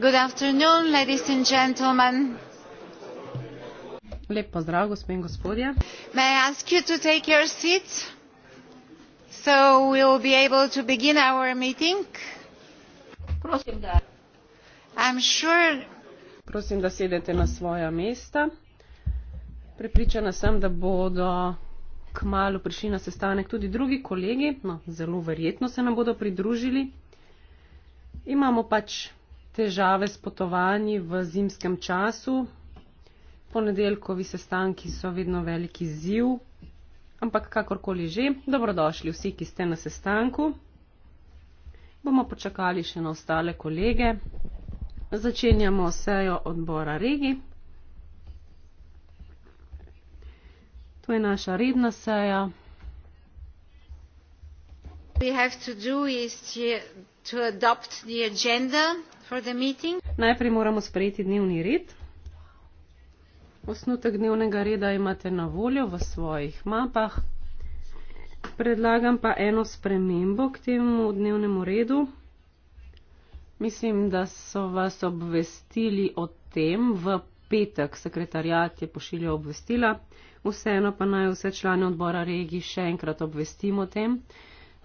Good afternoon, ladies and gentlemen. Lep pozdrav, gospe in gospodje. May I ask you to take your seats so we will be able to begin our meeting? Prosim, da. I'm sure... Prosim, da sedete na svoja mesta. Pripričana sem, da bodo kmalo prišli na sestanek tudi drugi kolegi, no, zelo verjetno se nam bodo pridružili. Imamo pač težave s potovanji v zimskem času. Ponedeljkovi sestanki so vedno veliki ziv, ampak kakorkoli že, dobrodošli vsi, ki ste na sestanku. Bomo počakali še na ostale kolege. Začenjamo sejo odbora regi. To je naša redna seja. We have to do is to adopt the agenda Najprej moramo sprejeti dnevni red. Osnutek dnevnega reda imate na voljo v svojih mapah. Predlagam pa eno spremembo k temu dnevnemu redu. Mislim, da so vas obvestili o tem v petek. Sekretarjat je pošiljal obvestila. Vseeno pa naj vse člane odbora regi še enkrat obvestimo o tem.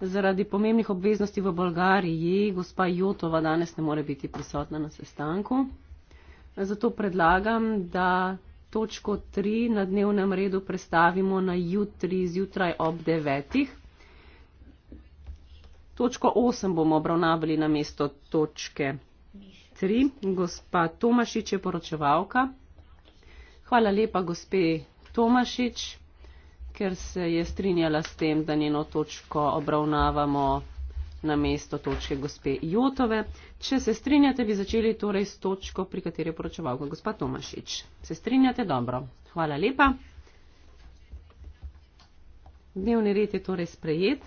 Zaradi pomembnih obveznosti v Bolgariji gospa Jotova danes ne more biti prisotna na sestanku. Zato predlagam, da točko 3 na dnevnem redu prestavimo na jutri zjutraj ob 9. Točko 8 bomo obravnavali na mesto točke 3. Gospa Tomašič je poročevalka. Hvala lepa, gospe Tomašič ker se je strinjala s tem, da njeno točko obravnavamo na mesto točke gospe Jotove. Če se strinjate, bi začeli torej s točko, pri kateri je poročeval gospa Tomašič. Se strinjate dobro. Hvala lepa. Dnevni red je torej sprejet.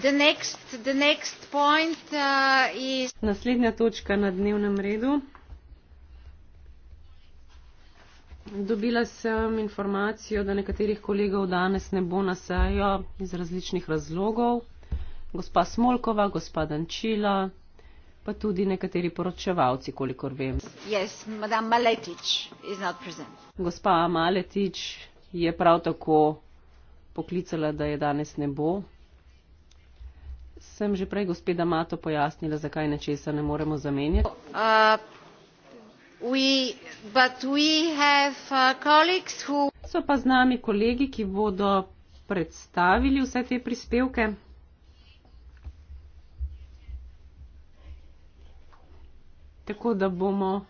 The next, the next point, uh, is... Naslednja točka na dnevnem redu. Dobila sem informacijo, da nekaterih kolegov danes ne bo na sejo iz različnih razlogov. Gospa Smolkova, gospa Dančila, pa tudi nekateri poročevalci, kolikor vem. Yes, Maletič gospa Maletič je prav tako poklicala, da je danes ne bo. Sem že prej gospeda Mato pojasnila, zakaj nečesa ne moremo zamenjati. Uh, Uh, so pa z nami kolegi, ki bodo predstavili vse te prispevke. Tako da bomo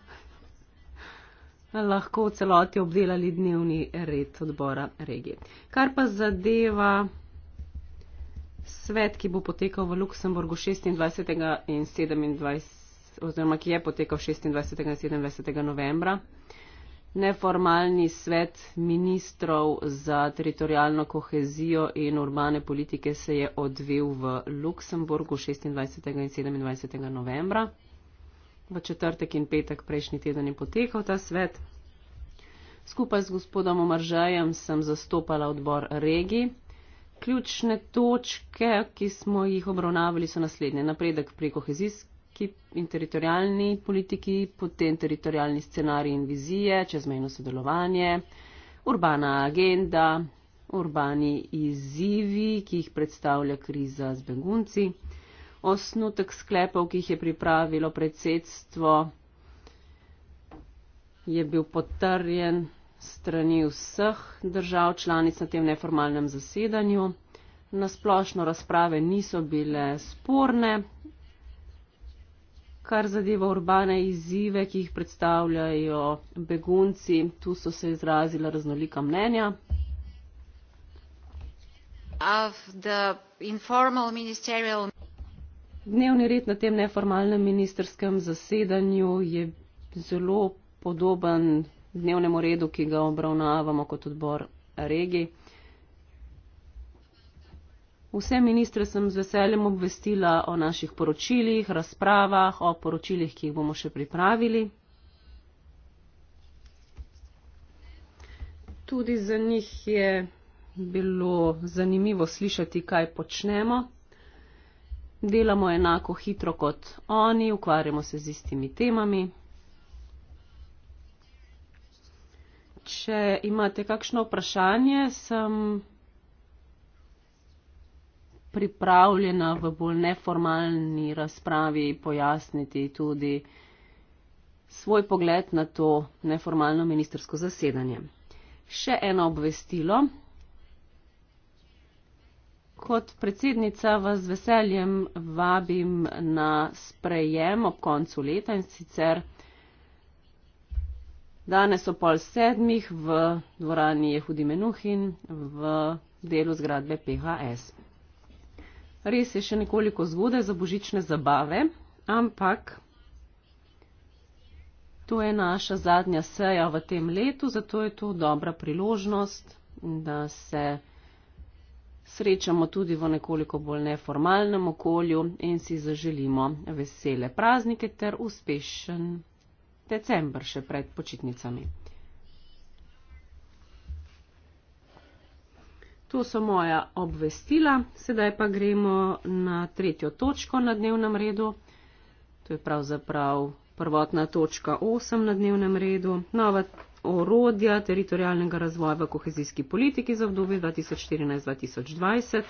lahko v celoti obdelali dnevni red odbora regije. Kar pa zadeva svet, ki bo potekal v Luksemburgu 26. in 27 oziroma ki je potekal 26. in 27. novembra. Neformalni svet ministrov za teritorijalno kohezijo in urbane politike se je odvil v Luksemburgu 26. in 27. novembra. V četrtek in petek prejšnji teden je potekal ta svet. Skupaj z gospodom Omaržajem sem zastopala odbor regij. Ključne točke, ki smo jih obravnavali, so naslednje. Napredek pri kohezijskih politiki in teritorijalni politiki, potem teritorijalni scenarij in vizije, čezmejno sodelovanje, urbana agenda, urbani izzivi, ki jih predstavlja kriza z begunci, osnutek sklepov, ki jih je pripravilo predsedstvo, je bil potrjen strani vseh držav članic na tem neformalnem zasedanju. Na splošno razprave niso bile sporne, kar zadeva urbane izzive, ki jih predstavljajo begunci. Tu so se izrazila raznolika mnenja. Dnevni red na tem neformalnem ministerskem zasedanju je zelo podoben dnevnemu redu, ki ga obravnavamo kot odbor regij. Vse ministre sem z veseljem obvestila o naših poročilih, razpravah, o poročilih, ki jih bomo še pripravili. Tudi za njih je bilo zanimivo slišati, kaj počnemo. Delamo enako hitro kot oni, ukvarjamo se z istimi temami. Če imate kakšno vprašanje, sem pripravljena v bolj neformalni razpravi pojasniti tudi svoj pogled na to neformalno ministersko zasedanje. Še eno obvestilo. Kot predsednica vas z veseljem vabim na sprejem ob koncu leta in sicer danes o pol sedmih v dvorani Jehudi Menuhin v delu zgradbe PHS. Res je še nekoliko zgodaj za božične zabave, ampak to je naša zadnja seja v tem letu, zato je to dobra priložnost, da se srečamo tudi v nekoliko bolj neformalnem okolju in si zaželimo vesele praznike ter uspešen december še pred počitnicami. To so moja obvestila, sedaj pa gremo na tretjo točko na dnevnem redu. To je pravzaprav prvotna točka 8 na dnevnem redu. Nova orodja teritorijalnega razvoja v kohezijski politiki za obdobje 2014-2020.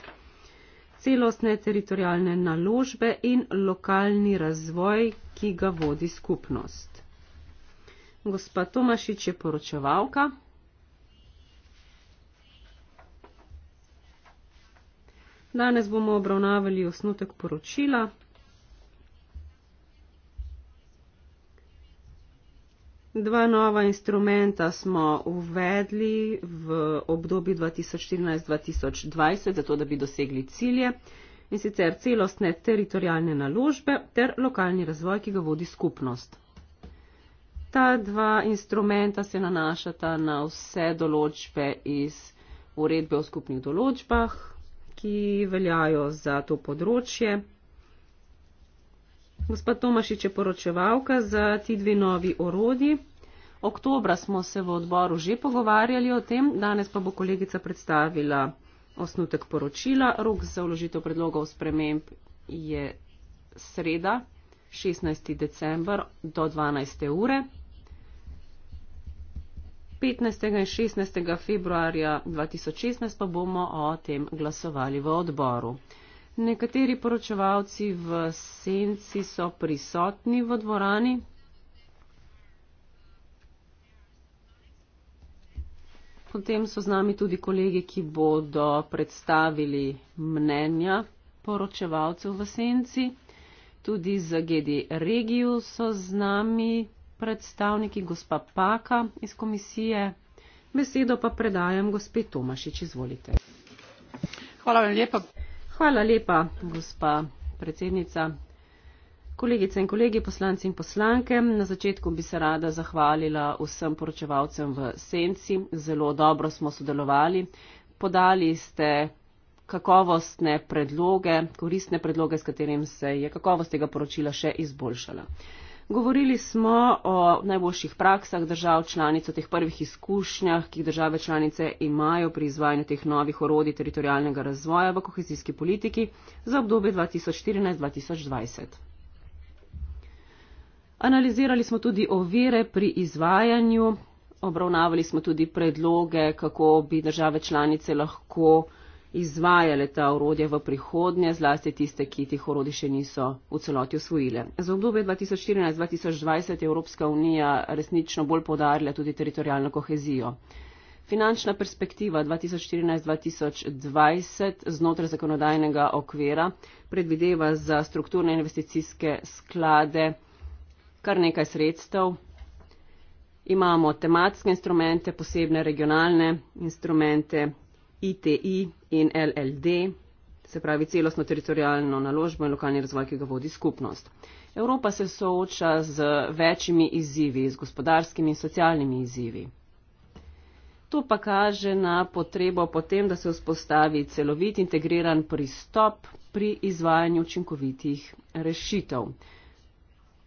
Celostne teritorijalne naložbe in lokalni razvoj, ki ga vodi skupnost. Gospa Tomašič je poročevalka. Danes bomo obravnavali osnutek poročila. Dva nova instrumenta smo uvedli v obdobju 2014-2020, zato da bi dosegli cilje in sicer celostne teritorijalne naložbe ter lokalni razvoj, ki ga vodi skupnost. Ta dva instrumenta se nanašata na vse določbe iz uredbe o skupnih določbah, ki veljajo za to področje. Gospa Tomašič je poročevalka za ti dve novi orodi. Oktobra smo se v odboru že pogovarjali o tem, danes pa bo kolegica predstavila osnutek poročila. Rok za vložitev predlogov sprememb je sreda, 16. december do 12. ure. 15. in 16. februarja 2016 pa bomo o tem glasovali v odboru. Nekateri poročevalci v senci so prisotni v dvorani. Potem so z nami tudi kolegi, ki bodo predstavili mnenja poročevalcev v senci. Tudi za GD Regiju so z nami predstavniki, gospa Paka iz komisije. Besedo pa predajam gospe Tomašič, izvolite. Hvala lepa. Hvala lepa, gospa predsednica. Kolegice in kolegi, poslanci in poslanke, na začetku bi se rada zahvalila vsem poročevalcem v Senci. Zelo dobro smo sodelovali. Podali ste kakovostne predloge, koristne predloge, s katerim se je kakovost tega poročila še izboljšala. Govorili smo o najboljših praksah držav članic, o teh prvih izkušnjah, ki jih države članice imajo pri izvajanju teh novih orodij teritorijalnega razvoja v kohezijski politiki za obdobje 2014-2020. Analizirali smo tudi ovire pri izvajanju, obravnavali smo tudi predloge, kako bi države članice lahko izvajale ta orodja v prihodnje, zlasti tiste, ki tih orodij še niso v celoti usvojile. Za obdobje 2014-2020 je Evropska unija resnično bolj podarila tudi teritorijalno kohezijo. Finančna perspektiva 2014-2020 znotraj zakonodajnega okvira predvideva za strukturne investicijske sklade kar nekaj sredstev. Imamo tematske instrumente, posebne regionalne instrumente, ITI in LLD, se pravi celostno teritorijalno naložbo in lokalni razvoj, ki ga vodi skupnost. Evropa se sooča z večjimi izzivi, z gospodarskimi in socialnimi izzivi. To pa kaže na potrebo potem, da se vzpostavi celovit integriran pristop pri izvajanju učinkovitih rešitev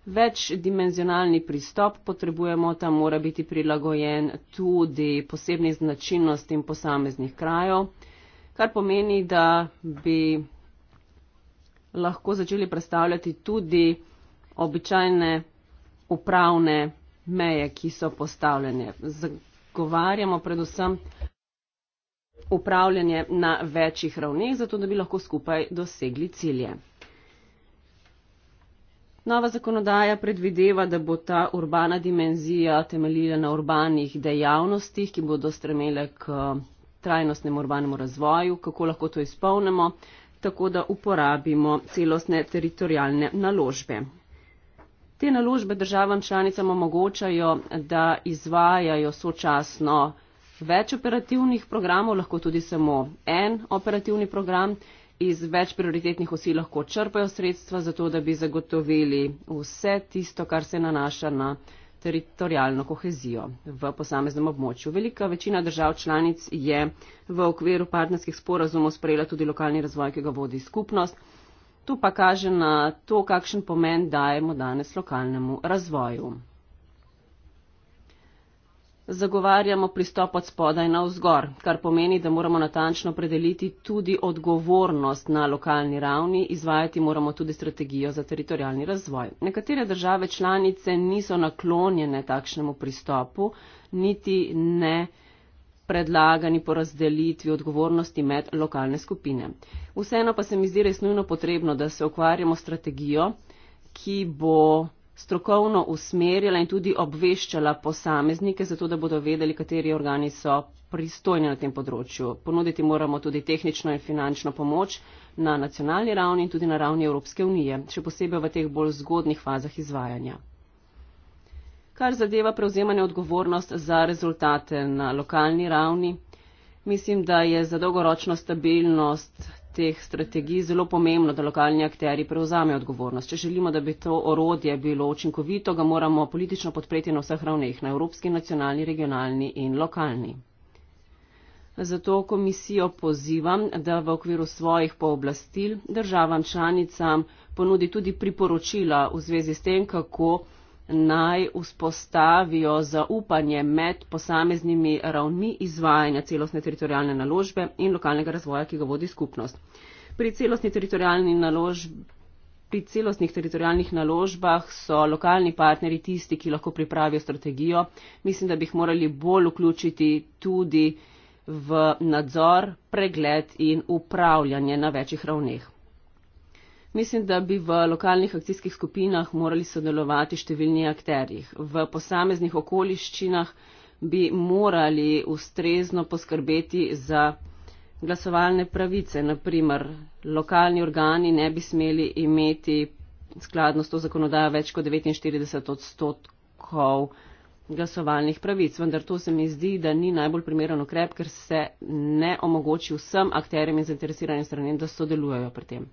večdimenzionalni pristop potrebujemo, ta mora biti prilagojen tudi posebnim značilnostim posameznih krajev, kar pomeni, da bi lahko začeli predstavljati tudi običajne upravne meje, ki so postavljene. Zagovarjamo predvsem upravljanje na večjih ravneh, zato da bi lahko skupaj dosegli cilje. Nova zakonodaja predvideva, da bo ta urbana dimenzija temeljila na urbanih dejavnostih, ki bodo stremele k trajnostnemu urbanemu razvoju, kako lahko to izpolnemo, tako da uporabimo celostne teritorijalne naložbe. Te naložbe državam članicam omogočajo, da izvajajo sočasno več operativnih programov, lahko tudi samo en operativni program iz več prioritetnih osi lahko črpajo sredstva, zato da bi zagotovili vse tisto, kar se nanaša na teritorijalno kohezijo v posameznem območju. Velika večina držav članic je v okviru partnerskih sporazumov sprejela tudi lokalni razvoj, ki ga vodi skupnost. Tu pa kaže na to, kakšen pomen dajemo danes lokalnemu razvoju zagovarjamo pristop od spodaj na vzgor, kar pomeni, da moramo natančno predeliti tudi odgovornost na lokalni ravni, izvajati moramo tudi strategijo za teritorijalni razvoj. Nekatere države članice niso naklonjene takšnemu pristopu, niti ne predlagani po razdelitvi odgovornosti med lokalne skupine. Vseeno pa se mi zdi res nujno potrebno, da se ukvarjamo strategijo, ki bo strokovno usmerjala in tudi obveščala posameznike, zato da bodo vedeli, kateri organi so pristojni na tem področju. Ponuditi moramo tudi tehnično in finančno pomoč na nacionalni ravni in tudi na ravni Evropske unije, še posebej v teh bolj zgodnih fazah izvajanja. Kar zadeva prevzemanje odgovornost za rezultate na lokalni ravni, mislim, da je za dolgoročno stabilnost teh strategij zelo pomembno, da lokalni akteri prevzamejo odgovornost. Če želimo, da bi to orodje bilo učinkovito, ga moramo politično podpreti na vseh ravneh, na evropski, nacionalni, regionalni in lokalni. Zato komisijo pozivam, da v okviru svojih pooblastil državam članicam ponudi tudi priporočila v zvezi s tem, kako naj vzpostavijo zaupanje med posameznimi ravni izvajanja celostne teritorijalne naložbe in lokalnega razvoja, ki ga vodi skupnost. Pri, naložb, pri celostnih teritorijalnih naložbah so lokalni partneri tisti, ki lahko pripravijo strategijo. Mislim, da bi jih morali bolj vključiti tudi v nadzor, pregled in upravljanje na večjih ravneh. Mislim, da bi v lokalnih akcijskih skupinah morali sodelovati številni akterji. V posameznih okoliščinah bi morali ustrezno poskrbeti za glasovalne pravice. Naprimer, lokalni organi ne bi smeli imeti skladno s to zakonodajo več kot 49 odstotkov glasovalnih pravic. Vendar to se mi zdi, da ni najbolj primeren ukrep, ker se ne omogoči vsem akterjem in zainteresiranim stranem, da sodelujejo pri tem.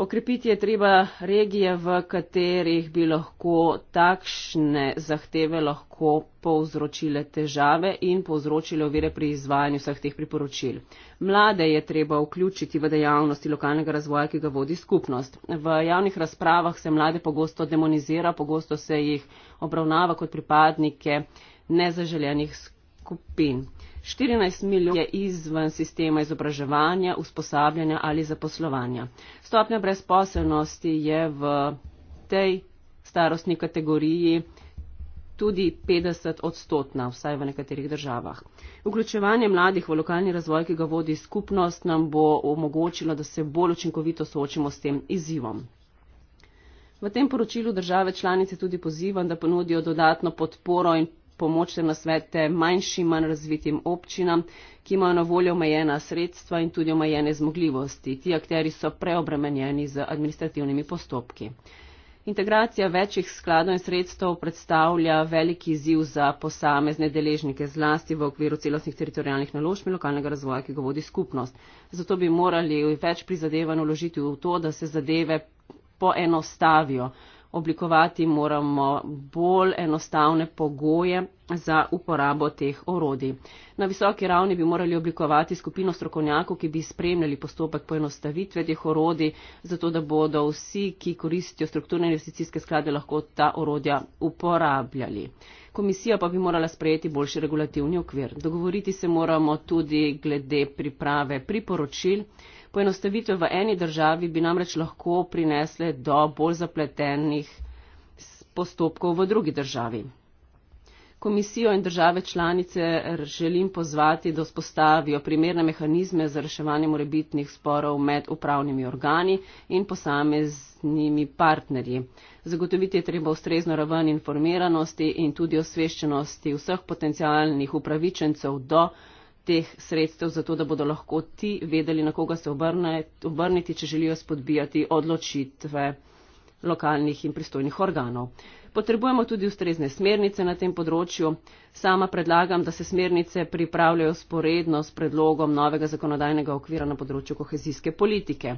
Okrepiti je treba regije, v katerih bi lahko takšne zahteve lahko povzročile težave in povzročile ovire pri izvajanju vseh teh priporočil. Mlade je treba vključiti v dejavnosti lokalnega razvoja, ki ga vodi skupnost. V javnih razpravah se mlade pogosto demonizira, pogosto se jih obravnava kot pripadnike nezaželjenih skupin. 14 milijonov je izven sistema izobraževanja, usposabljanja ali zaposlovanja. Stopnja brezposelnosti je v tej starostni kategoriji tudi 50 odstotna, vsaj v nekaterih državah. Vključevanje mladih v lokalni razvoj, ki ga vodi skupnost, nam bo omogočilo, da se bolj učinkovito soočimo s tem izzivom. V tem poročilu države članice tudi pozivam, da ponudijo dodatno podporo in pomočne nasvete manjšim, manj razvitim občinam, ki imajo na voljo omejena sredstva in tudi omejene zmogljivosti. Ti akteri so preobremenjeni z administrativnimi postopki. Integracija večjih skladov in sredstev predstavlja veliki ziv za posamezne deležnike zlasti v okviru celostnih teritorijalnih naložb in lokalnega razvoja, ki ga vodi skupnost. Zato bi morali več prizadevanj uložiti v to, da se zadeve poenostavijo oblikovati moramo bolj enostavne pogoje za uporabo teh orodij. Na visoki ravni bi morali oblikovati skupino strokovnjakov, ki bi spremljali postopek poenostavitve teh orodij, zato da bodo vsi, ki koristijo strukturne investicijske sklade, lahko ta orodja uporabljali. Komisija pa bi morala sprejeti boljši regulativni okvir. Dogovoriti se moramo tudi glede priprave priporočil Poenostavitve v eni državi bi namreč lahko prinesle do bolj zapletenih postopkov v drugi državi. Komisijo in države članice želim pozvati, da spostavijo primerne mehanizme za reševanje morebitnih sporov med upravnimi organi in posameznimi partnerji. Zagotoviti je treba ustrezno raven informiranosti in tudi osveščenosti vseh potencialnih upravičencev do teh sredstev, zato da bodo lahko ti vedeli, na koga se obrniti, če želijo spodbijati odločitve lokalnih in pristojnih organov. Potrebujemo tudi ustrezne smernice na tem področju. Sama predlagam, da se smernice pripravljajo sporedno s predlogom novega zakonodajnega okvira na področju kohezijske politike.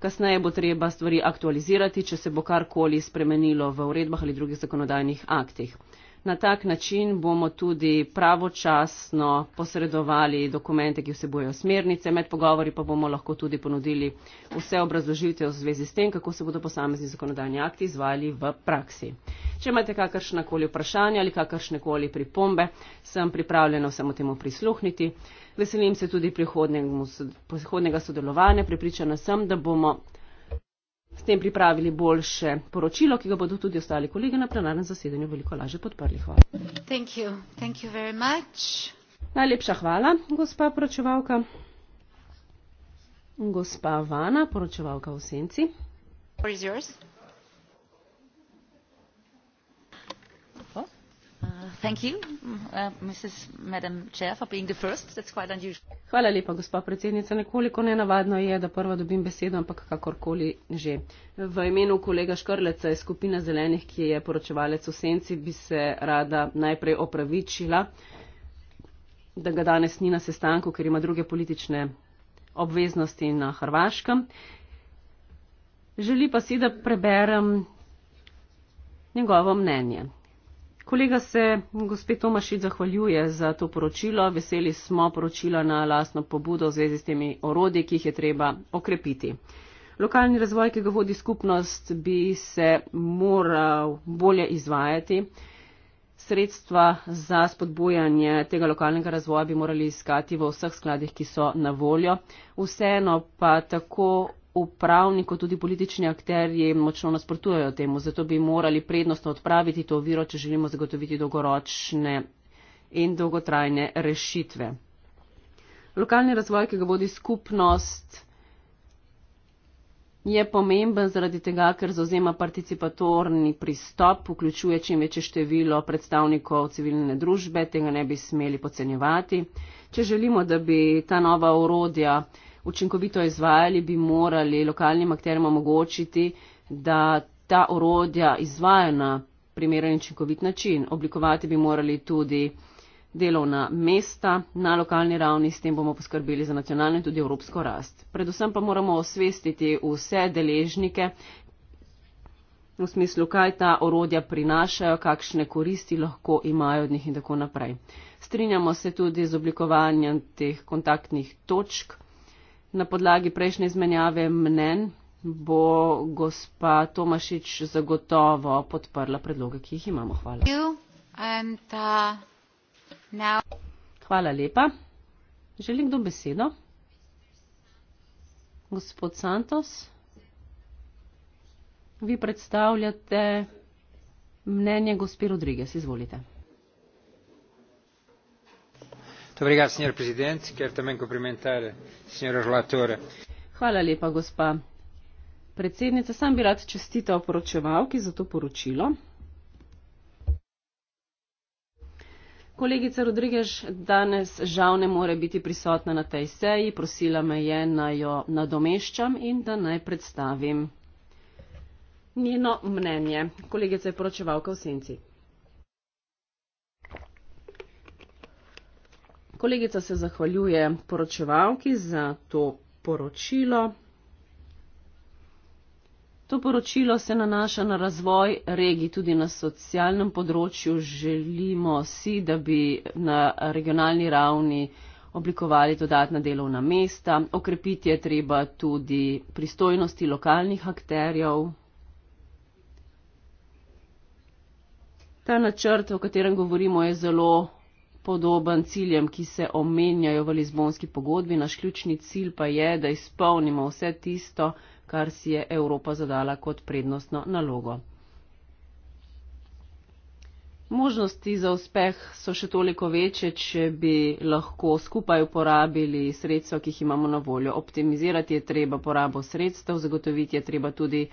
Kasneje bo treba stvari aktualizirati, če se bo karkoli spremenilo v uredbah ali drugih zakonodajnih aktih. Na tak način bomo tudi pravočasno posredovali dokumente, ki vsebujejo smernice, med pogovori pa bomo lahko tudi ponudili vse obrazložitve v zvezi s tem, kako se bodo posamezni zakonodajni akti izvali v praksi. Če imate kakršnakoli vprašanja ali kakršnekoli pripombe, sem pripravljena vsemu temu prisluhniti. Veselim se tudi prihodnjega sodelovanja, pripričana sem, da bomo s tem pripravili boljše poročilo, ki ga bodo tudi ostali kolegi na plenarnem zasedanju veliko lažje podprli. Hvala. Thank you. Thank you Najlepša hvala, gospa poročevalka. Gospa Vana, poročevalka v senci. Where is yours? Uh, uh, nekoliko nenavadno je da prva dobim besedo ampak kakorkoli že v imenu kolega Škrleca iz skupine zelenih ki je poročevalec v senci bi se rada najprej opravičila da ga danes ni na sestanku ker ima druge politične obveznosti na Hrvaškem želi pa si da preberem njegovo mnenje Kolega se gospe Tomašit zahvaljuje za to poročilo. Veseli smo poročila na lastno pobudo v zvezi s temi orodji, ki jih je treba okrepiti. Lokalni razvoj, ki ga vodi skupnost, bi se moral bolje izvajati. Sredstva za spodbujanje tega lokalnega razvoja bi morali iskati v vseh skladih, ki so na voljo. Vseeno pa tako upravni kot tudi politični akterji močno nasprotujejo temu. Zato bi morali prednostno odpraviti to viro, če želimo zagotoviti dolgoročne in dolgotrajne rešitve. Lokalni razvoj, ki ga vodi skupnost, je pomemben zaradi tega, ker zauzema participatorni pristop, vključuje čim večje število predstavnikov civilne družbe, tega ne bi smeli pocenjevati. Če želimo, da bi ta nova urodja učinkovito izvajali, bi morali lokalnim akterjem omogočiti, da ta orodja izvajajo na primeren učinkovit način. Oblikovati bi morali tudi delovna mesta na lokalni ravni, s tem bomo poskrbeli za nacionalno in tudi evropsko rast. Predvsem pa moramo osvestiti vse deležnike v smislu, kaj ta orodja prinašajo, kakšne koristi lahko imajo od njih in tako naprej. Strinjamo se tudi z oblikovanjem teh kontaktnih točk. Na podlagi prejšnje izmenjave mnen bo gospa Tomašič zagotovo podprla predloge, ki jih imamo. Hvala. Uh, Hvala lepa. Želim kdo besedo? Gospod Santos, vi predstavljate mnenje gospe Rodriguez. Izvolite. gospa predsednica sem govorila o tem da je poročevalka z zelo pozitivnim stališčem in tudi jaz bi rada poročevalki za to poročilo. kolegica rodrigues danes žal ne more biti prisotna na tej seji prosila me je naj jo nadomeščam in da naj predstavim njeno mnenje. kolegica je poročevalka v senci. Kolegica se zahvaljuje poročevalki za to poročilo. To poročilo se nanaša na razvoj regij, tudi na socialnem področju. Želimo si, da bi na regionalni ravni oblikovali dodatna delovna mesta. Okrepiti je treba tudi pristojnosti lokalnih akterjev. Ta načrt, o katerem govorimo, je zelo podoben ciljem, ki se omenjajo v Lizbonski pogodbi. Naš ključni cilj pa je, da izpolnimo vse tisto, kar si je Evropa zadala kot prednostno nalogo. Možnosti za uspeh so še toliko večje, če bi lahko skupaj uporabili sredstva, ki jih imamo na voljo. Optimizirati je treba porabo sredstev, zagotoviti je treba tudi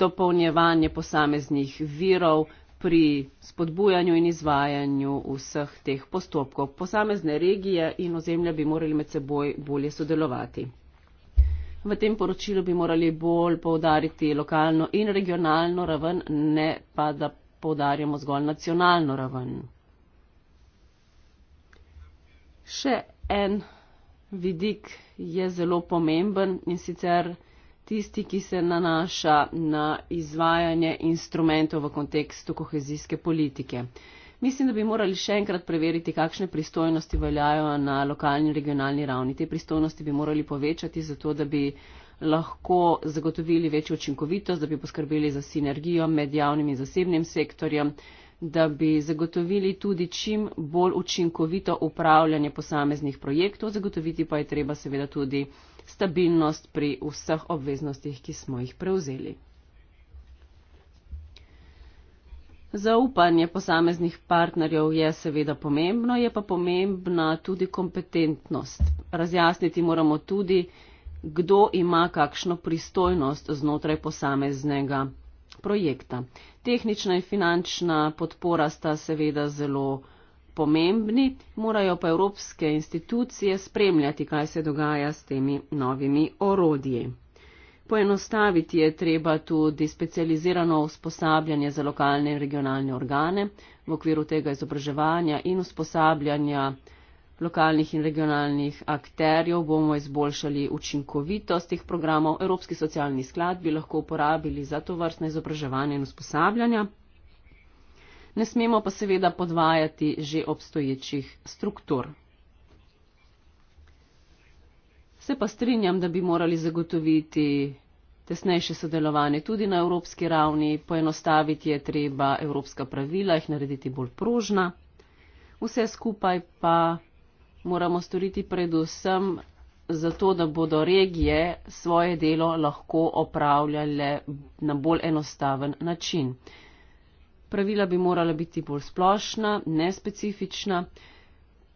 dopolnjevanje posameznih virov, pri spodbujanju in izvajanju vseh teh postopkov. Posamezne regije in ozemlja bi morali med seboj bolje sodelovati. V tem poročilu bi morali bolj povdariti lokalno in regionalno raven, ne pa da povdarjamo zgolj nacionalno raven. Še en vidik je zelo pomemben in sicer tisti, ki se nanaša na izvajanje instrumentov v kontekstu kohezijske politike. Mislim, da bi morali še enkrat preveriti, kakšne pristojnosti veljajo na lokalni in regionalni ravni. Te pristojnosti bi morali povečati, zato da bi lahko zagotovili večjo učinkovitost, da bi poskrbeli za sinergijo med javnim in zasebnim sektorjem, da bi zagotovili tudi čim bolj učinkovito upravljanje posameznih projektov, zagotoviti pa je treba seveda tudi stabilnost pri vseh obveznostih, ki smo jih prevzeli. Zaupanje posameznih partnerjev je seveda pomembno, je pa pomembna tudi kompetentnost. Razjasniti moramo tudi, kdo ima kakšno pristojnost znotraj posameznega projekta. Tehnična in finančna podpora sta seveda zelo pomembna pomembni, morajo pa evropske institucije spremljati, kaj se dogaja s temi novimi orodji. Poenostaviti je treba tudi specializirano usposabljanje za lokalne in regionalne organe v okviru tega izobraževanja in usposabljanja lokalnih in regionalnih akterjev bomo izboljšali učinkovitost teh programov. Evropski socialni sklad bi lahko uporabili za to vrstne izobraževanje in usposabljanja ne smemo pa seveda podvajati že obstoječih struktur. Se pa strinjam, da bi morali zagotoviti tesnejše sodelovanje tudi na evropski ravni, poenostaviti je treba evropska pravila, jih narediti bolj prožna. Vse skupaj pa moramo storiti predvsem zato, da bodo regije svoje delo lahko opravljale na bolj enostaven način. Pravila bi morala biti bolj splošna, nespecifična.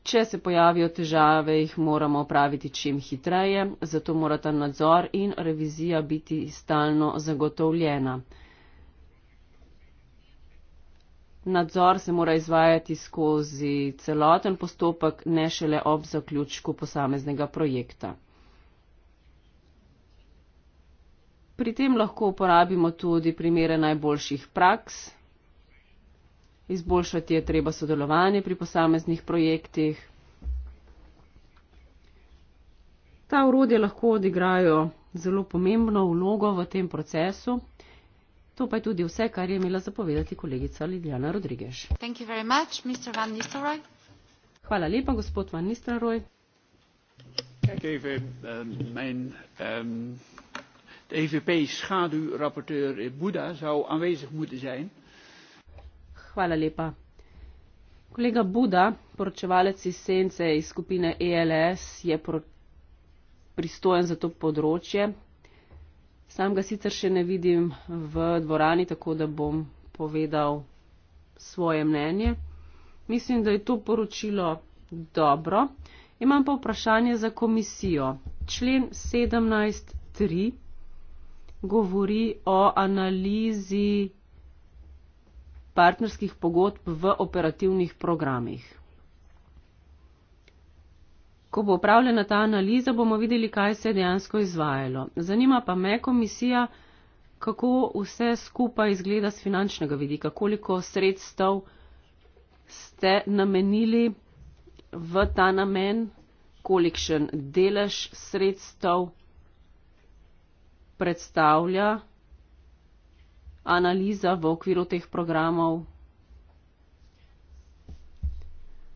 Če se pojavijo težave, jih moramo opraviti čim hitreje, zato morata nadzor in revizija biti stalno zagotovljena. Nadzor se mora izvajati skozi celoten postopek, ne šele ob zaključku posameznega projekta. Pri tem lahko uporabimo tudi primere najboljših praks izboljšati je treba sodelovanje pri posameznih projektih. Ta urodje lahko odigrajo zelo pomembno vlogo v tem procesu. To pa je tudi vse, kar je imela zapovedati kolegica Lidljana Rodrigež. Much, Hvala lepa, gospod Van Nistelrooy. Eh, ehm, de EVP-schaduwrapporteur Boeddha zou aanwezig moeten zijn. Hvala lepa. Kolega Buda, poročevalec iz Sence iz skupine ELS, je pristojen za to področje. Sam ga sicer še ne vidim v dvorani, tako da bom povedal svoje mnenje. Mislim, da je to poročilo dobro. Imam pa vprašanje za komisijo. Člen 17.3 govori o analizi partnerskih pogodb v operativnih programih. Ko bo upravljena ta analiza, bomo videli, kaj se je dejansko izvajalo. Zanima pa me komisija, kako vse skupaj izgleda z finančnega vidika, koliko sredstev ste namenili v ta namen, kolikšen delež sredstev predstavlja analiza v okviru teh programov?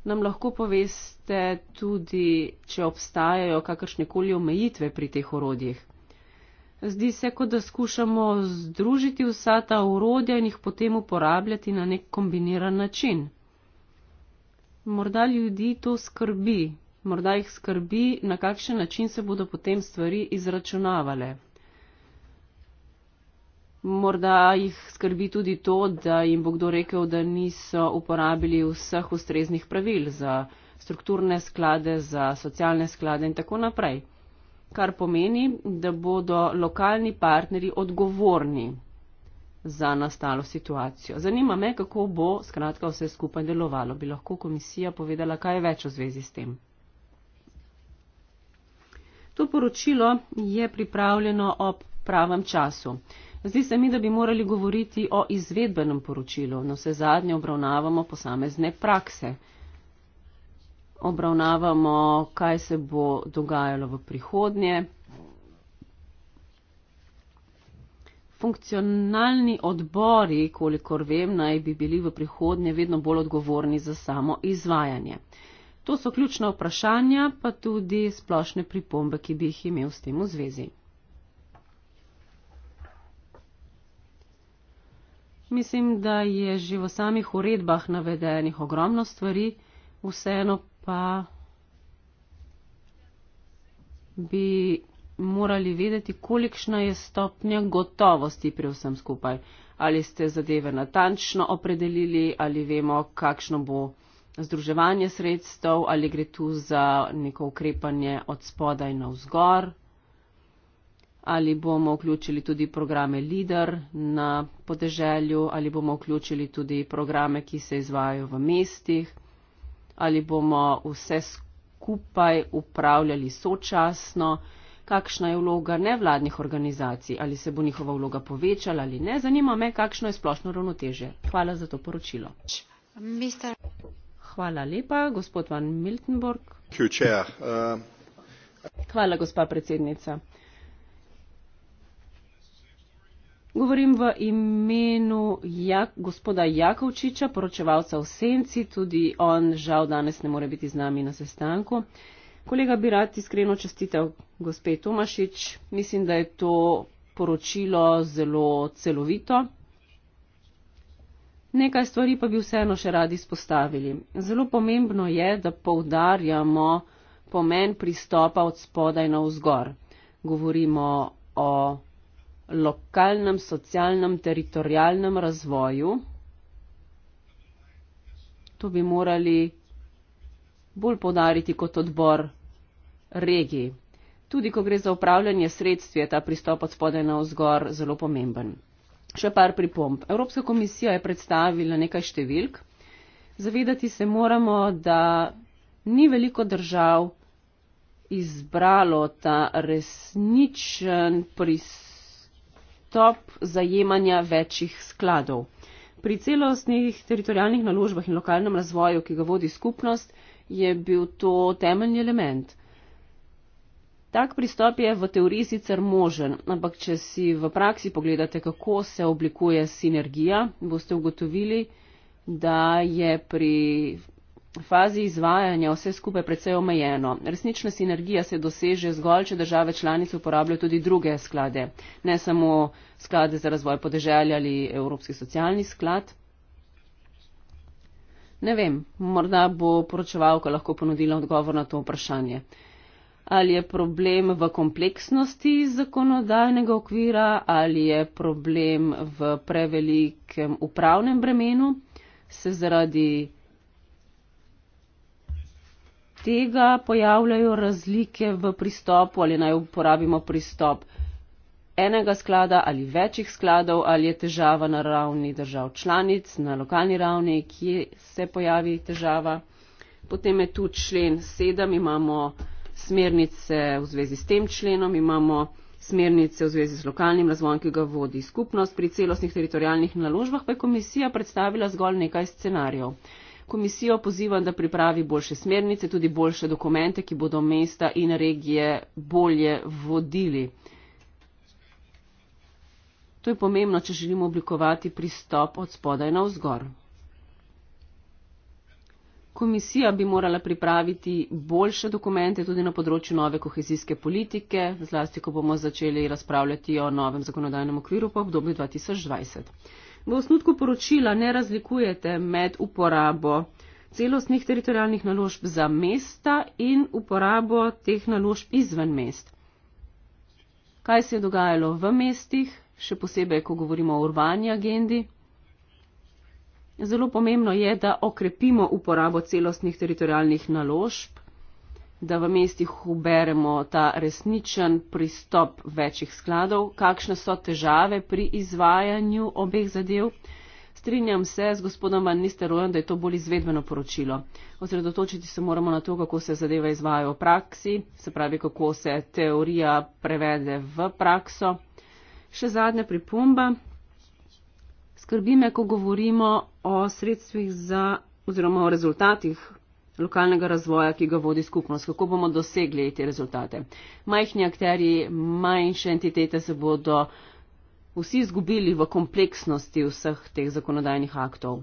Nam lahko poveste tudi, če obstajajo kakršnekoli omejitve pri teh orodjih? Zdi se, kot da skušamo združiti vsa ta orodja in jih potem uporabljati na nek kombiniran način. Morda ljudi to skrbi, morda jih skrbi, na kakšen način se bodo potem stvari izračunavale. Morda jih skrbi tudi to, da jim bo kdo rekel, da niso uporabili vseh ustreznih pravil za strukturne sklade, za socialne sklade in tako naprej. Kar pomeni, da bodo lokalni partnerji odgovorni za nastalo situacijo. Zanima me, kako bo skratka vse skupaj delovalo. Bi lahko komisija povedala kaj več v zvezi s tem? To poročilo je pripravljeno ob pravem času. Zdi se mi, da bi morali govoriti o izvedbenem poročilu, no vse zadnje obravnavamo posamezne prakse. Obravnavamo, kaj se bo dogajalo v prihodnje. Funkcionalni odbori, kolikor vem, naj bi bili v prihodnje vedno bolj odgovorni za samo izvajanje. To so ključna vprašanja, pa tudi splošne pripombe, ki bi jih imel s tem v zvezi. Mislim, da je že v samih uredbah navedenih ogromno stvari, vseeno pa bi morali vedeti, kolikšna je stopnja gotovosti pri vsem skupaj. Ali ste zadeve natančno opredelili, ali vemo, kakšno bo združevanje sredstev, ali gre tu za neko ukrepanje od spodaj na vzgor ali bomo vključili tudi programe LIDER na podeželju, ali bomo vključili tudi programe, ki se izvajo v mestih, ali bomo vse skupaj upravljali sočasno, kakšna je vloga nevladnih organizacij, ali se bo njihova vloga povečala ali ne. Zanima me, kakšno je splošno ravnoteže. Hvala za to poročilo. Mister. Hvala lepa, gospod Van Miltenborg. Uh, Hvala, gospa predsednica. Govorim v imenu Jak, gospoda Jakovčiča, poročevalca v Senci, tudi on žal danes ne more biti z nami na sestanku. Kolega bi rad iskreno čestitev gospe Tomašič, mislim, da je to poročilo zelo celovito. Nekaj stvari pa bi vseeno še radi spostavili. Zelo pomembno je, da poudarjamo pomen pristopa od spodaj na vzgor. Govorimo o lokalnem, socialnem, teritorijalnem razvoju. To bi morali bolj podariti kot odbor regiji. Tudi, ko gre za upravljanje sredstv, je ta pristop od spodaj na vzgor zelo pomemben. Še par pripomb. Evropska komisija je predstavila nekaj številk. Zavedati se moramo, da ni veliko držav izbralo ta resničen pristop pristop zajemanja večjih skladov. Pri celostnih teritorijalnih naložbah in lokalnem razvoju, ki ga vodi skupnost, je bil to temeljni element. Tak pristop je v teoriji sicer možen, ampak če si v praksi pogledate, kako se oblikuje sinergija, boste ugotovili, da je pri fazi izvajanja vse skupaj predvsej omejeno. Resnična sinergija se doseže zgolj, če države članice uporabljajo tudi druge sklade, ne samo sklade za razvoj podeželja ali Evropski socialni sklad. Ne vem, morda bo poročevalka lahko ponudila odgovor na to vprašanje. Ali je problem v kompleksnosti zakonodajnega okvira, ali je problem v prevelikem upravnem bremenu, se zaradi tega pojavljajo razlike v pristopu, ali naj uporabimo pristop enega sklada ali večjih skladov, ali je težava na ravni držav članic, na lokalni ravni, kje se pojavi težava. Potem je tu člen 7, imamo smernice v zvezi s tem členom, imamo smernice v zvezi z lokalnim razvojem, ki ga vodi skupnost. Pri celostnih teritorijalnih naložbah pa je komisija predstavila zgolj nekaj scenarijev komisijo pozivam, da pripravi boljše smernice, tudi boljše dokumente, ki bodo mesta in regije bolje vodili. To je pomembno, če želimo oblikovati pristop od spodaj na vzgor. Komisija bi morala pripraviti boljše dokumente tudi na področju nove kohezijske politike, zlasti ko bomo začeli razpravljati o novem zakonodajnem okviru po obdobju 2020. V osnutku poročila ne razlikujete med uporabo celostnih teritorijalnih naložb za mesta in uporabo teh naložb izven mest. Kaj se je dogajalo v mestih, še posebej, ko govorimo o urbani agendi? Zelo pomembno je, da okrepimo uporabo celostnih teritorijalnih naložb da v mestih uberemo ta resničen pristop večjih skladov, kakšne so težave pri izvajanju obeh zadev. Strinjam se z gospodom Van Nisterojem, da je to bolj izvedbeno poročilo. Osredotočiti se moramo na to, kako se zadeve izvajo v praksi, se pravi, kako se teorija prevede v prakso. Še zadnja pripomba. Skrbi me, ko govorimo o sredstvih za oziroma o rezultatih lokalnega razvoja, ki ga vodi skupnost, kako bomo dosegli te rezultate. Majhni akteri, manjše entitete se bodo vsi izgubili v kompleksnosti vseh teh zakonodajnih aktov.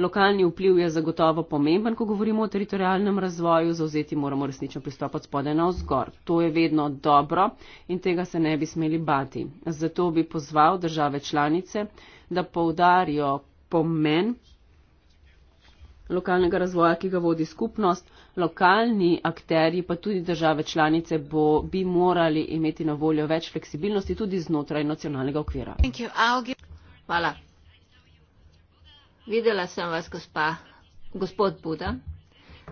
Lokalni vpliv je zagotovo pomemben, ko govorimo o teritorijalnem razvoju, zauzeti moramo resničen pristop od spode na vzgor. To je vedno dobro in tega se ne bi smeli bati. Zato bi pozval države članice, da poudarijo pomen lokalnega razvoja, ki ga vodi skupnost, lokalni akteri, pa tudi države članice bo, bi morali imeti na voljo več fleksibilnosti tudi znotraj nacionalnega okvira. Hvala. Videla sem vas, gospa, gospod Buda,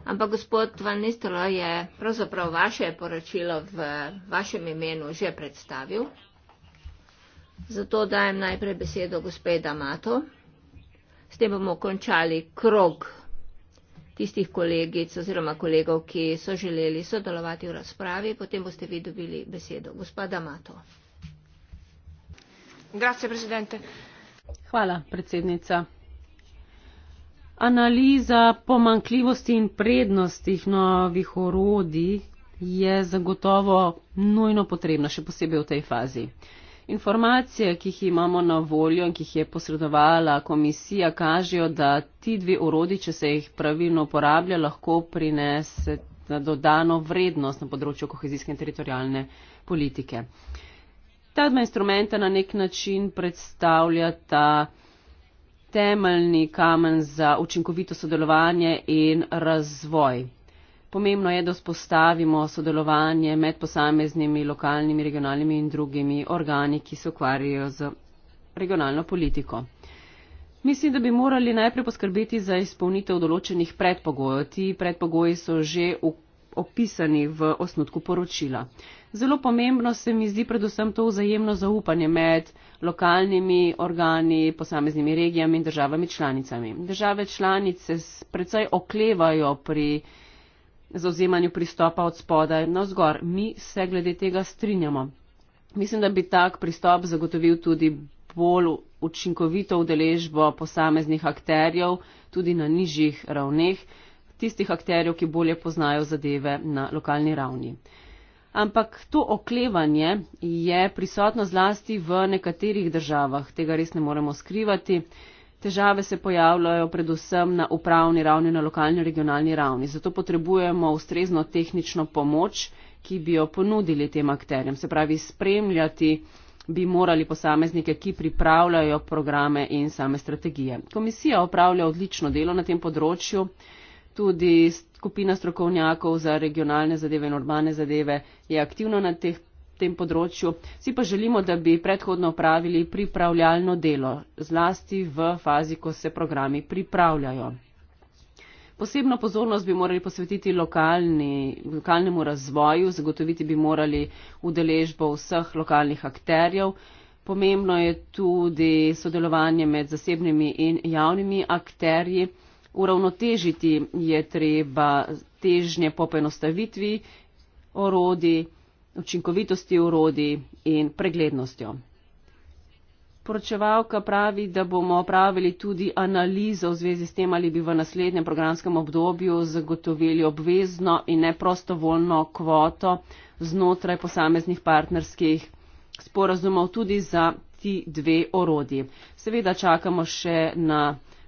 ampak gospod Van Nistelo je pravzaprav vaše poročilo v vašem imenu že predstavil. Zato dajem najprej besedo gospe Damato. S tem bomo končali krog tistih kolegic oziroma kolegov, ki so želeli sodelovati v razpravi, potem boste vi dobili besedo. Gospoda Mato. Hvala, predsednica. Analiza pomankljivosti in prednosti novih orodij je zagotovo nujno potrebna, še posebej v tej fazi. Informacije, ki jih imamo na voljo in ki jih je posredovala komisija, kažejo, da ti dve urodi, če se jih pravilno uporablja, lahko prinese dodano vrednost na področju kohezijske in teritorijalne politike. Ta dva instrumenta na nek način predstavljata temeljni kamen za učinkovito sodelovanje in razvoj. Pomembno je, da spostavimo sodelovanje med posameznimi lokalnimi, regionalnimi in drugimi organi, ki se ukvarjajo z regionalno politiko. Mislim, da bi morali najprej poskrbeti za izpolnitev določenih predpogojev. Ti predpogoji so že v, opisani v osnutku poročila. Zelo pomembno se mi zdi predvsem to vzajemno zaupanje med lokalnimi organi, posameznimi regijami in državami članicami. Države članice precej oklevajo pri zauzemanju pristopa od spodaj na vzgor. Mi se glede tega strinjamo. Mislim, da bi tak pristop zagotovil tudi bolj učinkovito udeležbo posameznih akterjev, tudi na nižjih ravneh, tistih akterjev, ki bolje poznajo zadeve na lokalni ravni. Ampak to oklevanje je prisotno zlasti v nekaterih državah, tega res ne moremo skrivati. Težave se pojavljajo predvsem na upravni ravni, na lokalni, regionalni ravni. Zato potrebujemo ustrezno tehnično pomoč, ki bi jo ponudili tem akterjem. Se pravi, spremljati bi morali posameznike, ki pripravljajo programe in same strategije. Komisija upravlja odlično delo na tem področju. Tudi skupina strokovnjakov za regionalne zadeve in urbane zadeve je aktivna na teh tem področju. Vsi pa želimo, da bi predhodno opravili pripravljalno delo, zlasti v fazi, ko se programi pripravljajo. Posebno pozornost bi morali posvetiti lokalni, lokalnemu razvoju, zagotoviti bi morali udeležbo vseh lokalnih akterjev. Pomembno je tudi sodelovanje med zasebnimi in javnimi akterji. Uravnotežiti je treba težnje po poenostavitvi orodij učinkovitosti urodi in preglednostjo. Poročevalka pravi, da bomo opravili tudi analizo v zvezi s tem, ali bi v naslednjem programskem obdobju zagotovili obvezno in ne prostovoljno kvoto znotraj posameznih partnerskih sporazumov tudi za ti dve orodji. Seveda čakamo še na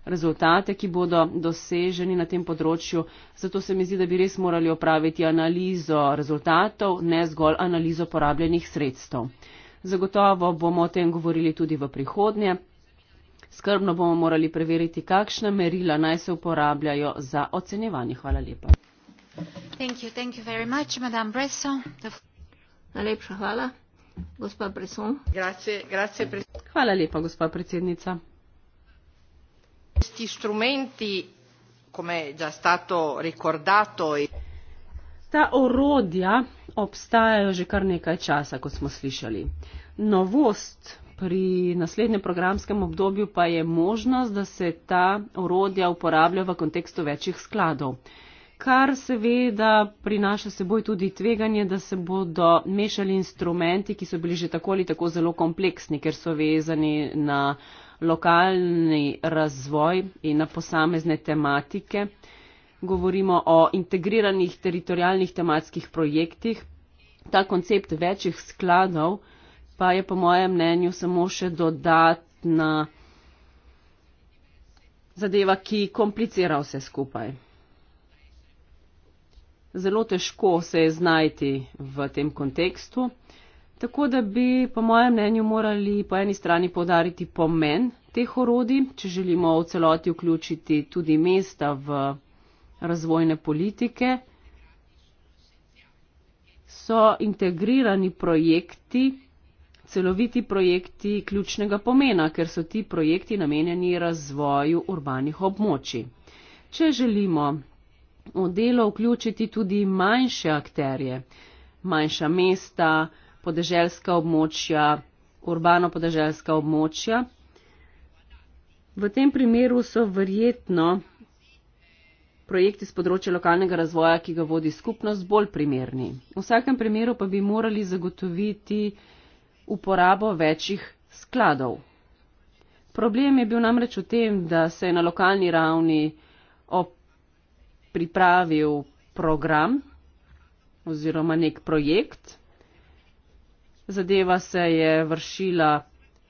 rezultate, ki bodo doseženi na tem področju. Zato se mi zdi, da bi res morali opraviti analizo rezultatov, ne zgolj analizo porabljenih sredstev. Zagotovo bomo o tem govorili tudi v prihodnje. Skrbno bomo morali preveriti, kakšna merila naj se uporabljajo za ocenjevanje. Hvala lepa. Thank you, thank you very much, Madame Bresson. Najlepša hvala, gospod Bresson. Grazie, grazie pre... Hvala lepa, gospod predsednica questi strumenti, come è già stato ricordato. E... Ta orodja obstajajo že kar nekaj časa, kot smo slišali. Novost pri naslednjem programskem obdobju pa je možnost, da se ta orodja uporablja v kontekstu večjih skladov, kar seveda prinaša seboj tudi tveganje, da se bodo mešali instrumenti, ki so bili že tako ali tako zelo kompleksni, ker so vezani na lokalni razvoj in na posamezne tematike. Govorimo o integriranih teritorijalnih tematskih projektih. Ta koncept večjih skladov pa je po mojem mnenju samo še dodatna zadeva, ki komplicira vse skupaj. Zelo težko se je znajti v tem kontekstu. Tako da bi, po mojem mnenju, morali po eni strani podariti pomen teh orodij, če želimo v celoti vključiti tudi mesta v razvojne politike. So integrirani projekti, celoviti projekti ključnega pomena, ker so ti projekti namenjeni razvoju urbanih območij. Če želimo v delo vključiti tudi manjše akterje, manjša mesta, podeželska območja, urbano podeželska območja. V tem primeru so verjetno projekti z področja lokalnega razvoja, ki ga vodi skupnost, bolj primerni. V vsakem primeru pa bi morali zagotoviti uporabo večjih skladov. Problem je bil namreč v tem, da se je na lokalni ravni pripravil program oziroma nek projekt Zadeva se je vršila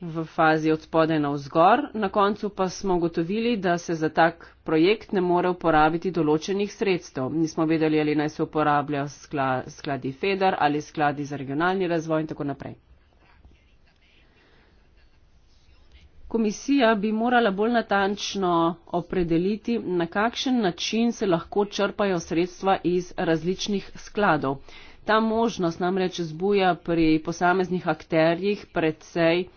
v fazi od spodaj na vzgor, na koncu pa smo gotovili, da se za tak projekt ne more uporabiti določenih sredstev. Nismo vedeli, ali naj se uporablja skladi FEDER ali skladi za regionalni razvoj in tako naprej. Komisija bi morala bolj natančno opredeliti, na kakšen način se lahko črpajo sredstva iz različnih skladov. Ta možnost namreč zbuja pri posameznih akterjih predvsej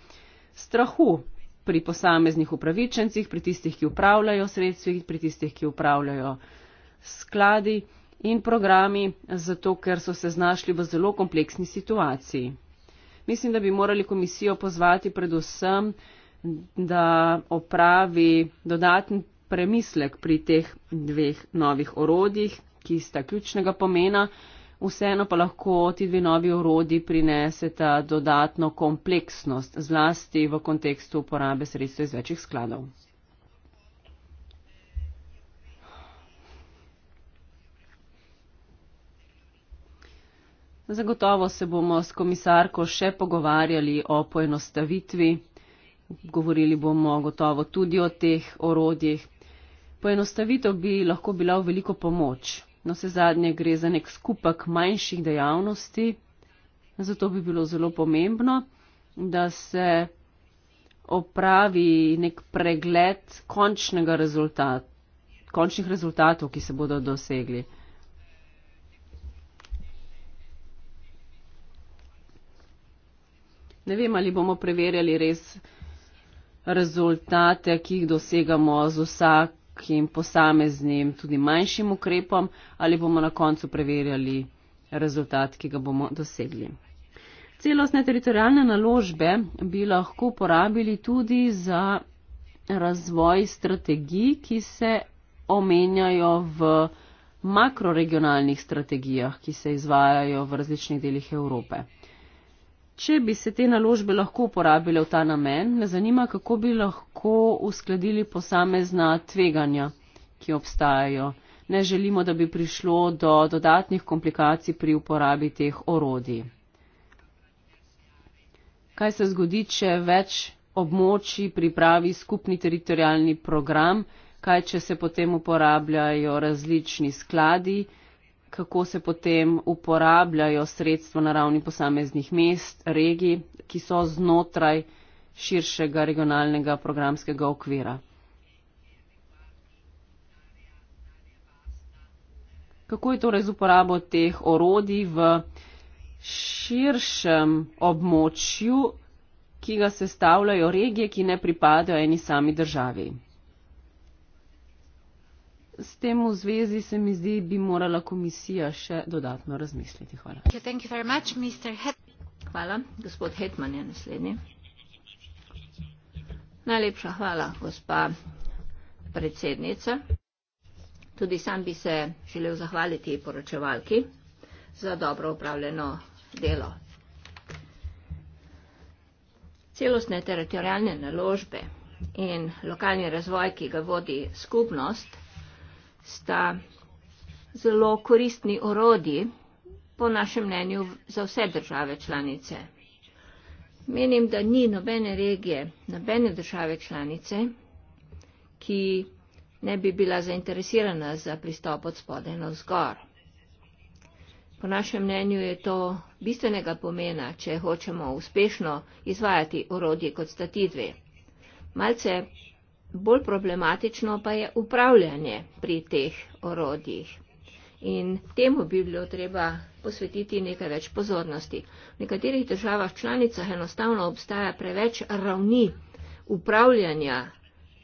strahu pri posameznih upravičencih, pri tistih, ki upravljajo sredstvi, pri tistih, ki upravljajo skladi in programi, zato ker so se znašli v zelo kompleksni situaciji. Mislim, da bi morali komisijo pozvati predvsem, da opravi dodaten premislek pri teh dveh novih orodjih, ki sta ključnega pomena vseeno pa lahko ti dve novi urodi prineseta dodatno kompleksnost, zlasti v kontekstu uporabe sredstev iz večjih skladov. Zagotovo se bomo s komisarko še pogovarjali o poenostavitvi, govorili bomo gotovo tudi o teh orodjih. Poenostavitev bi lahko bila v veliko pomoč. No, se zadnje gre za nek skupek manjših dejavnosti, zato bi bilo zelo pomembno, da se opravi nek pregled končnega rezultata, končnih rezultatov, ki se bodo dosegli. Ne vem, ali bomo preverjali res rezultate, ki jih dosegamo z vsak nekim posameznim, tudi manjšim ukrepom ali bomo na koncu preverjali rezultat, ki ga bomo dosegli. Celostne teritorijalne naložbe bi lahko uporabili tudi za razvoj strategij, ki se omenjajo v makroregionalnih strategijah, ki se izvajajo v različnih delih Evrope. Če bi se te naložbe lahko uporabile v ta namen, me zanima, kako bi lahko uskladili posamezna tveganja, ki obstajajo. Ne želimo, da bi prišlo do dodatnih komplikacij pri uporabi teh orodij. Kaj se zgodi, če več območji pripravi skupni teritorijalni program, kaj če se potem uporabljajo različni skladi? kako se potem uporabljajo sredstva na ravni posameznih mest, regij, ki so znotraj širšega regionalnega programskega okvira. Kako je torej z uporabo teh orodij v širšem območju, ki ga sestavljajo regije, ki ne pripadajo eni sami državi? S tem v zvezi se mi zdi, bi morala komisija še dodatno razmisliti. Hvala. Hvala. Gospod Hetman je naslednji. Najlepša hvala, gospa predsednica. Tudi sam bi se želel zahvaliti poročevalki za dobro upravljeno delo. Celostne teritorijalne naložbe in lokalni razvoj, ki ga vodi skupnost, sta zelo koristni orodi, po našem mnenju, za vse države članice. Menim, da ni nobene regije, nobene države članice, ki ne bi bila zainteresirana za pristop od spodaj na vzgor. Po našem mnenju je to bistvenega pomena, če hočemo uspešno izvajati orodje kot statidve. Malce bolj problematično pa je upravljanje pri teh orodjih. In temu bi bilo treba posvetiti nekaj več pozornosti. V nekaterih državah članicah enostavno obstaja preveč ravni upravljanja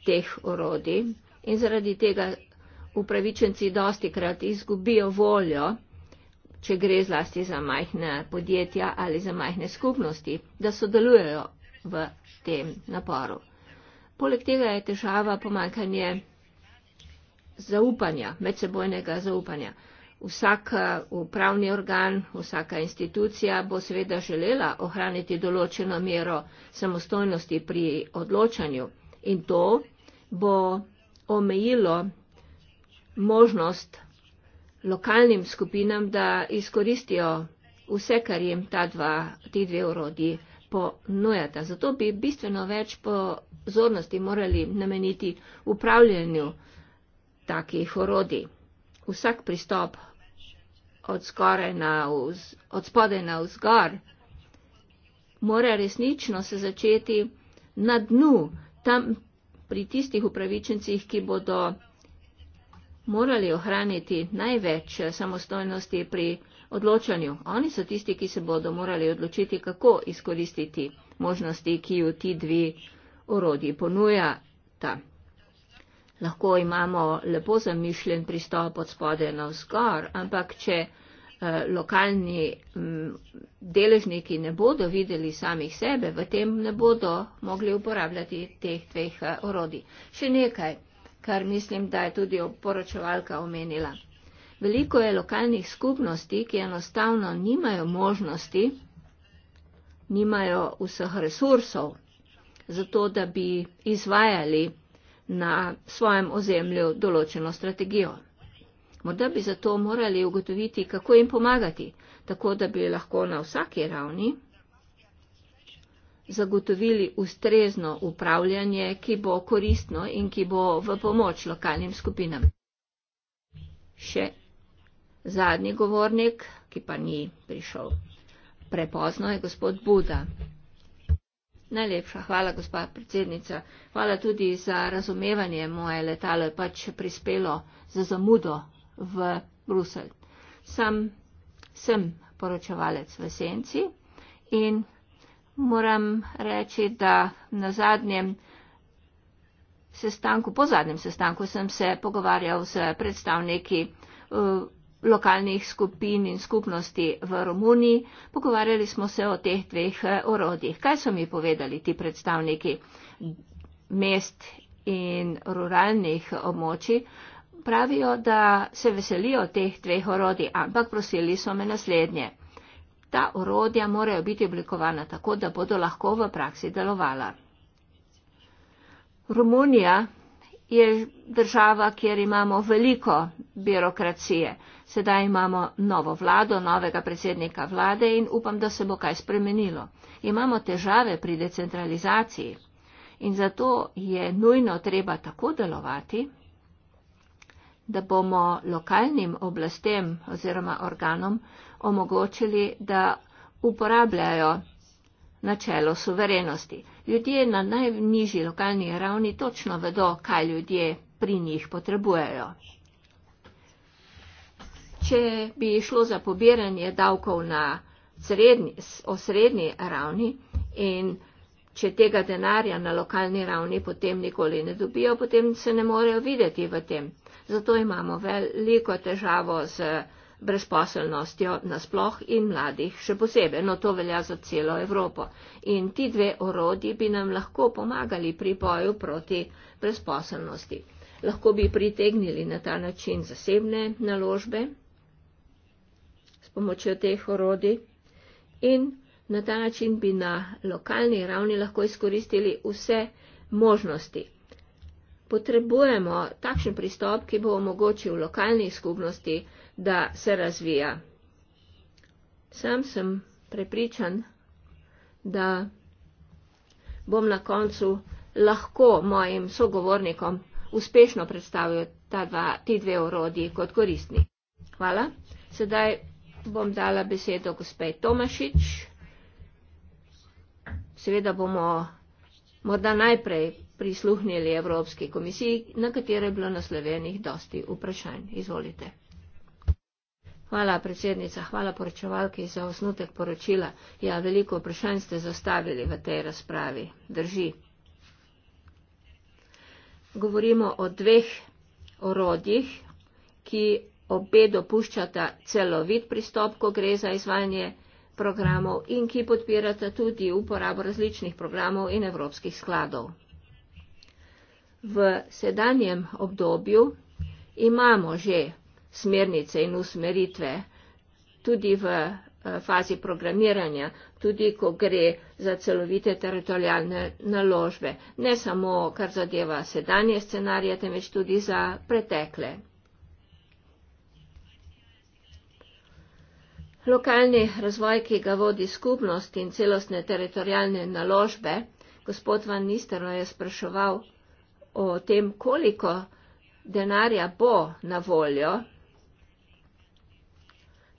teh orodij in zaradi tega upravičenci dosti krat izgubijo voljo, če gre zlasti za majhne podjetja ali za majhne skupnosti, da sodelujejo v tem naporu. Poleg tega je težava pomankanje zaupanja, medsebojnega zaupanja. Vsak eh, upravni organ, vsaka institucija bo seveda želela ohraniti določeno mero samostojnosti pri odločanju in to bo omejilo možnost lokalnim skupinam, da izkoristijo vse, kar jim ta dva, ti dve urodi ponujata. Zato bi bistveno več pozornosti morali nameniti upravljanju takih orodi. Vsak pristop od, na vz, od spodaj na vzgor mora resnično se začeti na dnu, tam pri tistih upravičencih, ki bodo morali ohraniti največ samostojnosti pri odločanju. Oni so tisti, ki se bodo morali odločiti, kako izkoristiti možnosti, ki jo ti dve orodji ponujata. Lahko imamo lepo zamišljen pristop od spode na vzgor, ampak če eh, lokalni mm, deležniki ne bodo videli samih sebe, v tem ne bodo mogli uporabljati teh dveh eh, orodij. Še nekaj, kar mislim, da je tudi poročevalka omenila. Veliko je lokalnih skupnosti, ki enostavno nimajo možnosti, nimajo vseh resursov za to, da bi izvajali na svojem ozemlju določeno strategijo. Morda bi zato morali ugotoviti, kako jim pomagati, tako da bi lahko na vsaki ravni zagotovili ustrezno upravljanje, ki bo koristno in ki bo v pomoč lokalnim skupinam. Še Zadnji govornik, ki pa ni prišel prepozno, je gospod Buda. Najlepša hvala, gospa predsednica. Hvala tudi za razumevanje. Moje letalo je pač prispelo za zamudo v Bruselj. Sam sem poročevalec v Senci in moram reči, da na zadnjem sestanku, po zadnjem sestanku, sem se pogovarjal s predstavniki eh, lokalnih skupin in skupnosti v Romuniji. Pogovarjali smo se o teh dveh eh, orodjih. Kaj so mi povedali ti predstavniki mest in ruralnih območij? Pravijo, da se veselijo teh dveh orodij, ampak prosili so me naslednje. Ta orodja morajo biti oblikovana tako, da bodo lahko v praksi delovala. Romunija je država, kjer imamo veliko birokracije. Sedaj imamo novo vlado, novega predsednika vlade in upam, da se bo kaj spremenilo. Imamo težave pri decentralizaciji in zato je nujno treba tako delovati, da bomo lokalnim oblastem oziroma organom omogočili, da uporabljajo načelo suverenosti. Ljudje na najnižji lokalni ravni točno vedo, kaj ljudje pri njih potrebujejo. Če bi šlo za pobiranje davkov na srednji, osrednji ravni in če tega denarja na lokalni ravni potem nikoli ne dobijo, potem se ne morejo videti v tem. Zato imamo veliko težavo z brezposelnostjo nasploh in mladih še posebej. No, to velja za celo Evropo. In ti dve orodji bi nam lahko pomagali pri boju proti brezposelnosti. Lahko bi pritegnili na ta način zasebne naložbe s pomočjo teh orodij in na ta način bi na lokalni ravni lahko izkoristili vse možnosti. Potrebujemo takšen pristop, ki bo omogočil lokalni skupnosti, da se razvija. Sam sem prepričan, da bom na koncu lahko mojim sogovornikom uspešno predstavil ta dva, ti dve orodji kot koristni. Hvala. Sedaj bom dala besedo gospe Tomašič. Seveda bomo morda najprej prisluhnili Evropski komisiji, na katero je bilo naslovenih dosti vprašanj. Izvolite. Hvala, predsednica. Hvala poročevalki za osnutek poročila. Ja, veliko vprašanj ste zastavili v tej razpravi. Drži. Govorimo o dveh orodjih, ki obe dopuščata celovit pristop, ko gre za izvajanje programov in ki podpirata tudi uporabo različnih programov in evropskih skladov. V sedanjem obdobju imamo že smernice in usmeritve, tudi v eh, fazi programiranja, tudi ko gre za celovite teritorijalne naložbe, ne samo kar zadeva sedanje scenarije, temveč tudi za pretekle. Lokalni razvoj, ki ga vodi skupnost in celostne teritorijalne naložbe, gospod Van Nistelrooy je spraševal o tem, koliko denarja bo na voljo,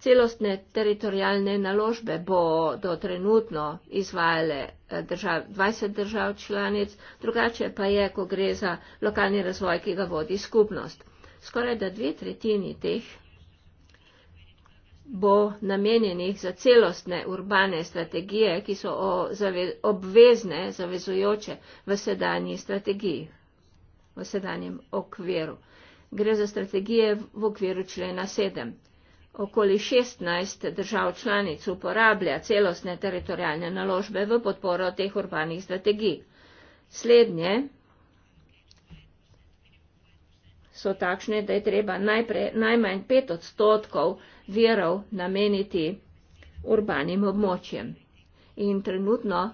celostne teritorijalne naložbe bo do trenutno izvajale eh, držav, 20 držav članic, drugače pa je, ko gre za lokalni razvoj, ki ga vodi skupnost. Skoraj da dve tretjini teh bo namenjenih za celostne urbane strategije, ki so obvezne, zavezujoče v sedanji strategiji, v sedanjem okviru. Gre za strategije v okviru člena 7 okoli 16 držav članic uporablja celostne teritorijalne naložbe v podporo teh urbanih strategij. Slednje so takšne, da je treba najprej, najmanj 5 odstotkov virov nameniti urbanim območjem. In trenutno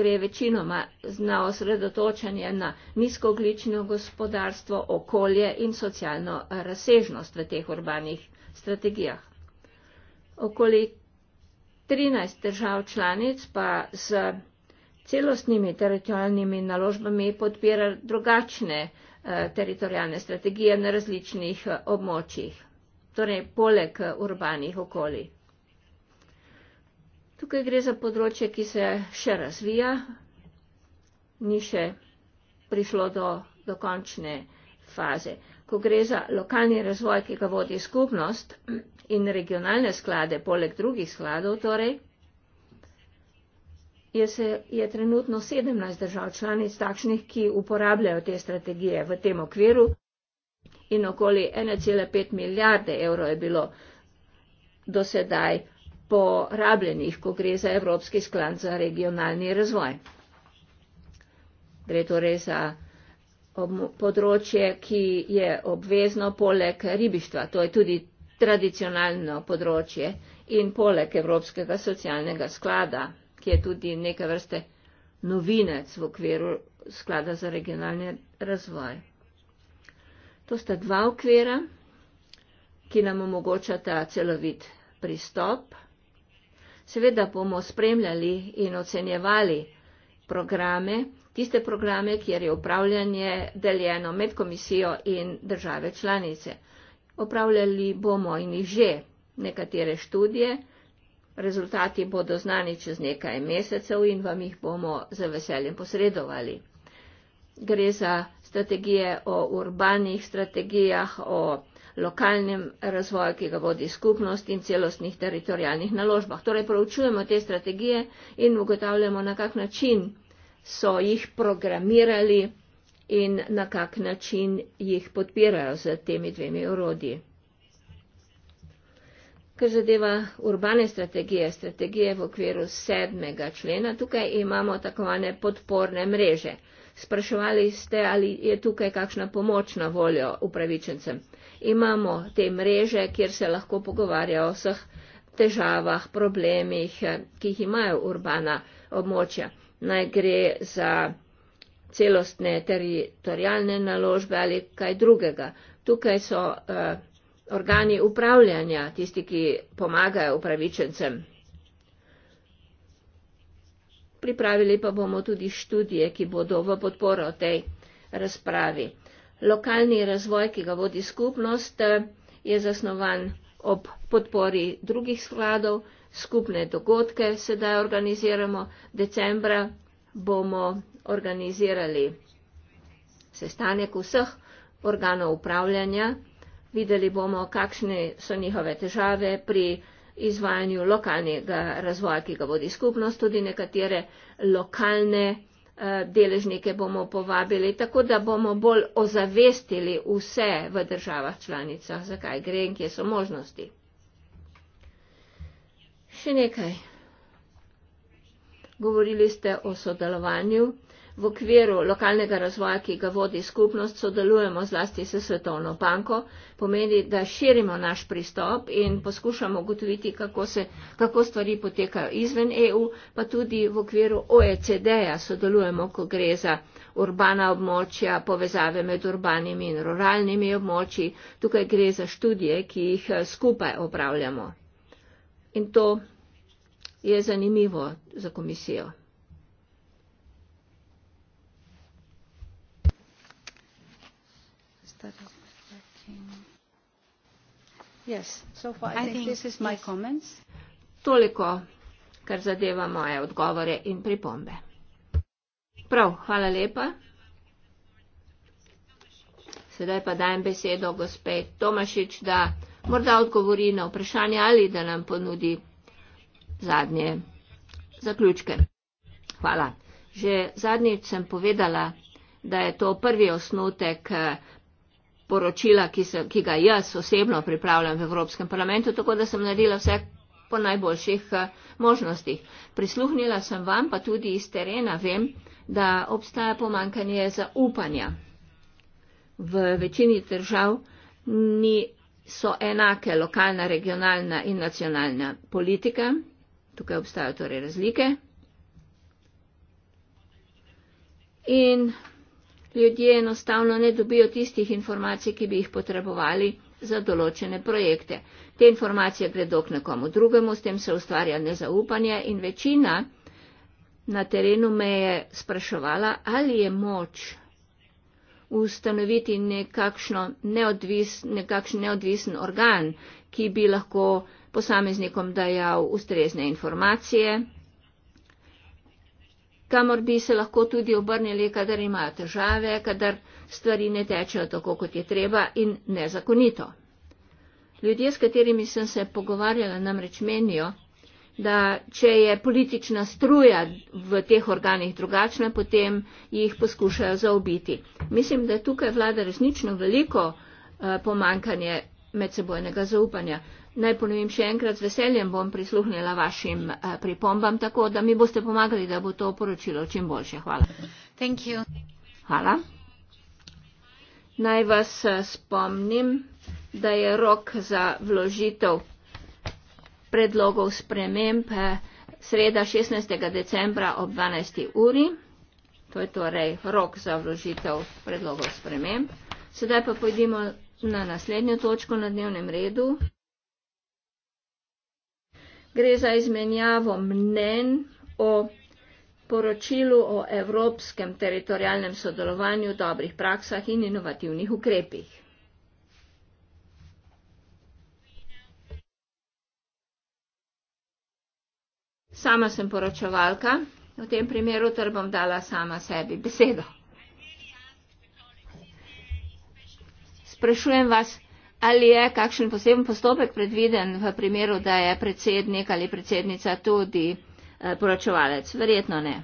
gre večinoma na osredotočanje na nizkoglično gospodarstvo, okolje in socialno razsežnost v teh urbanih območjih strategijah. Okoli 13 držav članic pa z celostnimi teritorijalnimi naložbami podpira drugačne eh, teritorijalne strategije na različnih eh, območjih, torej poleg eh, urbanih okolij. Tukaj gre za področje, ki se še razvija, ni še prišlo do dokončne faze ko gre za lokalni razvoj, ki ga vodi skupnost in regionalne sklade, poleg drugih skladov torej, je, se, je trenutno 17 držav članic takšnih, ki uporabljajo te strategije v tem okviru in okoli 1,5 milijarde evrov je bilo dosedaj porabljenih, ko gre za Evropski sklad za regionalni razvoj. Gre torej za področje, ki je obvezno poleg ribištva. To je tudi tradicionalno področje in poleg Evropskega socialnega sklada, ki je tudi neke vrste novinec v okviru sklada za regionalni razvoj. To sta dva okvira, ki nam omogočata celovit pristop. Seveda bomo spremljali in ocenjevali, programe, tiste programe, kjer je upravljanje deljeno med komisijo in države članice. Opravljali bomo in jih že nekatere študije, rezultati bodo znani čez nekaj mesecev in vam jih bomo z veseljem posredovali. Gre za strategije o urbanih strategijah, o lokalnem razvoju, ki ga vodi skupnost in celostnih teritorijalnih naložbah. Torej, proučujemo te strategije in ugotavljamo, na kak način so jih programirali in na kak način jih podpirajo z temi dvemi orodji. Kar zadeva urbane strategije, strategije v okviru sedmega člena, tukaj imamo takovane podporne mreže. Spraševali ste, ali je tukaj kakšna pomoč na voljo upravičencem. Imamo te mreže, kjer se lahko pogovarjajo o vseh težavah, problemih, ki jih imajo urbana območja naj gre za celostne teritorijalne naložbe ali kaj drugega. Tukaj so eh, organi upravljanja, tisti, ki pomagajo upravičencem. Pripravili pa bomo tudi študije, ki bodo v podporo tej razpravi. Lokalni razvoj, ki ga vodi skupnost, eh, je zasnovan ob podpori drugih skladov, skupne dogodke sedaj organiziramo. Decembra bomo organizirali sestanek vseh organov upravljanja. Videli bomo, kakšne so njihove težave pri izvajanju lokalnega razvoja, ki ga vodi skupnost, tudi nekatere lokalne eh, deležnike bomo povabili, tako da bomo bolj ozavestili vse v državah članicah, zakaj gre in kje so možnosti. Še nekaj. Govorili ste o sodelovanju. V okviru lokalnega razvoja, ki ga vodi skupnost, sodelujemo zlasti s Svetovno banko. Pomeni, da širimo naš pristop in poskušamo ugotoviti, kako, se, kako stvari potekajo izven EU, pa tudi v okviru OECD-ja sodelujemo, ko gre za urbana območja, povezave med urbanimi in ruralnimi območji. Tukaj gre za študije, ki jih eh, skupaj opravljamo. In to je zanimivo za komisijo. Yes, so far, I think this is my comments. Toliko, kar zadeva moje odgovore in pripombe. Prav, hvala lepa. Sedaj pa dajem besedo gospe Tomašič, da morda odgovori na vprašanje ali da nam ponudi zadnje zaključke. Hvala. Že zadnjič sem povedala, da je to prvi osnutek eh, poročila, ki, se, ki ga jaz osebno pripravljam v Evropskem parlamentu, tako da sem naredila vse po najboljših eh, možnostih. Prisluhnila sem vam, pa tudi iz terena vem, da obstaja pomankanje zaupanja. V večini držav niso enake lokalna, regionalna in nacionalna politika, Tukaj obstajajo torej razlike. In ljudje enostavno ne dobijo tistih informacij, ki bi jih potrebovali za določene projekte. Te informacije gredo k nekomu drugemu, s tem se ustvarja nezaupanje in večina na terenu me je spraševala, ali je moč ustanoviti nekakšen neodvis, neodvisen organ ki bi lahko posameznikom dajal ustrezne informacije, kamor bi se lahko tudi obrnili, kadar imajo težave, kadar stvari ne tečejo tako, kot je treba in nezakonito. Ljudje, s katerimi sem se pogovarjala, namreč menijo, da če je politična struja v teh organih drugačna, potem jih poskušajo zaobiti. Mislim, da tukaj vlada resnično veliko eh, pomankanje medsebojnega zaupanja. Naj ponovim še enkrat, z veseljem bom prisluhnila vašim eh, pripombam, tako da mi boste pomagali, da bo to poročilo čim boljše. Hvala. Hvala. Naj vas eh, spomnim, da je rok za vložitev predlogov sprememb eh, sreda 16. decembra ob 12. uri. To je torej rok za vložitev predlogov sprememb. Sedaj pa pojdimo na naslednjo točko na dnevnem redu. Gre za izmenjavo mnen o poročilu o evropskem teritorijalnem sodelovanju, dobrih praksah in inovativnih ukrepih. Sama sem poročevalka, v tem primeru ter bom dala sama sebi besedo. sprašujem vas, ali je kakšen poseben postopek predviden v primeru, da je predsednik ali predsednica tudi eh, poročevalec? Verjetno ne.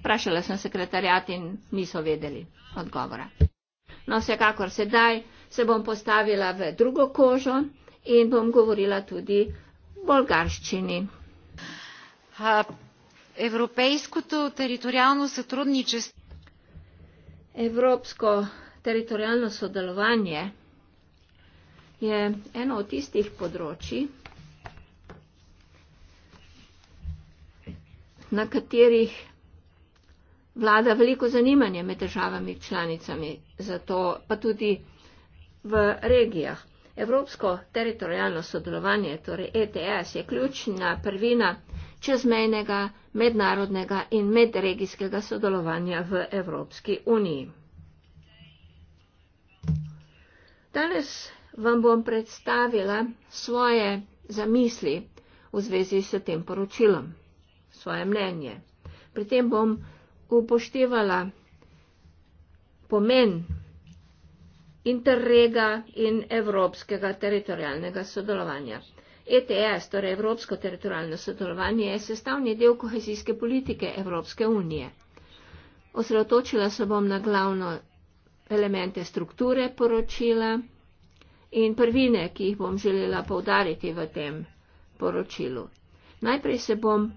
Vprašala sem sekretarjat in niso vedeli odgovora. No, vsekakor sedaj se bom postavila v drugo kožo in bom govorila tudi v bolgarščini. A, evropejsko to teritorijalno sotrudničenje. Evropsko teritorijalno sodelovanje je eno od tistih področji, na katerih vlada veliko zanimanje med državami članicami, zato pa tudi v regijah. Evropsko teritorijalno sodelovanje, torej ETS, je ključna prvina čezmejnega, mednarodnega in medregijskega sodelovanja v Evropski uniji. Danes vam bom predstavila svoje zamisli v zvezi s tem poročilom, svoje mnenje. Pri tem bom upoštevala pomen interrega in evropskega teritorijalnega sodelovanja. ETS, torej Evropsko teritorijalno sodelovanje, je sestavni del kohezijske politike Evropske unije. Osredotočila se bom na glavno elemente strukture poročila, in prvine, ki jih bom želela povdariti v tem poročilu. Najprej se bom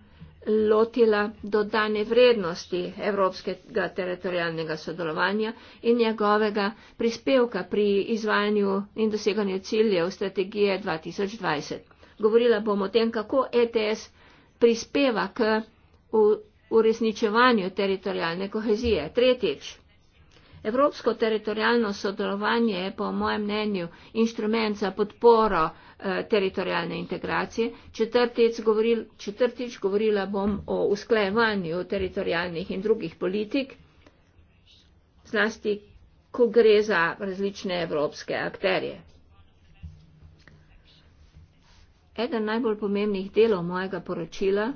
lotila dodane vrednosti evropskega teritorijalnega sodelovanja in njegovega prispevka pri izvajanju in doseganju ciljev strategije 2020. Govorila bom o tem, kako ETS prispeva k uresničevanju teritorijalne kohezije. Tretjič, Evropsko teritorijalno sodelovanje je po mojem mnenju inštrument za podporo eh, teritorijalne integracije. Četrtič, govoril, četrtič govorila bom o usklajevanju teritorijalnih in drugih politik, zlasti, ko gre za različne evropske akterje. Eden najbolj pomembnih delov mojega poročila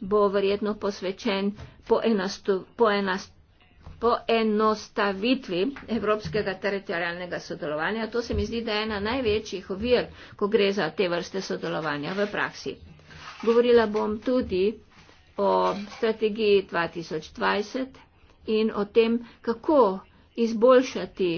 bo verjetno posvečen poenastu, poenastu, poenostavitvi evropskega teritorijalnega sodelovanja. To se mi zdi, da je ena največjih ovir, ko gre za te vrste sodelovanja v praksi. Govorila bom tudi o strategiji 2020 in o tem, kako izboljšati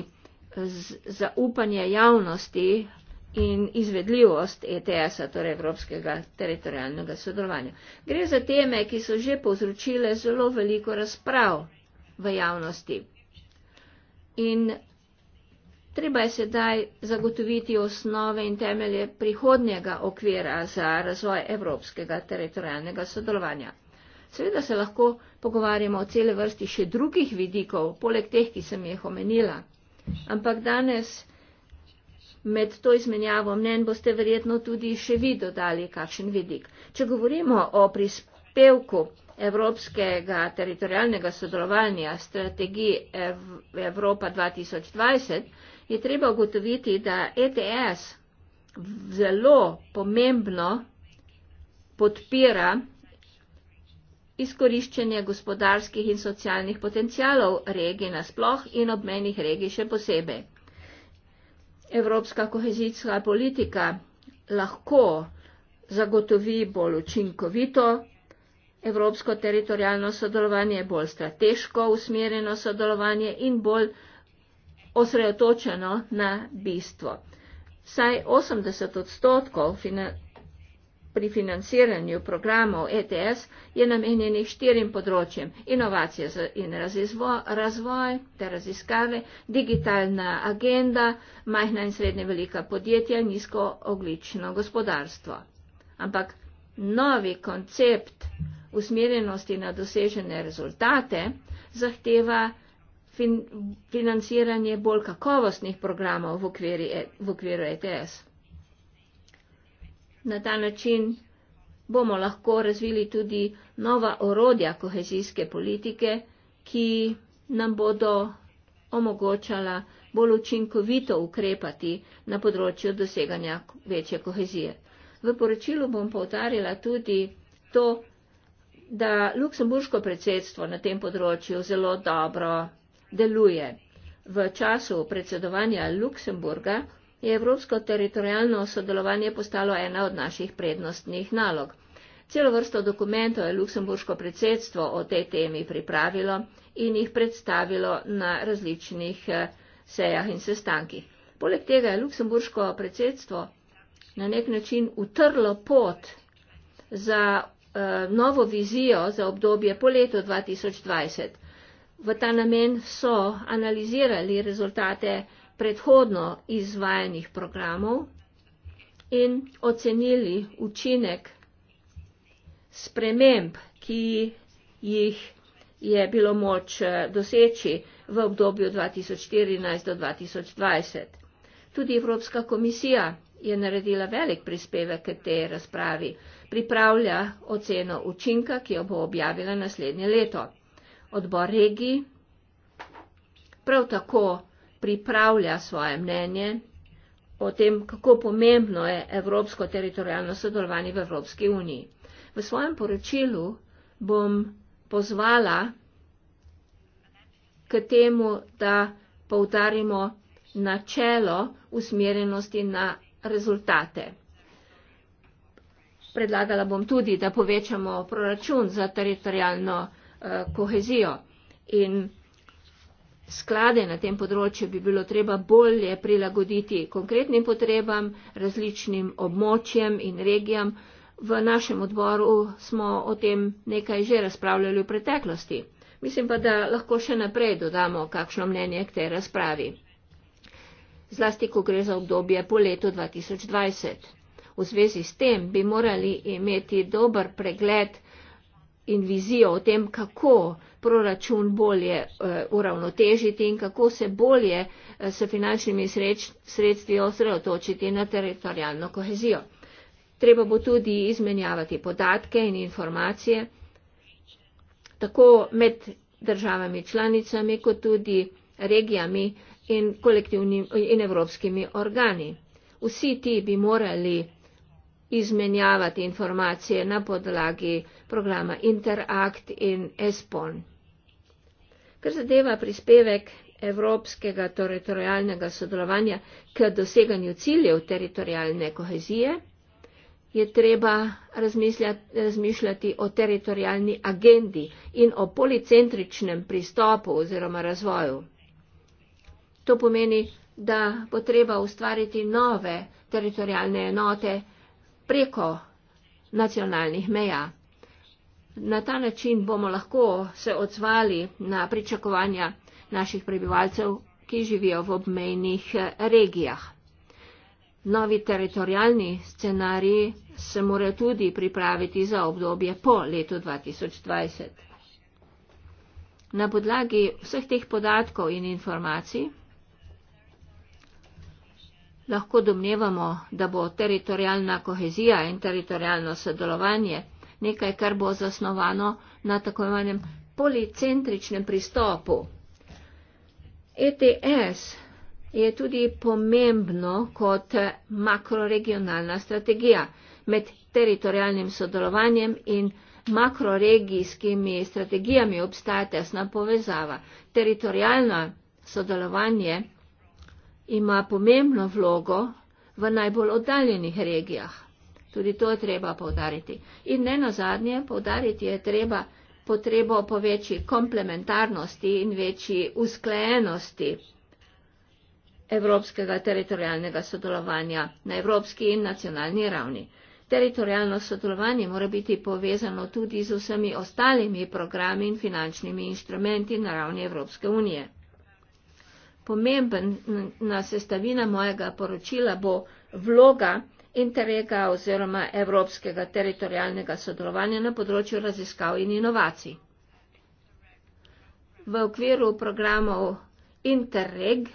zaupanje javnosti in izvedljivost ETS-a, torej Evropskega teritorijalnega sodelovanja. Gre za teme, ki so že povzročile zelo veliko razprav v javnosti. In treba je sedaj zagotoviti osnove in temelje prihodnjega okvira za razvoj evropskega teritorijalnega sodelovanja. Seveda se lahko pogovarjamo o cele vrsti še drugih vidikov, poleg teh, ki sem jih omenila. Ampak danes med to izmenjavo mnen boste verjetno tudi še vi dodali kakšen vidik. Če govorimo o prispevku, evropskega teritorijalnega sodelovanja strategiji Ev Evropa 2020, je treba ugotoviti, da ETS zelo pomembno podpira izkoriščenje gospodarskih in socialnih potencijalov regij nasploh in obmenih regij še posebej. Evropska kohezijska politika lahko zagotovi bolj učinkovito evropsko teritorijalno sodelovanje, bolj strateško usmerjeno sodelovanje in bolj osredotočeno na bistvo. Saj 80 odstotkov pri financiranju programov ETS je namenjenih štirim področjem. Inovacije in razvoj ter raziskave, digitalna agenda, majhna in srednje velika podjetja, nizkooglično gospodarstvo. Ampak novi koncept usmerjenosti na dosežene rezultate zahteva fin financiranje bolj kakovostnih programov v, okviri, v okviru ETS. Na ta način bomo lahko razvili tudi nova orodja kohezijske politike, ki nam bodo omogočala bolj učinkovito ukrepati na področju doseganja večje kohezije. V poročilu bom povdarjala tudi to, da luksemburško predsedstvo na tem področju zelo dobro deluje. V času predsedovanja Luksemburga je evropsko teritorijalno sodelovanje postalo ena od naših prednostnih nalog. Celo vrsto dokumentov je luksemburško predsedstvo o tej temi pripravilo in jih predstavilo na različnih eh, sejah in sestankih. Poleg tega je luksemburško predsedstvo na nek način utrlo pot za Eh, novo vizijo za obdobje po letu 2020. V ta namen so analizirali rezultate predhodno izvajanih programov in ocenili učinek sprememb, ki jih je bilo moč eh, doseči v obdobju 2014 do 2020. Tudi Evropska komisija je naredila velik prispevek k tej razpravi pripravlja oceno učinka, ki jo bo objavila naslednje leto. Odbor regij prav tako pripravlja svoje mnenje o tem, kako pomembno je evropsko teritorijalno sodelovanje v Evropski uniji. V svojem poročilu bom pozvala k temu, da poudarimo načelo usmerjenosti na rezultate predlagala bom tudi, da povečamo proračun za teritorijalno eh, kohezijo. In sklade na tem področju bi bilo treba bolje prilagoditi konkretnim potrebam, različnim območjem in regijam. V našem odboru smo o tem nekaj že razpravljali v preteklosti. Mislim pa, da lahko še naprej dodamo kakšno mnenje k tej razpravi. Zlasti, ko gre za obdobje po letu 2020. V zvezi s tem bi morali imeti dober pregled in vizijo o tem, kako proračun bolje eh, uravnotežiti in kako se bolje eh, s finančnimi sredstvi osredotočiti na teritorijalno kohezijo. Treba bo tudi izmenjavati podatke in informacije, tako med državami članicami, kot tudi regijami in, in evropskimi organi. Vsi ti bi morali izmenjavati informacije na podlagi programa Interact in ESPON. Kar zadeva prispevek evropskega teritorijalnega sodelovanja k doseganju ciljev teritorijalne kohezije, je treba razmišljati o teritorijalni agendi in o policentričnem pristopu oziroma razvoju. To pomeni, da bo treba ustvariti nove teritorijalne enote, preko nacionalnih meja. Na ta način bomo lahko se odzvali na pričakovanja naših prebivalcev, ki živijo v obmejnih eh, regijah. Novi teritorijalni scenariji se morajo tudi pripraviti za obdobje po letu 2020. Na podlagi vseh teh podatkov in informacij lahko domnevamo, da bo teritorijalna kohezija in teritorijalno sodelovanje nekaj, kar bo zasnovano na tako imenem policentričnem pristopu. ETS je tudi pomembno kot makroregionalna strategija med teritorijalnim sodelovanjem in makroregijskimi strategijami obstaja tesna povezava. Teritorijalno sodelovanje ima pomembno vlogo v najbolj oddaljenih regijah. Tudi to je treba povdariti. In ne nazadnje, povdariti je treba potrebo po večji komplementarnosti in večji usklajenosti evropskega teritorijalnega sodelovanja na evropski in nacionalni ravni. Teritorijalno sodelovanje mora biti povezano tudi z vsemi ostalimi programi in finančnimi inštrumenti na ravni Evropske unije pomembna sestavina mojega poročila bo vloga interega oziroma evropskega teritorijalnega sodelovanja na področju raziskav in inovacij. V okviru programov interreg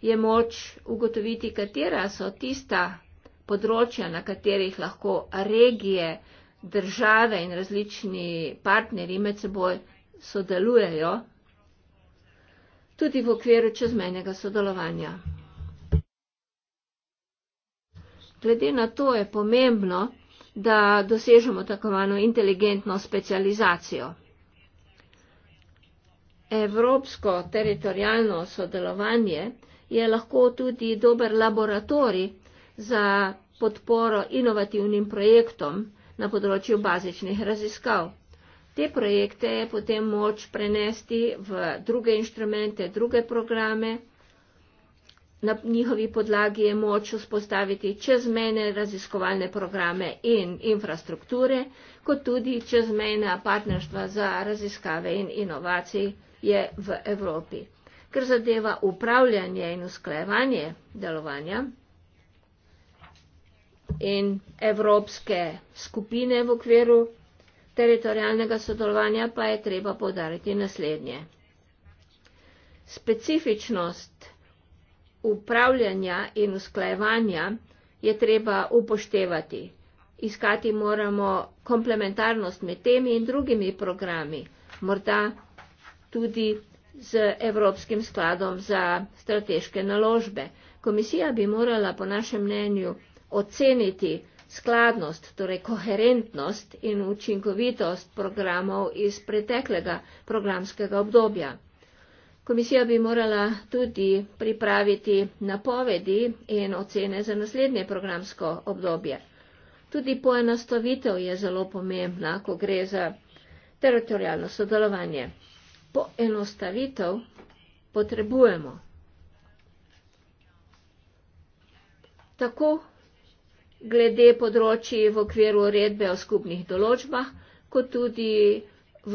je moč ugotoviti, katera so tista področja, na katerih lahko regije, države in različni partnerji med seboj sodelujejo tudi v okviru čezmenjega sodelovanja. Glede na to je pomembno, da dosežemo takovano inteligentno specializacijo. Evropsko teritorijalno sodelovanje je lahko tudi dober laboratorij za podporo inovativnim projektom na področju bazičnih raziskav. Te projekte je potem moč prenesti v druge inštrumente, druge programe. Na njihovi podlagi je moč vzpostaviti čezmejne raziskovalne programe in infrastrukture, kot tudi čezmejna partnerstva za raziskave in inovacije v Evropi. Ker zadeva upravljanje in usklajevanje delovanja in evropske skupine v okviru teritorijalnega sodelovanja pa je treba podariti naslednje. Specifičnost upravljanja in usklajevanja je treba upoštevati. Iskati moramo komplementarnost med temi in drugimi programi, morda tudi z Evropskim skladom za strateške naložbe. Komisija bi morala po našem mnenju oceniti, skladnost, torej koherentnost in učinkovitost programov iz preteklega programskega obdobja. Komisija bi morala tudi pripraviti napovedi in ocene za naslednje programsko obdobje. Tudi poenostavitev je zelo pomembna, ko gre za teritorijalno sodelovanje. Poenostavitev potrebujemo. Tako glede področji v okviru uredbe o skupnih določbah, kot tudi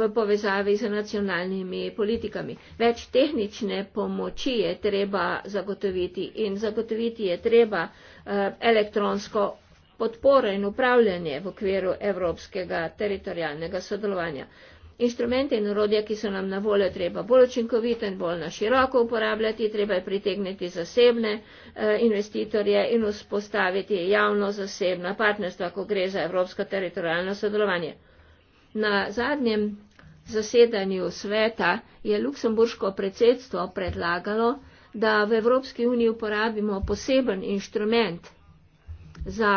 v povezavi z nacionalnimi politikami. Več tehnične pomoči je treba zagotoviti in zagotoviti je treba eh, elektronsko podporo in upravljanje v okviru evropskega teritorijalnega sodelovanja. Inštrumente in urodja, ki so nam na voljo, treba bolj učinkovito in bolj na široko uporabljati, treba je pritegniti zasebne eh, investitorje in vzpostaviti javno-zasebna partnerstva, ko gre za evropsko teritorijalno sodelovanje. Na zadnjem zasedanju sveta je luksemburško predsedstvo predlagalo, da v Evropski uniji uporabimo poseben inštrument za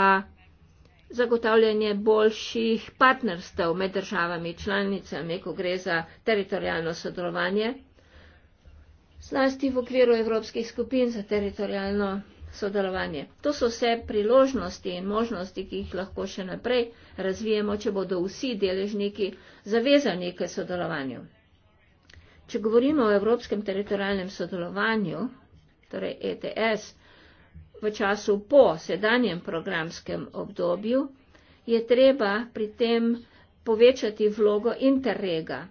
zagotavljanje boljših partnerstev med državami članicami, ko gre za teritorijalno sodelovanje, zlasti v okviru evropskih skupin za teritorijalno sodelovanje. To so vse priložnosti in možnosti, ki jih lahko še naprej razvijemo, če bodo vsi deležniki zavezani k sodelovanju. Če govorimo o evropskem teritorijalnem sodelovanju, torej ETS, v času po sedanjem programskem obdobju, je treba pri tem povečati vlogo interrega.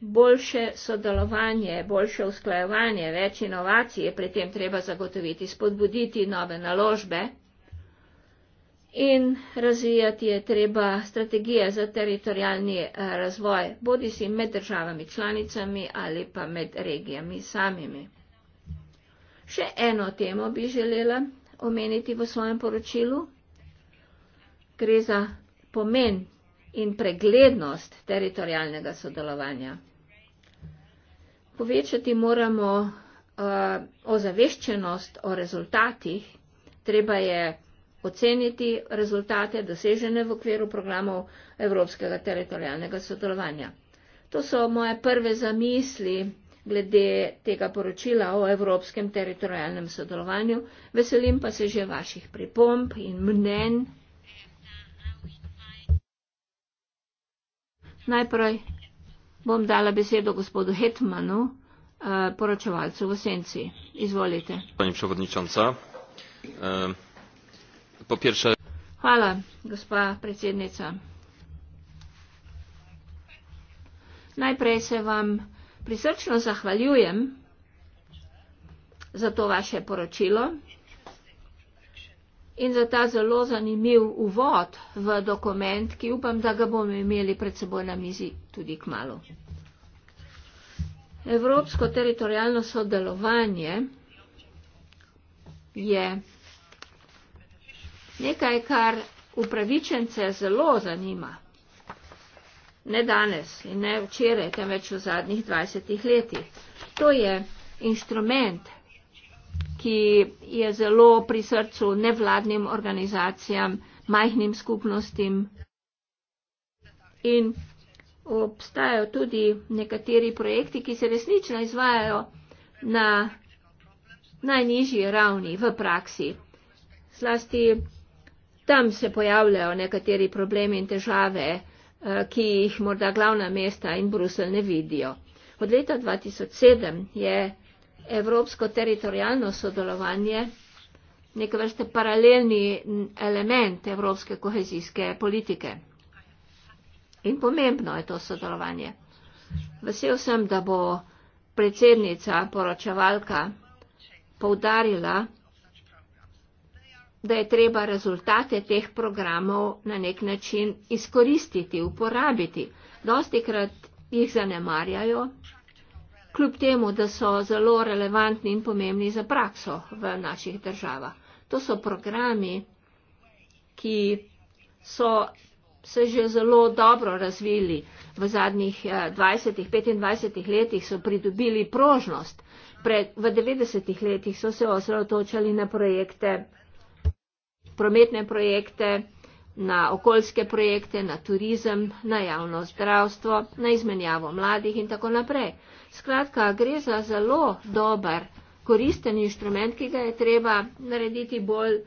Boljše sodelovanje, boljše usklajevanje, več inovacij je pri tem treba zagotoviti, spodbuditi nove naložbe in razvijati je treba strategije za teritorijalni eh, razvoj, bodi si med državami članicami ali pa med regijami samimi. Še eno temo bi želela omeniti v svojem poročilu. Gre za pomen in preglednost teritorijalnega sodelovanja. Povečati moramo uh, ozaveščenost o rezultatih, treba je oceniti rezultate dosežene v okviru programov Evropskega teritorijalnega sodelovanja. To so moje prve zamisli glede tega poročila o evropskem teritorijalnem sodelovanju. Veselim pa se že vaših pripomb in mnen. Najprej bom dala besedo gospodu Hetmanu, eh, poročevalcu v Senci. Izvolite. Pani predsednica, eh, po prvi. Hvala, gospa predsednica. Najprej se vam prisrčno zahvaljujem za to vaše poročilo in za ta zelo zanimiv uvod v dokument, ki upam, da ga bomo imeli pred seboj na mizi tudi k malu. Evropsko teritorijalno sodelovanje je nekaj, kar upravičence zelo zanima ne danes in ne včeraj, temveč v zadnjih 20 letih. To je inštrument, ki je zelo pri srcu nevladnim organizacijam, majhnim skupnostim. In obstajajo tudi nekateri projekti, ki se resnično izvajajo na najnižji ravni v praksi. Zlasti tam se pojavljajo nekateri problemi in težave. Eh, ki jih morda glavna mesta in Bruselj ne vidijo. Od leta 2007 je evropsko teritorijalno sodelovanje neka vrste paralelni element evropske kohezijske politike. In pomembno je to sodelovanje. Vesel sem, da bo predsednica poročevalka poudarila, da je treba rezultate teh programov na nek način izkoristiti, uporabiti. Dosti krat jih zanemarjajo, kljub temu, da so zelo relevantni in pomembni za prakso v naših državah. To so programi, ki so se že zelo dobro razvili. V zadnjih 20-25 eh, letih so pridobili prožnost. Pred, v 90-ih letih so se osredotočali na projekte prometne projekte, na okoljske projekte, na turizem, na javno zdravstvo, na izmenjavo mladih in tako naprej. Skratka, gre za zelo dober, koristen inštrument, ki ga je treba narediti bolj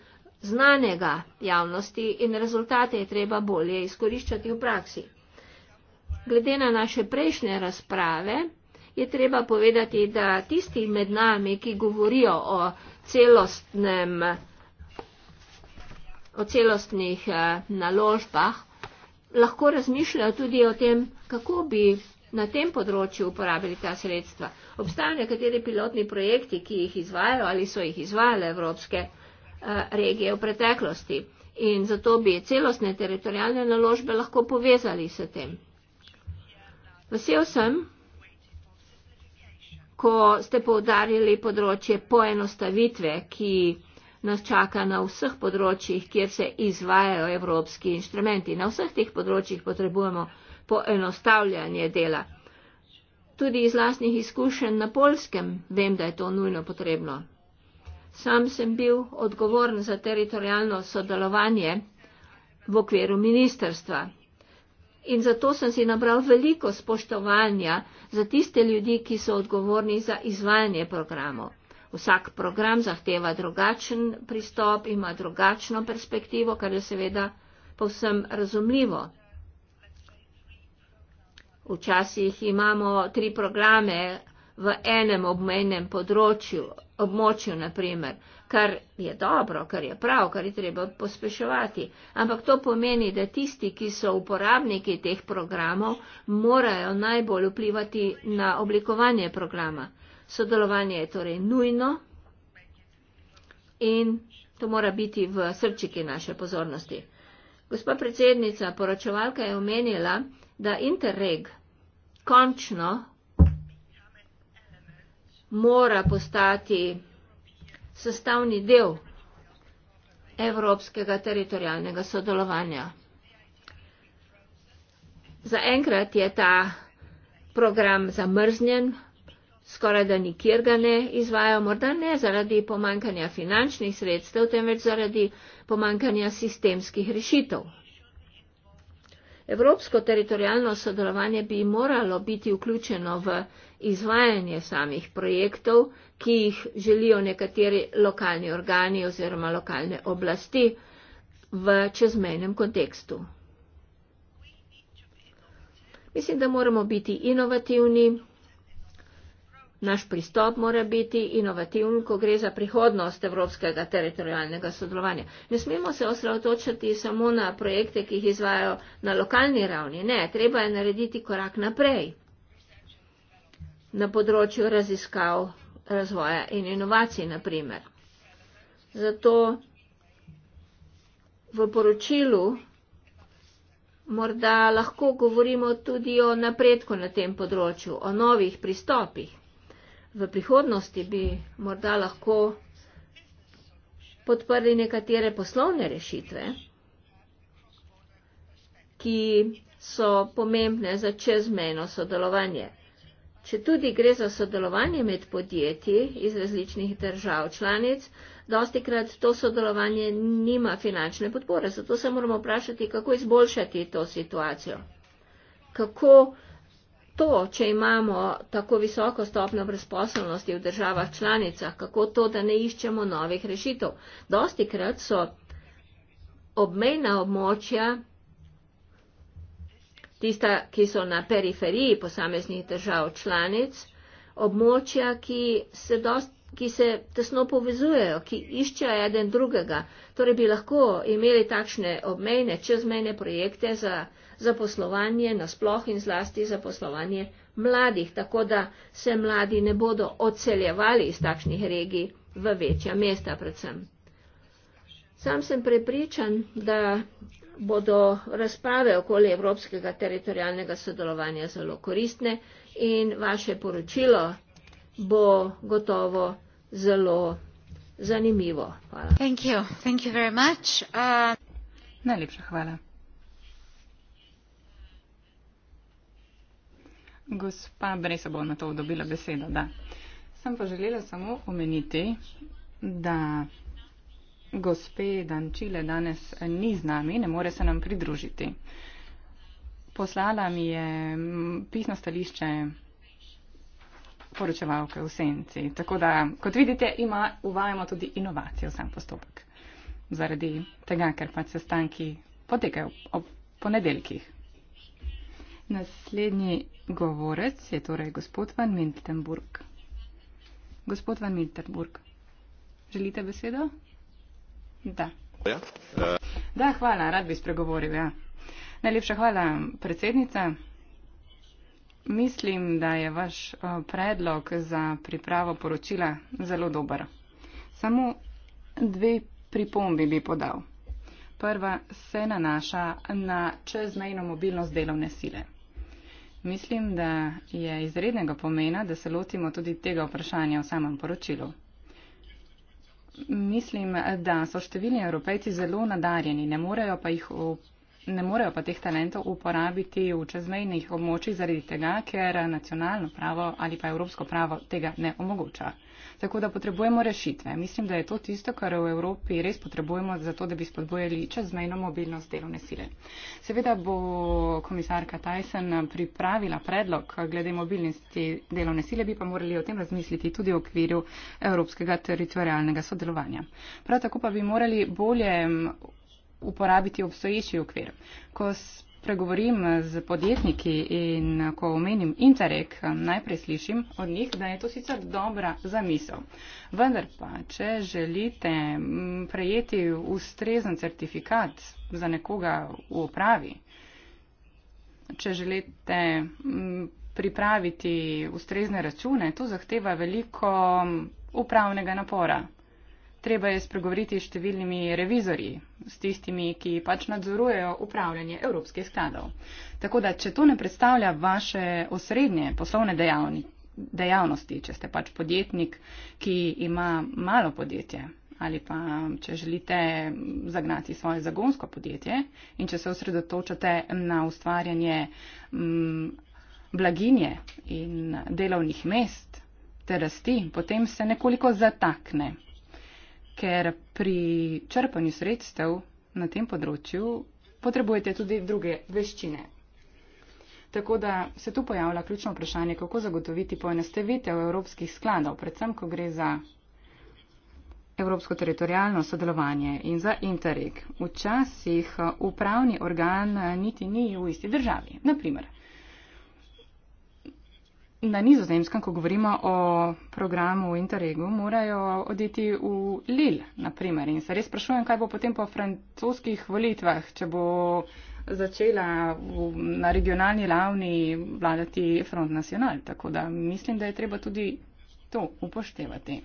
znanega javnosti in rezultate je treba bolje izkoriščati v praksi. Glede na naše prejšnje razprave je treba povedati, da tisti med nami, ki govorijo o celostnem o celostnih eh, naložbah, lahko razmišljajo tudi o tem, kako bi na tem področju uporabili ta sredstva. Obstajajo nekateri pilotni projekti, ki jih izvajajo ali so jih izvajale evropske eh, regije v preteklosti. In zato bi celostne teritorijalne naložbe lahko povezali s tem. Vesel sem, ko ste poudarili področje poenostavitve, ki nas čaka na vseh področjih, kjer se izvajajo evropski inštrumenti. Na vseh teh področjih potrebujemo poenostavljanje dela. Tudi iz lastnih izkušenj na polskem vem, da je to nujno potrebno. Sam sem bil odgovoren za teritorijalno sodelovanje v okviru ministerstva. In zato sem si nabral veliko spoštovanja za tiste ljudi, ki so odgovorni za izvajanje programov vsak program zahteva drugačen pristop, ima drugačno perspektivo, kar je seveda povsem razumljivo. Včasih imamo tri programe v enem obmejnem področju, območju naprimer, kar je dobro, kar je prav, kar je treba pospeševati. Ampak to pomeni, da tisti, ki so uporabniki teh programov, morajo najbolj vplivati na oblikovanje programa. Sodelovanje je torej nujno in to mora biti v srčiki naše pozornosti. Gospa predsednica, poročevalka je omenila, da Interreg končno mora postati sestavni del evropskega teritorijalnega sodelovanja. Zaenkrat je ta program zamrznjen, skoraj da nikjer ga ne izvajo, morda ne zaradi pomankanja finančnih sredstev, temveč zaradi pomankanja sistemskih rešitev. Evropsko teritorijalno sodelovanje bi moralo biti vključeno v izvajanje samih projektov, ki jih želijo nekateri lokalni organi oziroma lokalne oblasti v čezmejnem kontekstu. Mislim, da moramo biti inovativni, Naš pristop mora biti inovativen, ko gre za prihodnost evropskega teritorijalnega sodelovanja. Ne smemo se osredotočiti samo na projekte, ki jih izvajo na lokalni ravni. Ne, treba je narediti korak naprej na področju raziskav, razvoja in inovacij, naprimer. Zato v poročilu morda lahko govorimo tudi o napredku na tem področju, o novih pristopih v prihodnosti bi morda lahko podprli nekatere poslovne rešitve, ki so pomembne za čezmejno sodelovanje. Če tudi gre za sodelovanje med podjetji iz različnih držav članic, dosti krat to sodelovanje nima finančne podpore. Zato se moramo vprašati, kako izboljšati to situacijo. Kako to, če imamo tako visoko stopno brezposobnosti v državah članicah, kako to, da ne iščemo novih rešitev. Dosti krat so obmejna območja, tista, ki so na periferiji posameznih držav članic, območja, ki se, dost, ki se tesno povezujejo, ki iščejo eden drugega. Torej bi lahko imeli takšne obmejne, čezmejne projekte za za poslovanje nasploh in zlasti za poslovanje mladih, tako da se mladi ne bodo odseljevali iz takšnih regij v večja mesta predvsem. Sam sem prepričan, da bodo razprave okoli evropskega teritorijalnega sodelovanja zelo koristne in vaše poročilo bo gotovo zelo zanimivo. Hvala. Thank you. Thank you very much. Uh... Najlepša hvala. Gospa Bresa bo na to dobila besedo, da. Sem pa želela samo omeniti, da gospe Dančile danes ni z nami, ne more se nam pridružiti. Poslala mi je pisno stališče poročevalke v senci. Tako da, kot vidite, ima, uvajamo tudi inovacije v sam postopek. Zaradi tega, ker pač sestanki potekajo ob ponedeljkih. Naslednji govorec je torej gospod Van Miltenburg. Gospod Van Miltenburg, želite besedo? Da. Ja. Da, hvala, rad bi spregovoril. Ja. Najlepša hvala, predsednica. Mislim, da je vaš eh, predlog za pripravo poročila zelo dober. Samo dve pripombi bi podal. Prva se nanaša na čezmejno mobilnost delovne sile. Mislim, da je izrednega pomena, da se lotimo tudi tega vprašanja v samem poročilu. Mislim, da so številni evropejci zelo nadarjeni, ne morejo pa, jih, ne morejo pa teh talentov uporabiti v čezmejnih območjih zaradi tega, ker nacionalno pravo ali pa evropsko pravo tega ne omogoča. Tako da potrebujemo rešitve. Mislim, da je to tisto, kar v Evropi res potrebujemo za to, da bi spodbojali čezmejno mobilnost delovne sile. Seveda bo komisarka Tyson pripravila predlog glede mobilnosti delovne sile, bi pa morali o tem razmisliti tudi v okviru evropskega teritorijalnega sodelovanja. Prav tako pa bi morali bolje mm, uporabiti obstoječi okvir. Ko pregovorim z podjetniki in ko omenim Interreg, najprej slišim od njih, da je to sicer dobra zamisel. Vendar pa, če želite prejeti ustrezen certifikat za nekoga v upravi, če želite pripraviti ustrezne račune, to zahteva veliko upravnega napora treba je spregovoriti s številnimi revizori, s tistimi, ki pač nadzorujejo upravljanje evropskih skladov. Tako da, če to ne predstavlja vaše osrednje poslovne dejavni, dejavnosti, če ste pač podjetnik, ki ima malo podjetje ali pa če želite zagnati svoje zagonsko podjetje in če se osredotočate na ustvarjanje m, mm, blaginje in delovnih mest ter rasti, potem se nekoliko zatakne ker pri črpanju sredstev na tem področju potrebujete tudi druge veščine. Tako da se tu pojavlja ključno vprašanje, kako zagotoviti poenostavitev evropskih skladov, predvsem, ko gre za evropsko teritorijalno sodelovanje in za interreg. Včasih uh, upravni organ uh, niti ni v isti državi. Naprimer, na nizozemskem, ko govorimo o programu v Interregu, morajo oditi v Lil, naprimer. In se res sprašujem, kaj bo potem po francoskih volitvah, če bo začela v, na regionalni ravni vladati Front National. Tako da mislim, da je treba tudi to upoštevati.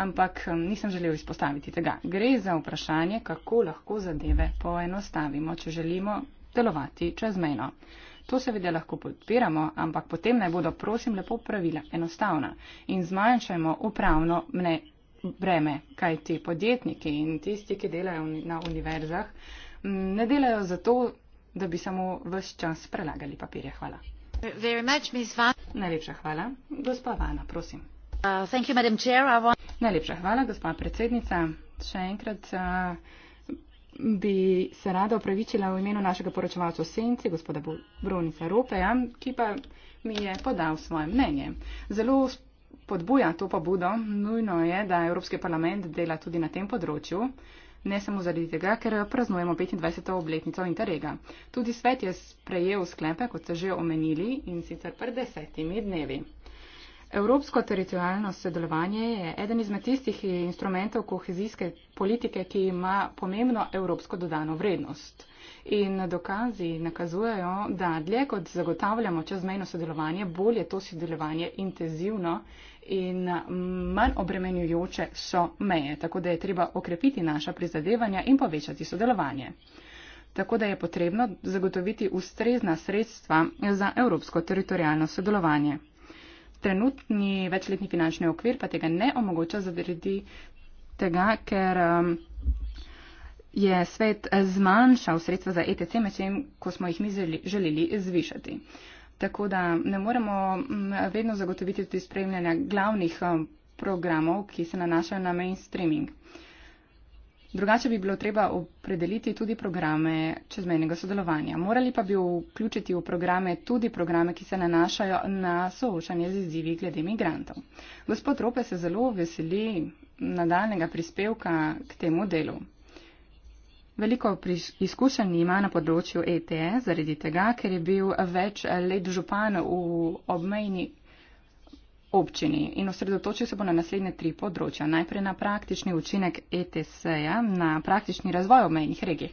Ampak um, nisem želel izpostaviti tega. Gre za vprašanje, kako lahko zadeve poenostavimo, če želimo delovati čezmejno. To seveda lahko podpiramo, ampak potem naj bodo, prosim, lepo pravila enostavna in zmanjšajmo upravno mne breme, kaj ti podjetniki in tisti, ki delajo na univerzah, ne delajo zato, da bi samo vse čas prelagali papirje. Hvala. Much, Najlepša hvala. Gospa Vana, prosim. Uh, you, Chair, want... Najlepša hvala, gospa predsednica. Še enkrat. Uh, bi se rada opravičila v imenu našega poročevalca v senci, gospoda Brunica Ropeja, ki pa mi je podal svoje mnenje. Zelo podbuja to pobudo, nujno je, da Evropski parlament dela tudi na tem področju, ne samo zaradi tega, ker praznujemo 25. obletnico Interrega. Tudi svet je sprejel sklepe, kot ste že omenili, in sicer pred desetimi dnevi. Evropsko teritorijalno sodelovanje je eden izmed tistih instrumentov kohezijske politike, ki ima pomembno evropsko dodano vrednost. In dokazi nakazujejo, da dlje kot zagotavljamo čezmejno sodelovanje, bolje to sodelovanje intenzivno in manj obremenjujoče so meje, tako da je treba okrepiti naša prizadevanja in povečati sodelovanje. Tako da je potrebno zagotoviti ustrezna sredstva za evropsko teritorijalno sodelovanje trenutni večletni finančni okvir pa tega ne omogoča zaradi tega, ker um, je svet zmanjšal sredstva za ETC, medtem ko smo jih mi želeli zvišati. Tako da ne moremo mm, vedno zagotoviti tudi spremljanja glavnih um, programov, ki se nanašajo na mainstreaming. Uh, Drugače bi bilo treba opredeliti tudi programe čezmejnega sodelovanja. Morali pa bi vključiti v programe tudi programe, ki se nanašajo na soočanje z izzivi glede migrantov. Gospod Rope se zelo veseli nadaljnega prispevka k temu delu. Veliko izkušenj ima na področju ETS, zaradi tega, ker je bil več let župan v obmejni občini in osredotočil se bo na naslednje tri področja. Najprej na praktični učinek ETS-ja, na praktični razvoj obmejnih regij.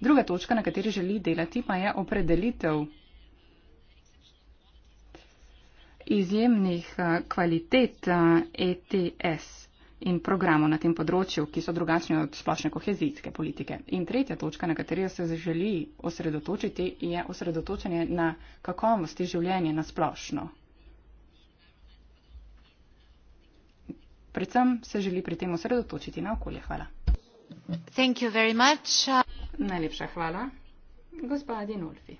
Druga točka, na kateri želi delati, pa je opredelitev izjemnih eh, kvalitet ETS eh, e in programov na tem področju, ki so drugačni od splošne kohezijske politike. In tretja točka, na katero se želi osredotočiti, je osredotočanje na kakovosti življenja na splošno. Predvsem se želi pri tem osredotočiti na okolje. Hvala. Uh... Najlepša hvala, gospodin Nolfi.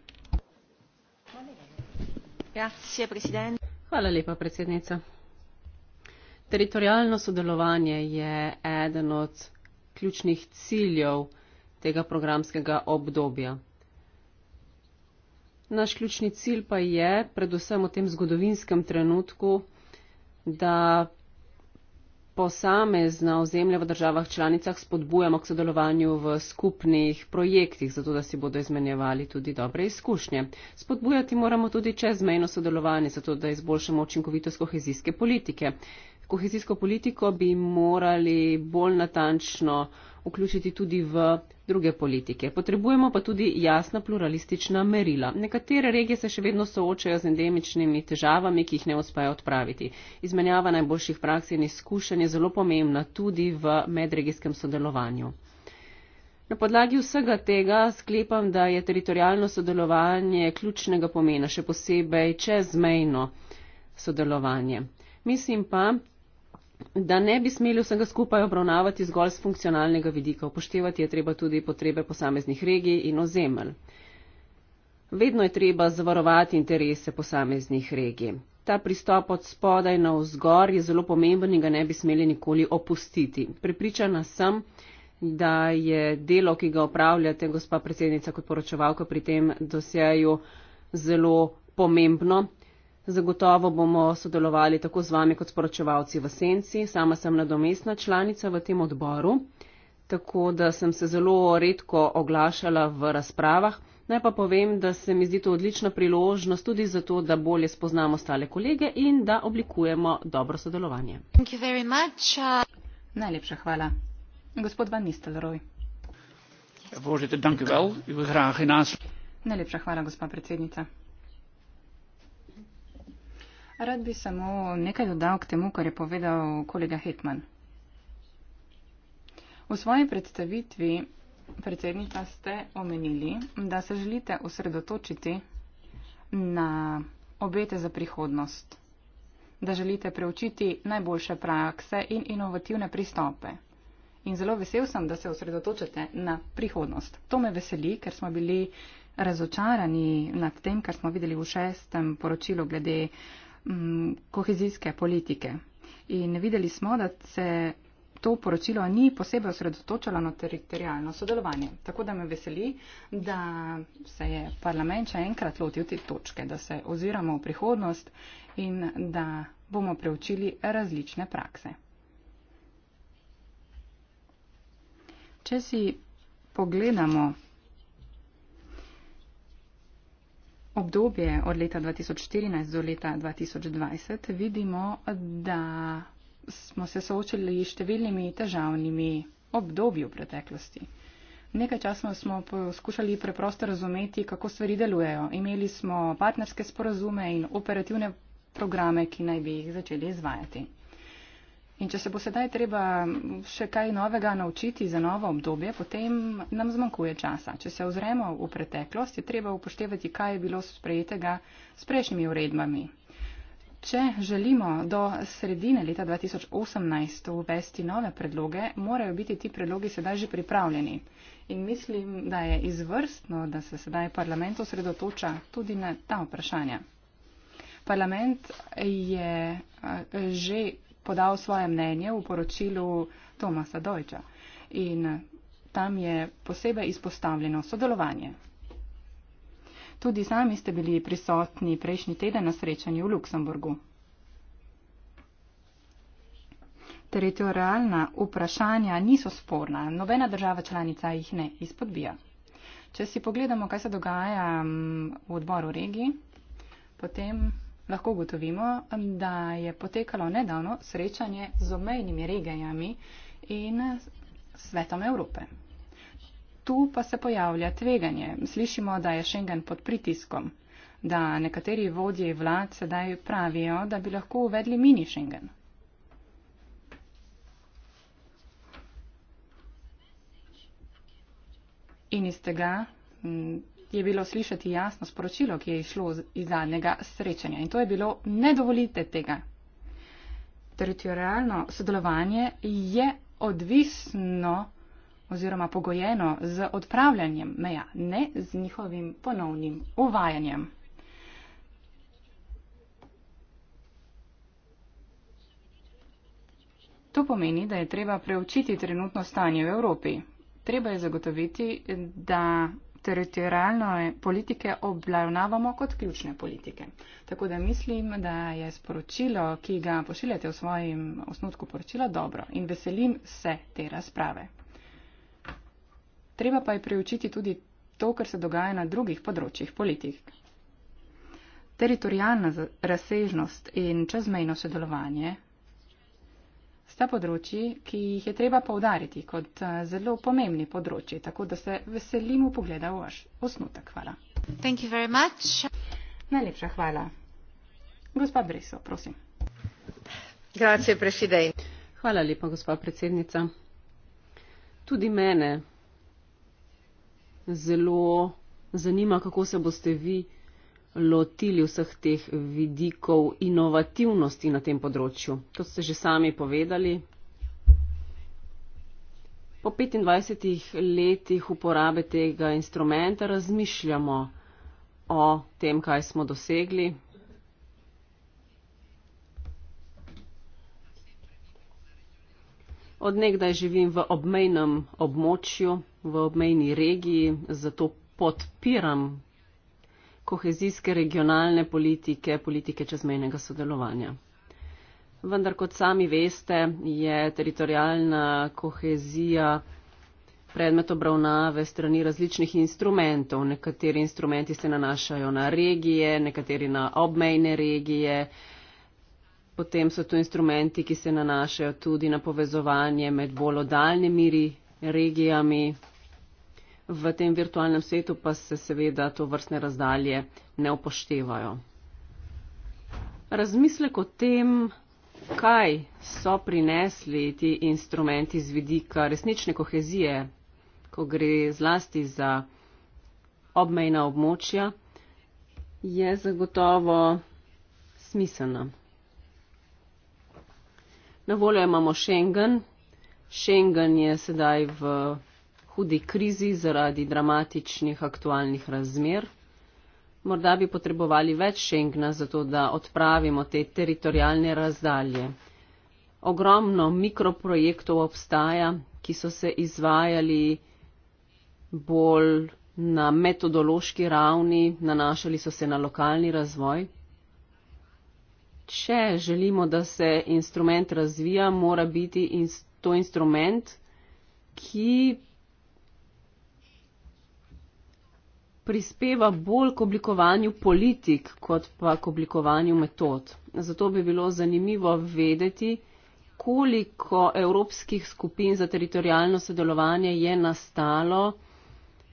Hvala lepa, predsednica. Teritorijalno sodelovanje je eden od ključnih ciljev tega programskega obdobja. Naš ključni cilj pa je, predvsem v tem zgodovinskem trenutku, da posamezna ozemlja v državah članicah spodbujamo k sodelovanju v skupnih projektih, zato da si bodo izmenjevali tudi dobre izkušnje. Spodbujati moramo tudi čezmejno sodelovanje, zato da izboljšamo učinkovitost kohezijske politike kohezijsko politiko bi morali bolj natančno vključiti tudi v druge politike. Potrebujemo pa tudi jasna pluralistična merila. Nekatere regije se še vedno soočajo z endemičnimi težavami, ki jih ne uspejo odpraviti. Izmenjava najboljših praks in izkušenj je zelo pomembna tudi v medregijskem sodelovanju. Na podlagi vsega tega sklepam, da je teritorijalno sodelovanje ključnega pomena, še posebej čezmejno sodelovanje. Mislim pa, da ne bi smeli vsega skupaj obravnavati zgolj z funkcionalnega vidika. Upoštevati je treba tudi potrebe posameznih regij in ozemelj. Vedno je treba zavarovati interese posameznih regij. Ta pristop od spodaj na vzgor je zelo pomemben in ga ne bi smeli nikoli opustiti. Pripričana sem, da je delo, ki ga opravljate, gospa predsednica, kot poročevalka pri tem dosjeju, zelo pomembno. Zagotovo bomo sodelovali tako z vami kot sporočevalci v Senci. Sama sem nadomestna članica v tem odboru, tako da sem se zelo redko oglašala v razpravah. Naj pa povem, da se mi zdi to odlična priložnost tudi zato, da bolje spoznamo stale kolege in da oblikujemo dobro sodelovanje. Uh... Najlepša hvala. Gospod Van Nistelrooy. Ja, well. nas... Najlepša hvala, gospa predsednica. Rad bi samo nekaj dodal k temu, kar je povedal kolega Hetman. V svoji predstavitvi predsednica ste omenili, da se želite osredotočiti na obete za prihodnost, da želite preučiti najboljše prakse in inovativne pristope. In zelo vesel sem, da se osredotočate na prihodnost. To me veseli, ker smo bili razočarani nad tem, kar smo videli v šestem poročilu glede uh, Mm, kohezijske politike. In videli smo, da se to poročilo ni posebej osredotočalo na teritorijalno sodelovanje. Tako da me veseli, da se je parlament še enkrat lotil te točke, da se oziramo v prihodnost in da bomo preučili različne prakse. Če si pogledamo obdobje od leta 2014 do leta 2020 vidimo, da smo se soočili s številnimi težavnimi obdobji v preteklosti. Nekaj časa smo poskušali preprosto razumeti, kako stvari delujejo. Imeli smo partnerske sporazume in operativne programe, ki naj bi jih začeli izvajati. In če se bo sedaj treba še kaj novega naučiti za novo obdobje, potem nam zmanjkuje časa. Če se ozremo v preteklost, je treba upoštevati, kaj je bilo sprejetega s prejšnjimi uredbami. Če želimo do sredine leta 2018 uvesti nove predloge, morajo biti ti predlogi sedaj že pripravljeni. In mislim, da je izvrstno, da se sedaj parlament osredotoča tudi na ta vprašanja. Parlament je eh, že podal svoje mnenje v poročilu Tomasa Dojča. In tam je posebej izpostavljeno sodelovanje. Tudi sami ste bili prisotni prejšnji teden na srečanju v Luksemburgu. Teritorijalna vprašanja niso sporna, nobena država članica jih ne izpodbija. Če si pogledamo, kaj se dogaja mm, v odboru regiji, potem lahko gotovimo, da je potekalo nedavno srečanje z omejnimi regijami in svetom Evrope. Tu pa se pojavlja tveganje. Slišimo, da je Schengen pod pritiskom, da nekateri vodje vlad sedaj pravijo, da bi lahko uvedli mini Schengen. In iz tega je bilo slišati jasno sporočilo, ki je išlo iz zadnjega srečanja in to je bilo ne dovolite tega. Teritorijalno sodelovanje je odvisno oziroma pogojeno z odpravljanjem meja, ne z njihovim ponovnim uvajanjem. To pomeni, da je treba preučiti trenutno stanje v Evropi. Treba je zagotoviti, da teritorijalne politike obravnavamo kot ključne politike. Tako da mislim, da je sporočilo, ki ga pošiljate v svojem osnutku poročila, dobro in veselim se te razprave. Treba pa je preučiti tudi to, kar se dogaja na drugih področjih politik. Teritorijalna razsežnost in čezmejno sodelovanje sta področji, ki jih je treba povdariti kot eh, zelo pomembni področji, tako da se veselimo pogleda v vaš osnutek. Hvala. Najlepša hvala. Gospa Briso, prosim. Grazie, presidente. Hvala lepa, gospa predsednica. Tudi mene zelo zanima, kako se boste vi lotili vseh teh vidikov inovativnosti na tem področju. To ste že sami povedali. Po 25 letih uporabe tega instrumenta razmišljamo o tem, kaj smo dosegli. Odnegdaj živim v obmejnem območju, v obmejni regiji, zato podpiram kohezijske regionalne politike, politike čezmejnega sodelovanja. Vendar, kot sami veste, je teritorijalna kohezija predmet obravnave strani različnih instrumentov. Nekateri instrumenti se nanašajo na regije, nekateri na obmejne regije. Potem so tu instrumenti, ki se nanašajo tudi na povezovanje med bolj oddaljnimi regijami, v tem virtualnem svetu pa se seveda to vrstne razdalje ne upoštevajo. Razmislek o tem, kaj so prinesli ti instrumenti z vidika resnične kohezije, ko gre zlasti za obmejna območja, je zagotovo smiselna. Na voljo imamo Schengen. Schengen je sedaj v hudi krizi zaradi dramatičnih aktualnih razmer. Morda bi potrebovali več šengna, zato da odpravimo te teritorijalne razdalje. Ogromno mikroprojektov obstaja, ki so se izvajali bolj na metodološki ravni, nanašali so se na lokalni razvoj. Če želimo, da se instrument razvija, mora biti to instrument, ki prispeva bolj k oblikovanju politik, kot pa k oblikovanju metod. Zato bi bilo zanimivo vedeti, koliko evropskih skupin za teritorijalno sodelovanje je nastalo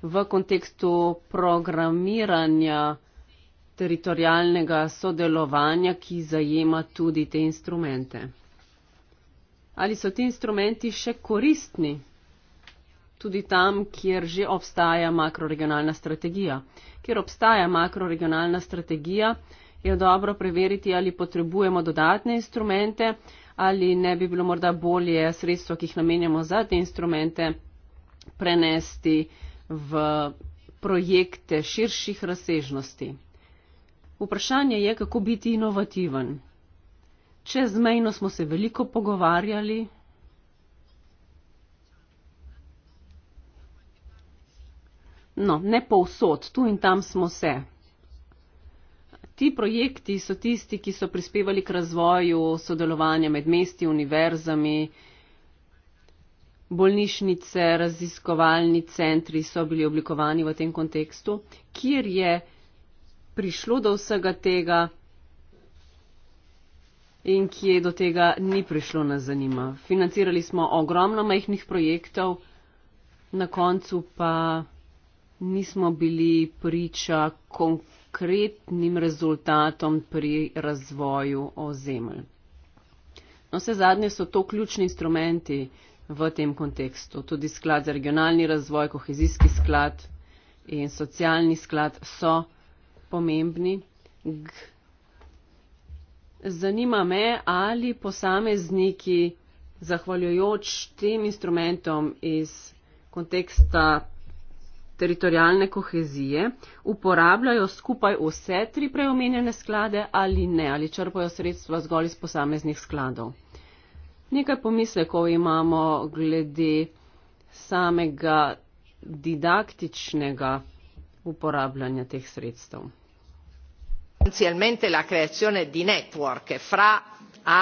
v kontekstu programiranja teritorijalnega sodelovanja, ki zajema tudi te instrumente. Ali so ti instrumenti še koristni? tudi tam, kjer že obstaja makroregionalna strategija. Kjer obstaja makroregionalna strategija, je dobro preveriti, ali potrebujemo dodatne instrumente, ali ne bi bilo morda bolje sredstvo, ki jih namenjamo za te instrumente, prenesti v projekte širših razsežnosti. Vprašanje je, kako biti inovativen. Čezmejno smo se veliko pogovarjali No, ne povsod, tu in tam smo se. Ti projekti so tisti, ki so prispevali k razvoju sodelovanja med mesti, univerzami, bolnišnice, raziskovalni centri so bili oblikovani v tem kontekstu, kjer je prišlo do vsega tega in kje do tega ni prišlo na zanima. Financirali smo ogromno majhnih projektov, na koncu pa nismo bili priča konkretnim rezultatom pri razvoju ozemelj. No, vse zadnje so to ključni instrumenti v tem kontekstu. Tudi sklad za regionalni razvoj, kohezijski sklad in socialni sklad so pomembni. Zanima me, ali posamezniki, zahvaljujoč tem instrumentom iz konteksta teritorijalne kohezije, uporabljajo skupaj vse tri preomenjene sklade ali ne, ali črpajo sredstva zgolj iz posameznih skladov. Nekaj pomislekov imamo glede samega didaktičnega uporabljanja teh sredstev. Sostanzialmente la creazione di network fra a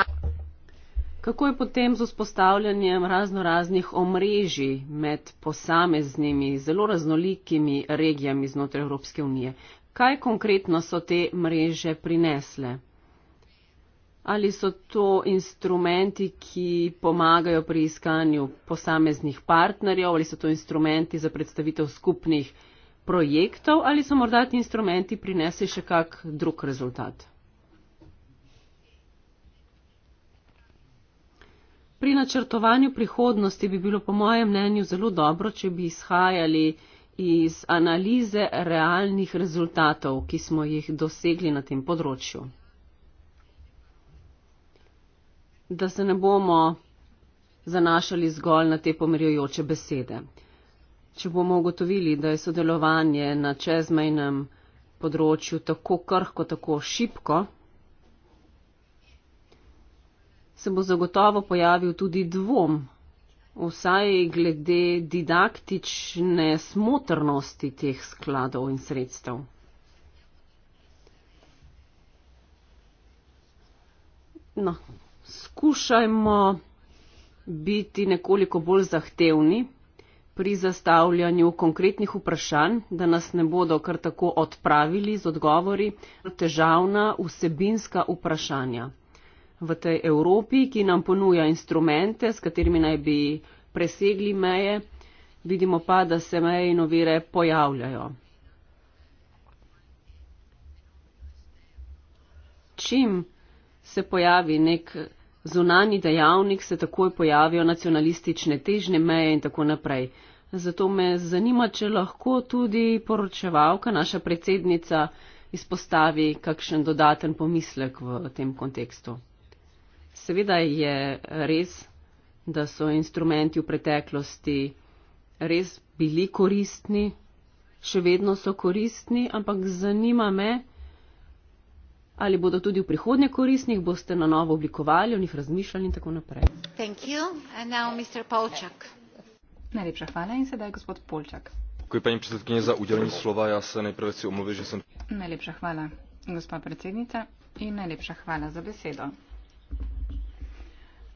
Kako je potem z vzpostavljanjem razno raznih omrežij med posameznimi zelo raznolikimi regijami znotraj Evropske unije? Kaj konkretno so te mreže prinesle? Ali so to instrumenti, ki pomagajo pri iskanju posameznih partnerjev, ali so to instrumenti za predstavitev skupnih projektov, ali so morda ti instrumenti prinesli še kak drug rezultat? Pri načrtovanju prihodnosti bi bilo po mojem mnenju zelo dobro, če bi izhajali iz analize realnih rezultatov, ki smo jih dosegli na tem področju. Da se ne bomo zanašali zgolj na te pomirjujoče besede. Če bomo ugotovili, da je sodelovanje na čezmejnem področju tako krhko, tako šipko, se bo zagotovo pojavil tudi dvom, vsaj glede didaktične smotrnosti teh skladov in sredstev. No, skušajmo biti nekoliko bolj zahtevni pri zastavljanju konkretnih vprašanj, da nas ne bodo kar tako odpravili z odgovori na težavna vsebinska vprašanja v tej Evropi, ki nam ponuja instrumente, s katerimi naj bi presegli meje, vidimo pa, da se meje in ovire pojavljajo. Čim se pojavi nek zunani dejavnik, se takoj pojavijo nacionalistične težne meje in tako naprej. Zato me zanima, če lahko tudi poročevalka, naša predsednica, izpostavi kakšen dodaten pomislek v tem kontekstu. Seveda je res, da so instrumenti v preteklosti res bili koristni, še vedno so koristni, ampak zanima me, ali bodo tudi v prihodnje koristni, jih boste na novo oblikovali, o njih razmišljali in tako naprej. Najlepša hvala in sedaj gospod Polčak. Takoj pa jim predsednik za udeljenje slova, jaz se najprej si omluvim, že sem. Najlepša hvala, gospa predsednica, in najlepša hvala za besedo.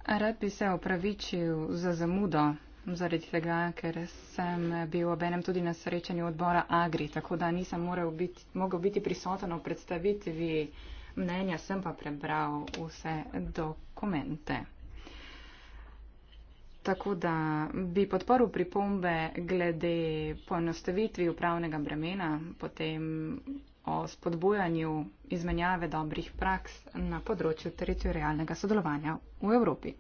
Rad bi se opravičil za zamudo, zaradi tega, ker sem bil ob enem tudi na srečanju odbora Agri, tako da nisem biti, mogel biti prisoten v predstavitvi mnenja, sem pa prebral vse dokumente. Tako da bi podporil pripombe glede poenostavitvi upravnega bremena, potem o spodbujanju izmenjave dobrih praks na področju teritorijalnega sodelovanja v Evropi.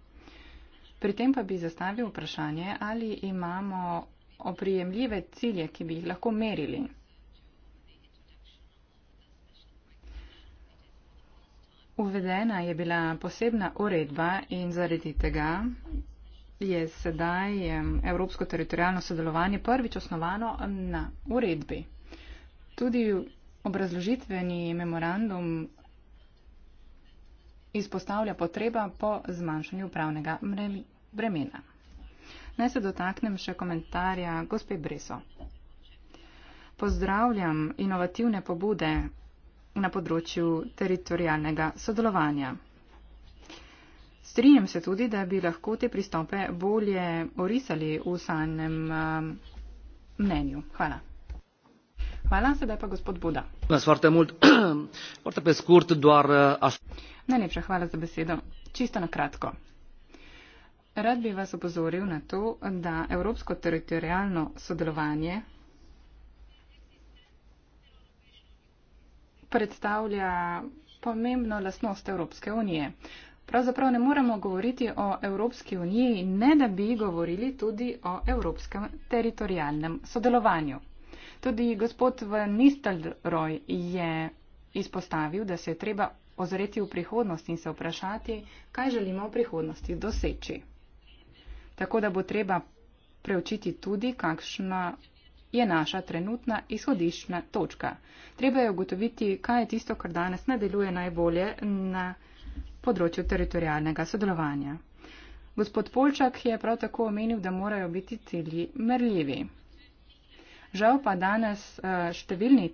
Pri tem pa bi zastavil vprašanje, ali imamo oprijemljive cilje, ki bi jih lahko merili. Uvedena je bila posebna uredba in zaradi tega je sedaj Evropsko teritorijalno sodelovanje prvič osnovano na uredbi. Tudi obrazložitveni memorandum izpostavlja potreba po zmanjšanju upravnega bremena. Naj se dotaknem še komentarja gospe Breso. Pozdravljam inovativne pobude na področju teritorijalnega sodelovanja. Strinjam se tudi, da bi lahko te pristope bolje orisali v samem eh, mnenju. Hvala. Hvala, sedaj pa gospod Buda. Uh, Najlepša hvala za besedo. Čisto na kratko. Rad bi vas opozoril na to, da evropsko teritorijalno sodelovanje predstavlja pomembno lasnost Evropske unije. Pravzaprav ne moremo govoriti o Evropski uniji, ne da bi govorili tudi o evropskem teritorijalnem sodelovanju. Tudi gospod V. Nistelroj je izpostavil, da se je treba ozreti v prihodnost in se vprašati, kaj želimo v prihodnosti doseči. Tako da bo treba preučiti tudi, kakšna je naša trenutna izhodiščna točka. Treba je ugotoviti, kaj je tisto, kar danes ne deluje najbolje na področju teritorijalnega sodelovanja. Gospod Polčak je prav tako omenil, da morajo biti cilji merljivi. Žal pa danes eh, številni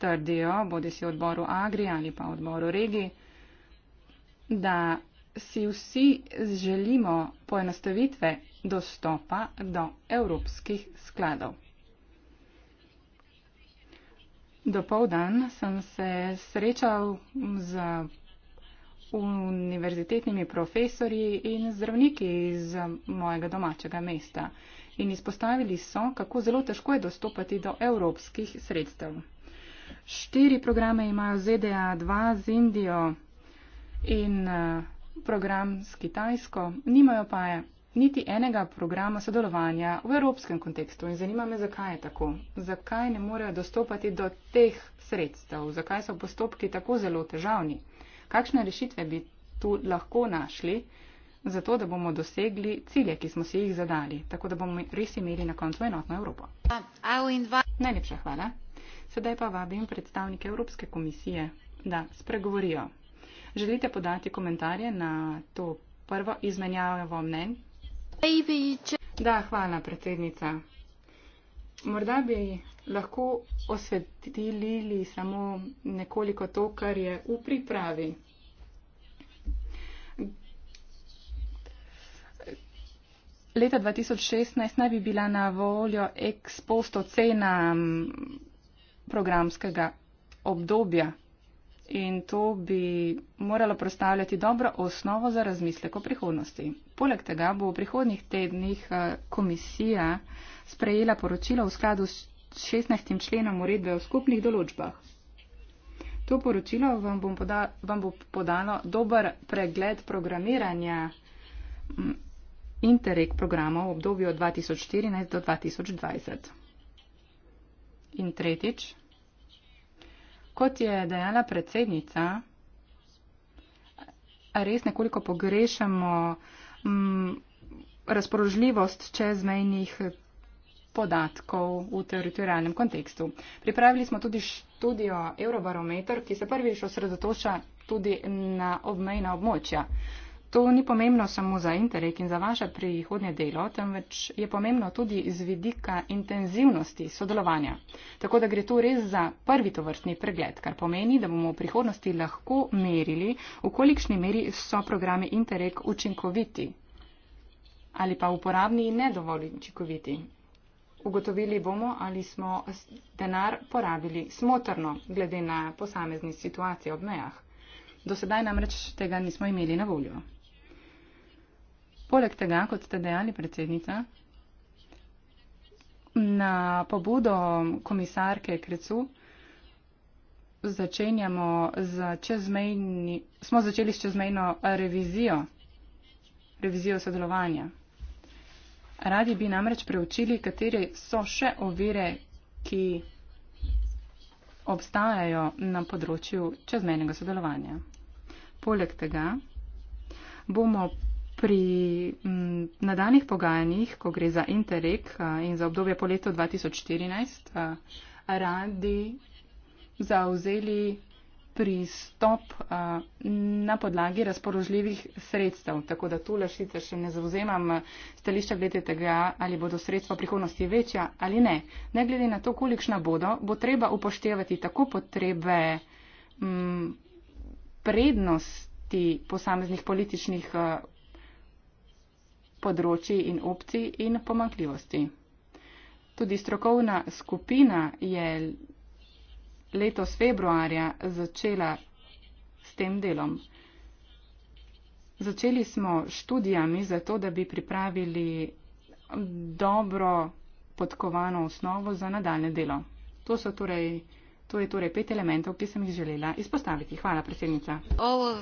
trdijo, bodi si odboru Agri ali pa odboru Regi, da si vsi želimo poenostavitve dostopa do evropskih skladov. Dopoldan sem se srečal z univerzitetnimi profesorji in zdravniki iz mojega domačega mesta in izpostavili so, kako zelo težko je dostopati do evropskih sredstev. Štiri programe imajo ZDA, dva z Indijo in eh, program s Kitajsko, nimajo pa je niti enega programa sodelovanja v evropskem kontekstu. In zanima me, zakaj je tako? Zakaj ne morejo dostopati do teh sredstev? Zakaj so postopki tako zelo težavni? Kakšne rešitve bi tu lahko našli, zato da bomo dosegli cilje, ki smo si jih zadali, tako da bomo res imeli na koncu enotno Evropo. Najlepša hvala. Sedaj pa vabim predstavnike Evropske komisije, da spregovorijo. Želite podati komentarje na to prvo izmenjavo mnenj? Da, hvala, predsednica. Morda bi lahko osvetilili samo nekoliko to, kar je v pripravi. leta 2016 naj bi bila na voljo ex post ocena programskega obdobja in to bi moralo predstavljati dobro osnovo za razmislek o prihodnosti. Poleg tega bo v prihodnih tednih eh, komisija sprejela poročilo v skladu s 16. členom uredbe o skupnih določbah. To poročilo vam bo, poda, vam bo podalo dober pregled programiranja Interreg programa v obdobju 2014 do 2020. In tretjič, kot je dejala predsednica, res nekoliko pogrešamo m, mm, razporožljivost čezmejnih podatkov v teritorijalnem kontekstu. Pripravili smo tudi študijo Eurobarometer, ki se prvič osredotoča tudi na obmejna območja. To ni pomembno samo za interreg in za vaše prihodnje delo, temveč je pomembno tudi z vidika intenzivnosti sodelovanja. Tako da gre tu res za prvi tovrstni pregled, kar pomeni, da bomo v prihodnosti lahko merili, v kolikšni meri so programi interreg učinkoviti ali pa uporabni in nedovolj učinkoviti. Ugotovili bomo, ali smo denar porabili smotrno, glede na posamezni situacije ob mejah. Do sedaj namreč tega nismo imeli na voljo. Poleg tega, kot ste dejali, predsednica, na pobudo komisarke Krecu začenjamo z čezmejni, smo začeli s čezmejno revizijo, revizijo sodelovanja. Radi bi namreč preučili, katere so še ovire, ki obstajajo na področju čezmejnega sodelovanja. Poleg tega bomo pri nadaljnih pogajanjih, ko gre za Interreg in za obdobje po letu 2014, radi zauzeli pristop na podlagi razpoložljivih sredstev. Tako da tu lešite, še ne zauzemam stališča glede tega, ali bodo sredstva v prihodnosti večja ali ne. Ne glede na to, kolikšna bodo, bo treba upoštevati tako potrebe prednosti posameznih političnih področji in opcij in pomankljivosti. Tudi strokovna skupina je letos februarja začela s tem delom. Začeli smo študijami zato, da bi pripravili dobro podkovano osnovo za nadaljne delo. To so torej To je torej pet elementov, ki sem jih želela izpostaviti. Hvala, predsednica. Uh,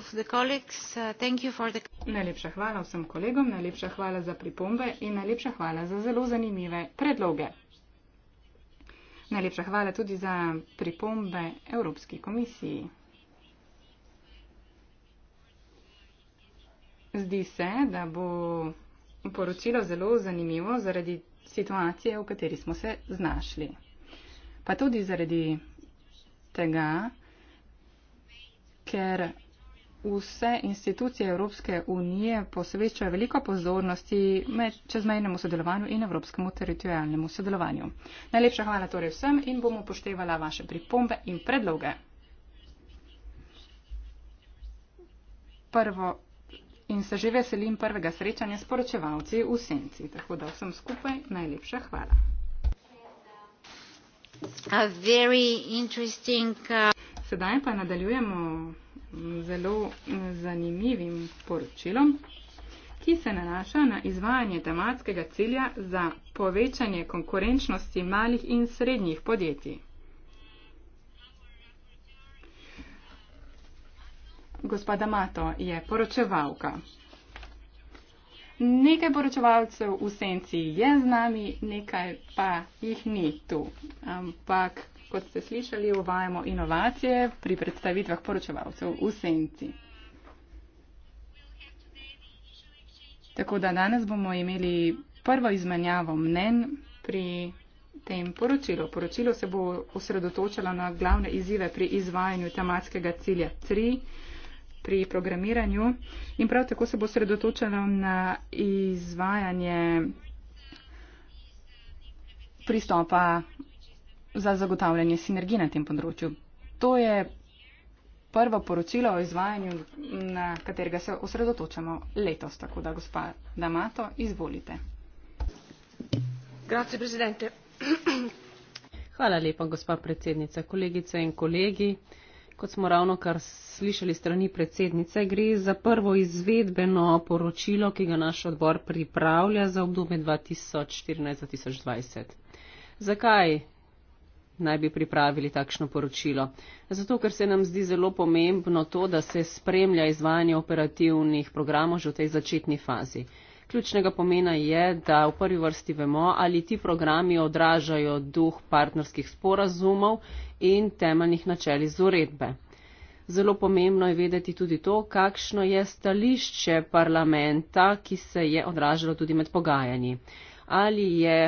najlepša hvala vsem kolegom, najlepša hvala za pripombe in najlepša hvala za zelo zanimive predloge. Najlepša hvala tudi za pripombe Evropski komisiji. Zdi se, da bo poročilo zelo zanimivo zaradi situacije, v kateri smo se znašli. Pa tudi zaradi tega, ker vse institucije Evropske unije posvečajo veliko pozornosti med čezmejnemu sodelovanju in evropskemu teritorijalnemu sodelovanju. Najlepša hvala torej vsem in bomo upoštevala vaše pripombe in predloge. Prvo in se že veselim prvega srečanja s poročevalci v Senci. Tako da vsem skupaj najlepša hvala. Uh, Sedaj pa nadaljujemo zelo eh, zanimivim poročilom, ki se nanaša na izvajanje tematskega cilja za povečanje konkurenčnosti malih in srednjih podjetij. Gospoda Mato je poročevalka. Nekaj poročevalcev v senci je z nami, nekaj pa jih ni tu. Ampak, kot ste slišali, uvajamo inovacije pri predstavitvah poročevalcev v senci. Tako da danes bomo imeli prvo izmenjavo mnen pri tem poročilu. Poročilo se bo osredotočalo na glavne izzive pri izvajanju tematskega cilja 3 pri programiranju in prav tako se bo sredotočalo na izvajanje pristopa za zagotavljanje sinergij na tem področju. To je prvo poročilo o izvajanju, na katerega se osredotočamo letos. Tako da, gospa Damato, izvolite. Hvala lepa, gospa predsednica, kolegice in kolegi. Kot smo ravno kar slišali strani predsednice, gre za prvo izvedbeno poročilo, ki ga naš odbor pripravlja za obdobje 2014-2020. Zakaj naj bi pripravili takšno poročilo? Zato, ker se nam zdi zelo pomembno to, da se spremlja izvajanje operativnih programov že v tej začetni fazi. Ključnega pomena je, da v prvi vrsti vemo, ali ti programi odražajo duh partnerskih sporazumov in temeljnih načel iz uredbe. Zelo pomembno je vedeti tudi to, kakšno je stališče parlamenta, ki se je odražalo tudi med pogajanji. Ali je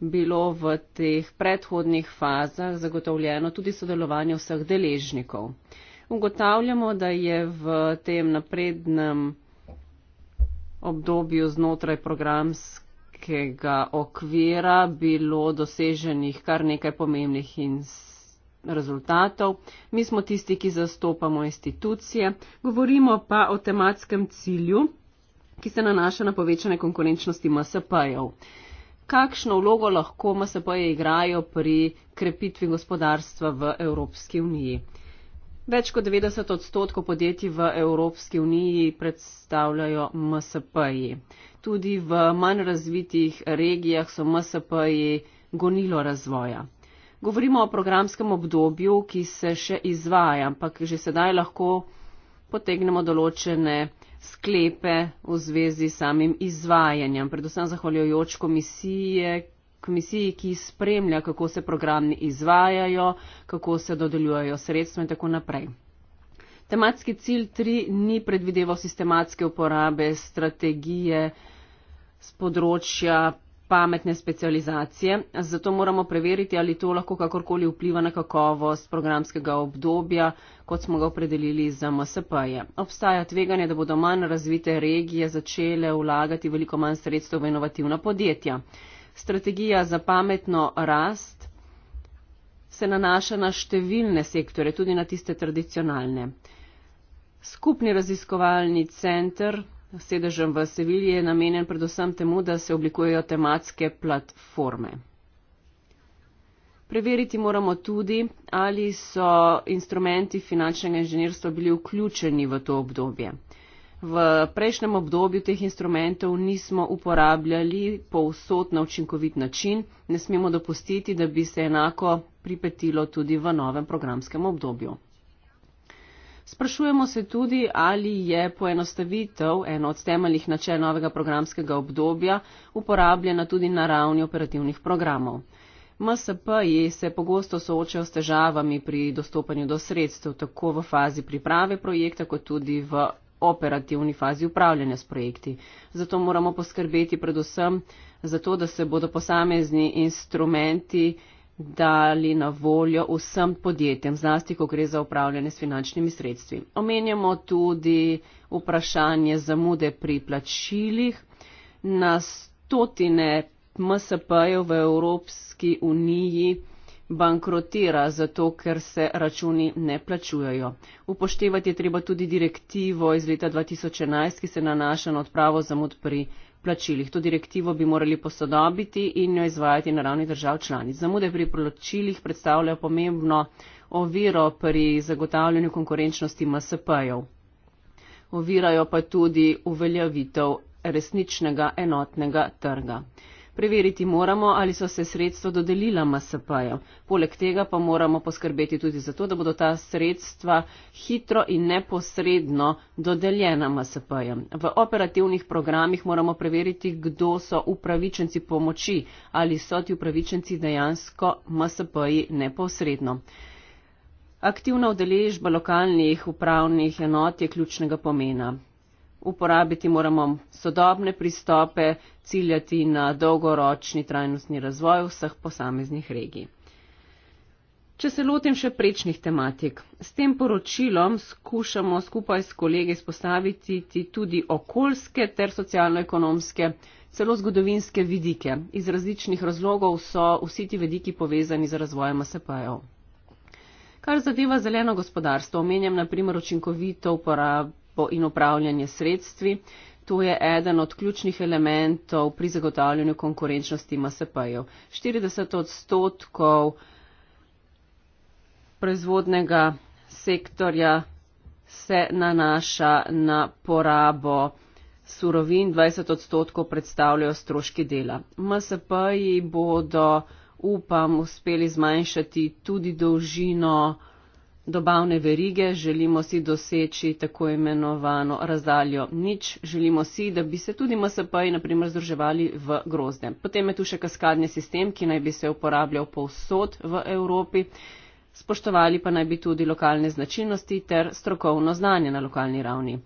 bilo v teh predhodnih fazah zagotovljeno tudi sodelovanje vseh deležnikov. Ugotavljamo, da je v tem naprednem obdobju znotraj programskega okvira bilo doseženih kar nekaj pomembnih in rezultatov. Mi smo tisti, ki zastopamo institucije, govorimo pa o tematskem cilju, ki se nanaša na povečanje konkurenčnosti MSP-jev. Kakšno vlogo lahko MSP-je igrajo pri krepitvi gospodarstva v Evropski uniji? Več kot 90 odstotkov podjetij v Evropski uniji predstavljajo MSP-ji. Tudi v manj razvitih regijah so MSP-ji gonilo razvoja. Govorimo o programskem obdobju, ki se še izvaja, ampak že sedaj lahko potegnemo določene sklepe v zvezi s samim izvajanjem, predvsem zahvaljujoč komisije, komisiji, ki spremlja, kako se programi izvajajo, kako se dodeljujejo sredstva in tako naprej. Tematski cilj 3 ni predvideval sistematske uporabe strategije z področja pametne specializacije, zato moramo preveriti, ali to lahko kakorkoli vpliva na kakovost programskega obdobja, kot smo ga opredelili za MSP-je. Obstaja tveganje, da bodo manj razvite regije začele vlagati veliko manj sredstev v inovativna podjetja strategija za pametno rast se nanaša na številne sektore, tudi na tiste tradicionalne. Skupni raziskovalni center sedežem v Sevilji je namenjen predvsem temu, da se oblikujejo tematske platforme. Preveriti moramo tudi, ali so instrumenti finančnega inženirstva bili vključeni v to obdobje. V prejšnjem obdobju teh instrumentov nismo uporabljali povsod na učinkovit način. Ne smemo dopustiti, da bi se enako pripetilo tudi v novem programskem obdobju. Sprašujemo se tudi, ali je poenostavitev eno od temeljnih načel novega programskega obdobja uporabljena tudi na ravni operativnih programov. MSP-ji se pogosto soočajo s težavami pri dostopanju do sredstev, tako v fazi priprave projekta, kot tudi v operativni fazi upravljanja s projekti. Zato moramo poskrbeti predvsem za to, da se bodo posamezni instrumenti dali na voljo vsem podjetjem, zlasti, ko gre za upravljanje s finančnimi sredstvi. Omenjamo tudi vprašanje zamude pri plačilih. Na stotine MSP-jev v Evropski uniji bankrotira, zato ker se računi ne plačujejo. Upoštevati je treba tudi direktivo iz leta 2011, ki se nanaša na odpravo zamud pri plačilih. To direktivo bi morali posodobiti in jo izvajati na ravni držav članic. Zamude pri plačilih predstavljajo pomembno oviro pri zagotavljanju konkurenčnosti MSP-jev. Ovirajo pa tudi uveljavitev resničnega enotnega trga. Preveriti moramo, ali so se sredstva dodelila MSP-ju. Poleg tega pa moramo poskrbeti tudi za to, da bodo ta sredstva hitro in neposredno dodeljena MSP-ju. V operativnih programih moramo preveriti, kdo so upravičenci pomoči, ali so ti upravičenci dejansko MSP-ji neposredno. Aktivna udeležba lokalnih upravnih enot je ključnega pomena uporabiti moramo sodobne pristope, ciljati na dolgoročni trajnostni razvoj vseh posameznih regij. Če se lotim še prečnih tematik, s tem poročilom skušamo skupaj s kolegi spostaviti tudi okoljske ter socialno-ekonomske, celo zgodovinske vidike. Iz različnih razlogov so vsi ti vidiki povezani z razvojem SPO. Kar zadeva zeleno gospodarstvo, omenjam na primer učinkovito uporabo izvedbo in upravljanje sredstvi. To je eden od ključnih elementov pri zagotavljanju konkurenčnosti MSP-jev. 40 odstotkov proizvodnega sektorja se nanaša na porabo surovin, 20 odstotkov predstavljajo stroški dela. MSP-ji bodo, upam, uspeli zmanjšati tudi dolžino dobavne verige, želimo si doseči tako imenovano razdaljo nič, želimo si, da bi se tudi MSP-ji naprimer združevali v grozdem. Potem je tu še kaskadni sistem, ki naj bi se uporabljal povsod v Evropi, spoštovali pa naj bi tudi lokalne značilnosti ter strokovno znanje na lokalni ravni.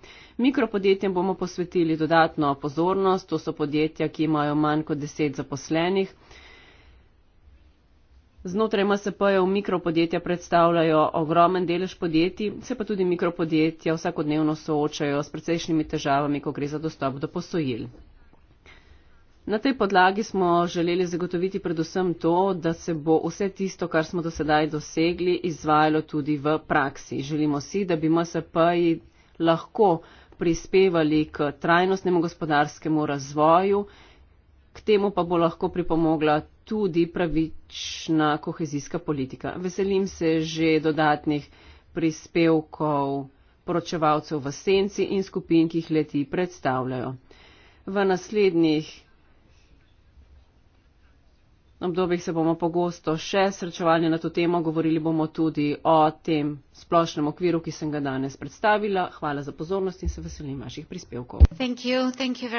Mikropodjetjem bomo posvetili dodatno pozornost, to so podjetja, ki imajo manj kot deset zaposlenih. Znotraj MSP-jev mikropodjetja predstavljajo ogromen delež podjetij, se pa tudi mikropodjetja vsakodnevno soočajo s precejšnjimi težavami, ko gre za dostop do posojil. Na tej podlagi smo želeli zagotoviti predvsem to, da se bo vse tisto, kar smo do sedaj dosegli, izvajalo tudi v praksi. Želimo si, da bi MSP-ji lahko prispevali k trajnostnemu gospodarskemu razvoju K temu pa bo lahko pripomogla tudi pravična kohezijska politika. Veselim se že dodatnih prispevkov poročevalcev v senci in skupin, ki jih leti predstavljajo. V naslednjih obdobjih se bomo pogosto še srečevali na to temo, govorili bomo tudi o tem splošnem okviru, ki sem ga danes predstavila. Hvala za pozornost in se veselim vaših prispevkov. Thank you. Thank you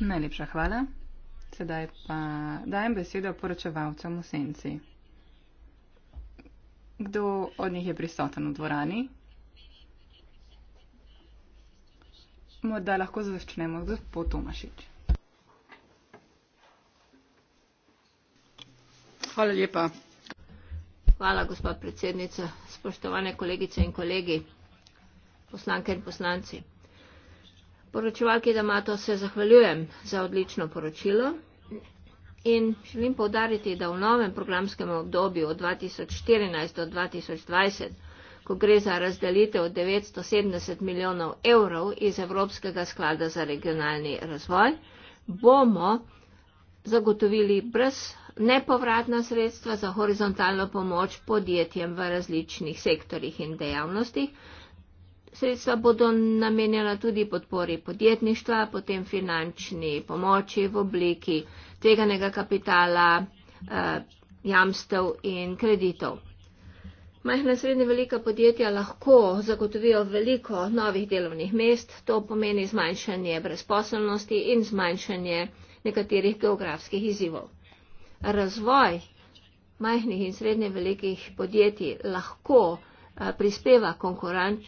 Najlepša hvala. Sedaj pa dajem besedo poročevalcem v senci. Kdo od njih je prisoten v dvorani? Morda lahko začnemo z gospod Tomašič. Hvala lepa. Hvala, gospod predsednica. Spoštovane kolegice in kolegi, poslanke in poslanci. Poročevalki Damato se zahvaljujem za odlično poročilo in želim povdariti, da v novem programskem obdobju od 2014 do 2020, ko gre za razdelitev 970 milijonov evrov iz Evropskega sklada za regionalni razvoj, bomo zagotovili brez nepovratna sredstva za horizontalno pomoč podjetjem v različnih sektorjih in dejavnostih, Sredstva bodo namenjena tudi podpori podjetništva, potem finančni pomoči v obliki tveganega kapitala, eh, jamstev in kreditov. Majhna srednje velika podjetja lahko zagotovijo veliko novih delovnih mest, to pomeni zmanjšanje brezposobnosti in zmanjšanje nekaterih geografskih izzivov. Razvoj majhnih in srednje velikih podjetij lahko prispeva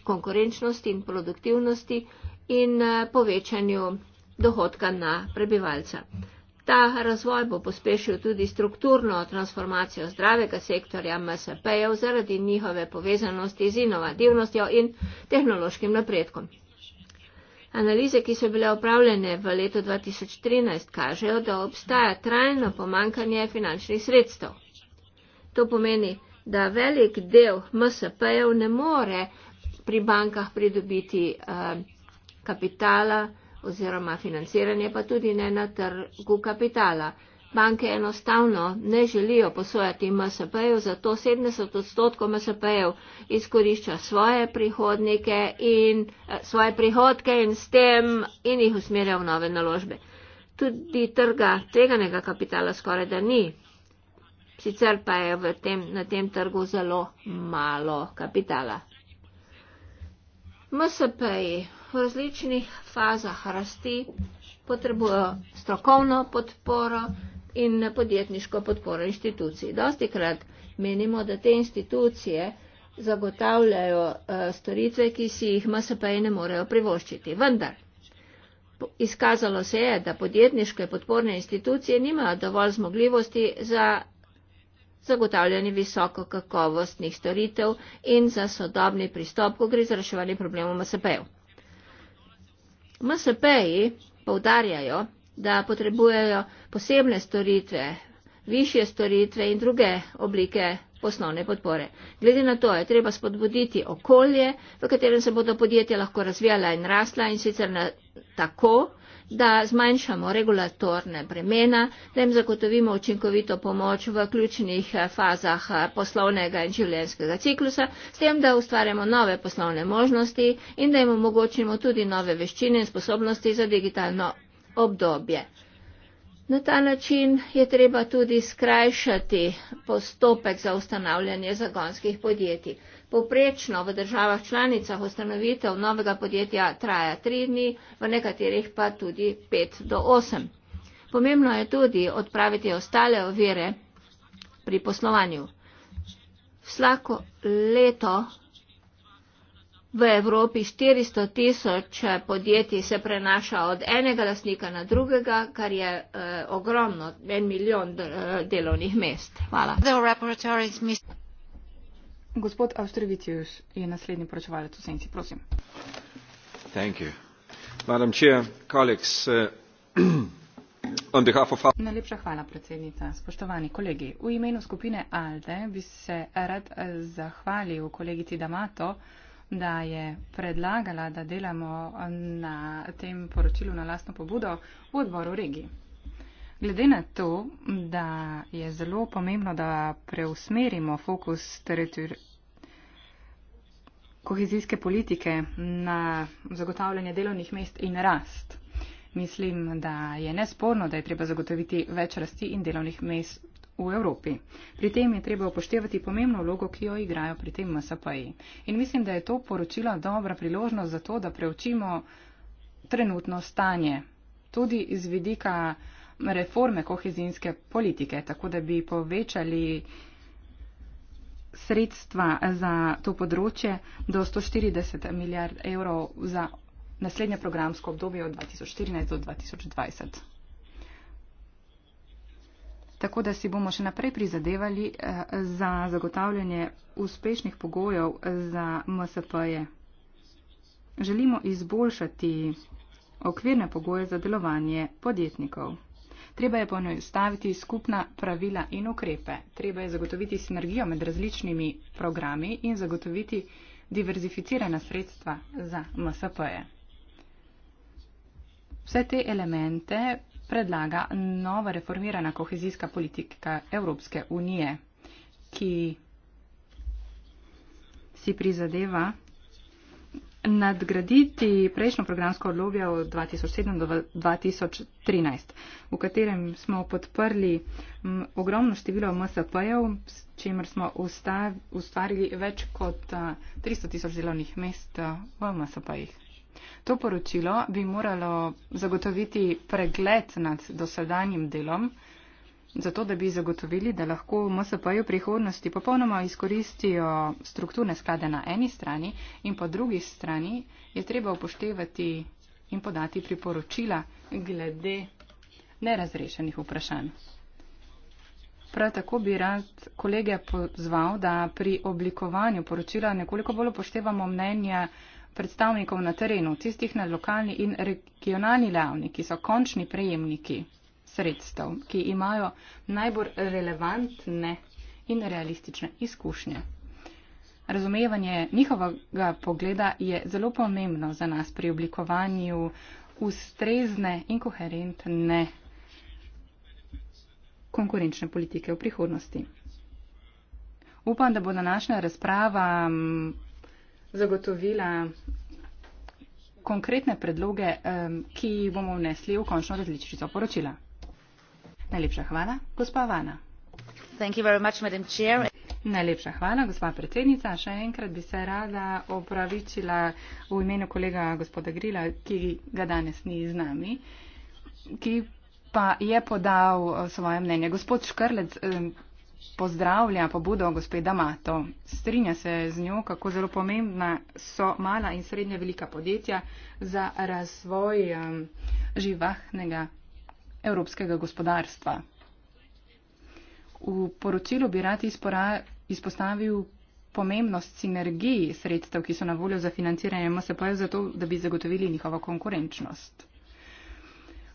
konkurenčnosti in produktivnosti in povečanju dohodka na prebivalca. Ta razvoj bo pospešil tudi strukturno transformacijo zdravega sektorja MSP-jev zaradi njihove povezanosti z inovativnostjo in tehnološkim napredkom. Analize, ki so bile upravljene v letu 2013, kažejo, da obstaja trajno pomankanje finančnih sredstev. To pomeni, da velik del MSP-jev ne more pri bankah pridobiti eh, kapitala oziroma financiranje, pa tudi ne na trgu kapitala. Banke enostavno ne želijo posojati MSP-jev, zato 70 odstotkov MSP-jev izkorišča svoje prihodnike in eh, svoje prihodke in s tem in jih usmerja v nove naložbe. Tudi trga tveganega kapitala skoraj da ni sicer pa je tem, na tem trgu zelo malo kapitala. MSP-ji v različnih fazah rasti potrebujejo strokovno podporo in podjetniško podporo inštitucij. Dosti krat menimo, da te institucije zagotavljajo uh, storitve, ki si jih MSP-ji ne morejo privoščiti. Vendar, izkazalo se je, da podjetniške podporne institucije nimajo dovolj zmogljivosti za zagotavljanje visoko kakovostnih storitev in za sodobni pristop, ko gre za reševanje problemov MSP-jev. MSP-ji povdarjajo, da potrebujejo posebne storitve, višje storitve in druge oblike osnovne podpore. Glede na to je treba spodbuditi okolje, v katerem se bodo podjetja lahko razvijala in rasla in sicer na tako, da zmanjšamo regulatorne bremena, da jim zagotovimo učinkovito pomoč v ključnih eh, fazah eh, poslovnega in življenjskega ciklusa, s tem, da ustvarjamo nove poslovne možnosti in da jim omogočimo tudi nove veščine in sposobnosti za digitalno obdobje. Na ta način je treba tudi skrajšati postopek za ustanavljanje zagonskih podjetij. Poprečno v državah članicah ustanovitev novega podjetja traja tri dni, v nekaterih pa tudi pet do osem. Pomembno je tudi odpraviti ostale ovire pri poslovanju. Vsako leto v Evropi 400 tisoč podjetij se prenaša od enega lasnika na drugega, kar je eh, ogromno, en milijon eh, delovnih mest. Hvala. Gospod Avstrevicius je naslednji poročevalec v senci, prosim. Uh, Najlepša hvala, predsednica. Spoštovani kolegi, v imenu skupine ALDE bi se rad eh, zahvalil kolegici Damato, da je predlagala, da delamo eh, na tem poročilu na lastno pobudo v odboru regiji. Glede na to, da je zelo pomembno, da preusmerimo fokus teritorij kohezijske politike na zagotavljanje delovnih mest in rast. Mislim, da je nesporno, da je treba zagotoviti več rasti in delovnih mest v Evropi. Pri tem je treba upoštevati pomembno vlogo, ki jo igrajo pri tem MSP-ji. In mislim, da je to poročilo dobra priložnost za to, da preučimo trenutno stanje. Tudi iz vidika reforme kohezijske politike, tako da bi povečali sredstva za to področje do 140 milijard evrov za naslednje programsko obdobje od 2014 do 2020. Tako da si bomo še naprej prizadevali eh, za zagotavljanje uspešnih pogojev za MSP-je. Želimo izboljšati okvirne pogoje za delovanje podjetnikov. Treba je ponostaviti skupna pravila in ukrepe. Treba je zagotoviti sinergijo med različnimi programi in zagotoviti diverzificirana sredstva za MSP-je. Vse te elemente predlaga nova reformirana kohezijska politika Evropske unije, ki si prizadeva nadgraditi prejšnjo programsko odlobje od 2007 do 2013, v katerem smo podprli ogromno število MSP-jev, s čimer smo ustvarili več kot 300 tisoč delovnih mest v MSP-jih. To poročilo bi moralo zagotoviti pregled nad dosedanjim delom, zato da bi zagotovili, da lahko MSP-ji v prihodnosti popolnoma izkoristijo strukturne sklade na eni strani in po drugi strani je treba upoštevati in podati priporočila glede nerazrešenih vprašanj. Prav tako bi rad kolege pozval, da pri oblikovanju poročila nekoliko bolj upoštevamo mnenja predstavnikov na terenu, tistih na lokalni in regionalni ravni, ki so končni prejemniki sredstev, ki imajo najbolj relevantne in realistične izkušnje. Razumevanje njihovega pogleda je zelo pomembno za nas pri oblikovanju ustrezne in koherentne konkurenčne politike v prihodnosti. Upam, da bo današnja razprava zagotovila konkretne predloge, ki bomo vnesli v končno različico poročila. Najlepša hvala, gospa Vana. Najlepša hvala, gospa predsednica. Še enkrat bi se rada opravičila v imenu kolega gospoda Grila, ki ga danes ni z nami, ki pa je podal eh, svoje mnenje. Gospod Škrlec eh, pozdravlja pobudo gospoda Mato. Strinja se z njo, kako zelo pomembna so mala in srednja velika podjetja za razvoj eh, živahnega evropskega gospodarstva. V poročilu bi rad izpostavil pomembnost sinergij sredstev, ki so na voljo za financiranje MSP-ja, zato da bi zagotovili njihovo konkurenčnost.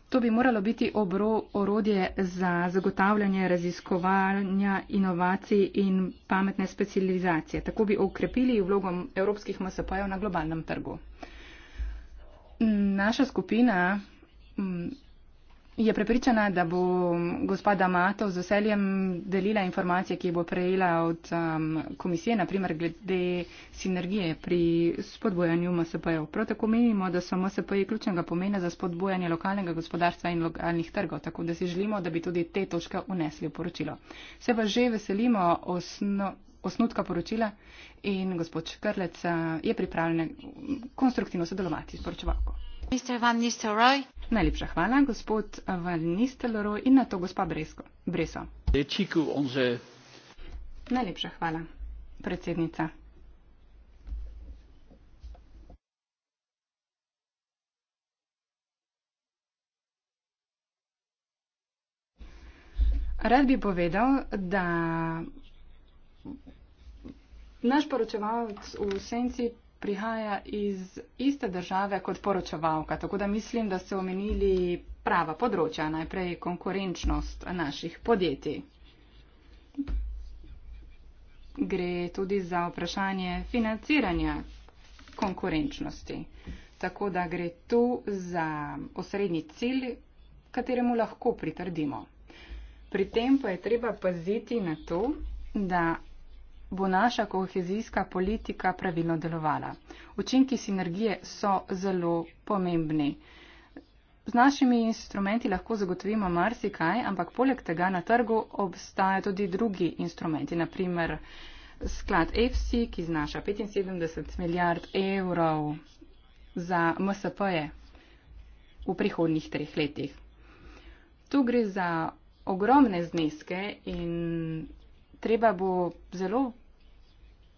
To bi moralo biti obro orodje za zagotavljanje raziskovanja inovacij in pametne specializacije. Tako bi okrepili vlogo evropskih MSP-jev na globalnem trgu. Naša skupina je prepričana, da bo um, gospoda Matov z veseljem delila informacije, ki jih bo prejela od um, komisije, naprimer glede sinergije pri spodbojanju MSP-jev. Prav tako menimo, da so MSP-ji ključnega pomena za spodbojanje lokalnega gospodarstva in lokalnih trgov, tako da si želimo, da bi tudi te točke unesli v poročilo. Se pa že veselimo osno, osnutka poročila in gospod Škrlec uh, je pripravljen konstruktivno sodelovati s poročevalko. Najlepša hvala, gospod Van Nistelrooy in na to gospa Bresko. Breso. Najlepša hvala, predsednica. Rad bi povedal, da naš poročevalc v senci prihaja iz iste države kot poročevalka, tako da mislim, da ste omenili prava področja, najprej konkurenčnost naših podjetij. Gre tudi za vprašanje financiranja konkurenčnosti, tako da gre tu za osrednji cilj, kateremu lahko pritrdimo. Pri tem pa je treba paziti na to, da bo naša kohezijska politika pravilno delovala. Učinki sinergije so zelo pomembni. Z našimi instrumenti lahko zagotovimo marsikaj, ampak poleg tega na trgu obstajajo tudi drugi instrumenti, naprimer sklad EFSI, ki znaša 75 milijard evrov za MSP-je v prihodnjih treh letih. Tu gre za ogromne zneske in treba bo zelo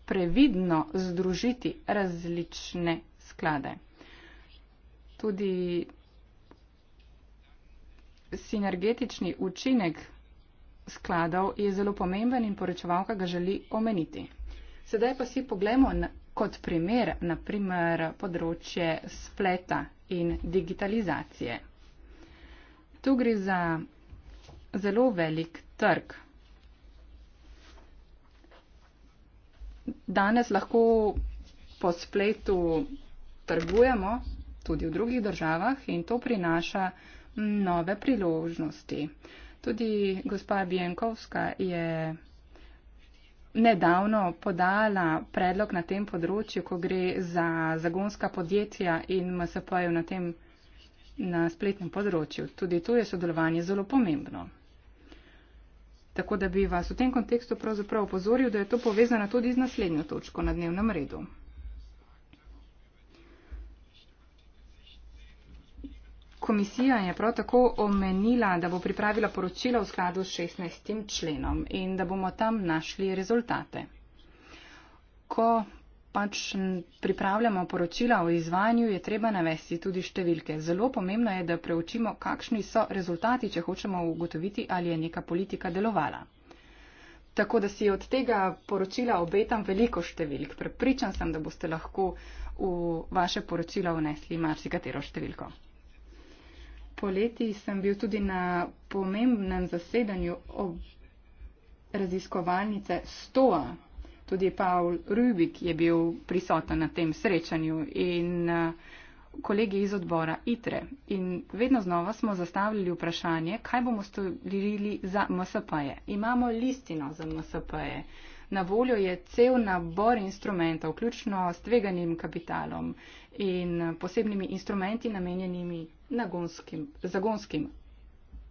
previdno združiti različne sklade. Tudi sinergetični učinek skladov je zelo pomemben in poročevalka ga želi omeniti. Sedaj pa si poglemo kot primer, naprimer, področje spleta in digitalizacije. Tu gre za zelo velik trg. danes lahko po spletu trgujemo tudi v drugih državah in to prinaša nove priložnosti. Tudi gospa Bienkovska je nedavno podala predlog na tem področju, ko gre za zagonska podjetja in MSP-ju na tem na spletnem področju. Tudi tu je sodelovanje zelo pomembno. Tako da bi vas v tem kontekstu pravzaprav opozoril, da je to povezano tudi z naslednjo točko na dnevnem redu. Komisija je prav tako omenila, da bo pripravila poročila v skladu s 16. členom in da bomo tam našli rezultate. Ko pač pripravljamo poročila o izvanju, je treba navesti tudi številke. Zelo pomembno je, da preučimo, kakšni so rezultati, če hočemo ugotoviti, ali je neka politika delovala. Tako da si od tega poročila obetam veliko številk. Prepričan sem, da boste lahko v vaše poročila vnesli marsikatero številko. Poleti sem bil tudi na pomembnem zasedanju raziskovalnice STOA. Tudi Pavel Rubik je bil prisoten na tem srečanju in eh, kolegi iz odbora ITRE. In vedno znova smo zastavljali vprašanje, kaj bomo storili za MSP-je. Imamo listino za MSP-je. Na voljo je cel nabor instrumentov, vključno s tveganim kapitalom in posebnimi instrumenti namenjenimi zagonskim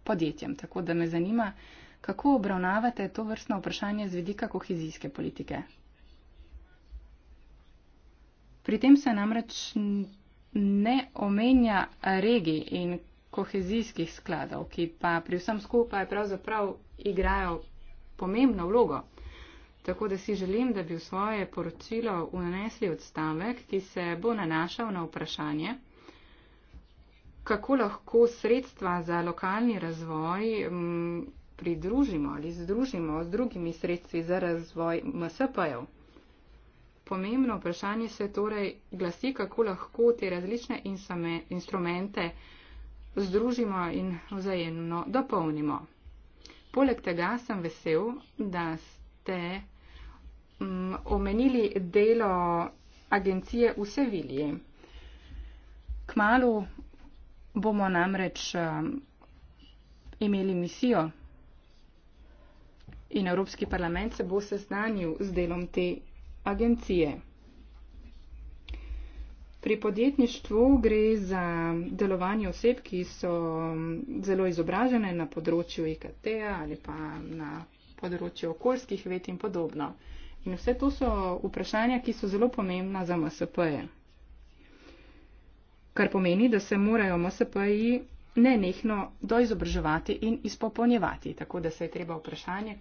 podjetjem. Tako da me zanima, Kako obravnavate to vrstno vprašanje z vidika kohezijske politike? Pri tem se namreč ne omenja regij in kohezijskih skladov, ki pa pri vsem skupaj pravzaprav igrajo pomembno vlogo. Tako da si želim, da bi v svoje poročilo unesli odstavek, ki se bo nanašal na vprašanje, kako lahko sredstva za lokalni razvoj mm, pridružimo ali združimo z drugimi sredstvi za razvoj MSP-jev. Pomembno vprašanje se torej glasi, kako lahko te različne insame, instrumente združimo in vzajemno dopolnimo. Poleg tega sem vesel, da ste mm, omenili delo agencije v Sevilji. Kmalu bomo namreč um, imeli misijo in Evropski parlament se bo seznanil z delom te agencije. Pri podjetništvu gre za delovanje oseb, ki so mm, zelo izobražene na področju IKT-a e ali pa na področju okoljskih ved in podobno. In vse to so vprašanja, ki so zelo pomembna za MSP-je. Kar pomeni, da se morajo MSP-ji nenehno doizobraževati in izpopolnjevati, tako da se je treba vprašanje,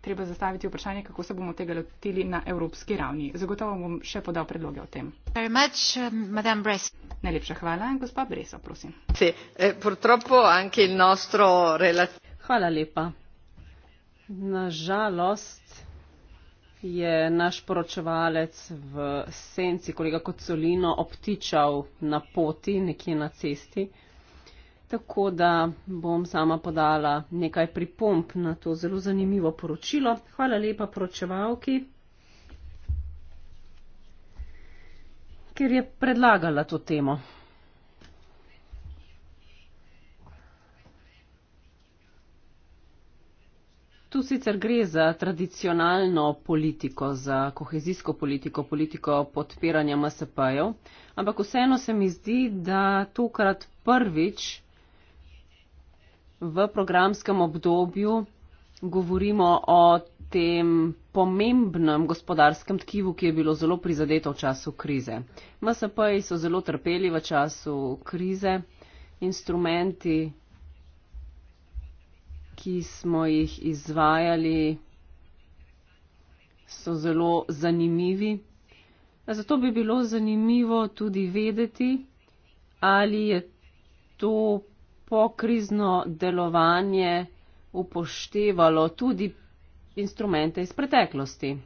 treba zastaviti vprašanje, kako se bomo tega lotili na evropski ravni. Zagotovo bom še podal predloge o tem. Much, um, Najlepša hvala, gospod Breso, prosim. Se, eh, purtroppo, nostro... Hvala lepa. Nažalost je naš poročevalec v senci kolega Kocolino obtičal na poti, nekje na cesti tako da bom sama podala nekaj pripomp na to zelo zanimivo poročilo. Hvala lepa poročevalki, ker je predlagala to temo. Tu sicer gre za tradicionalno politiko, za kohezijsko politiko, politiko podpiranja MSP-jev, ampak vseeno se mi zdi, da tokrat prvič v programskem obdobju govorimo o tem pomembnem gospodarskem tkivu, ki je bilo zelo prizadeto v času krize. MSP-ji so zelo trpeli v času krize. Instrumenti, ki smo jih izvajali, so zelo zanimivi. Zato bi bilo zanimivo tudi vedeti, ali je to pokrizno delovanje upoštevalo tudi instrumente iz preteklosti.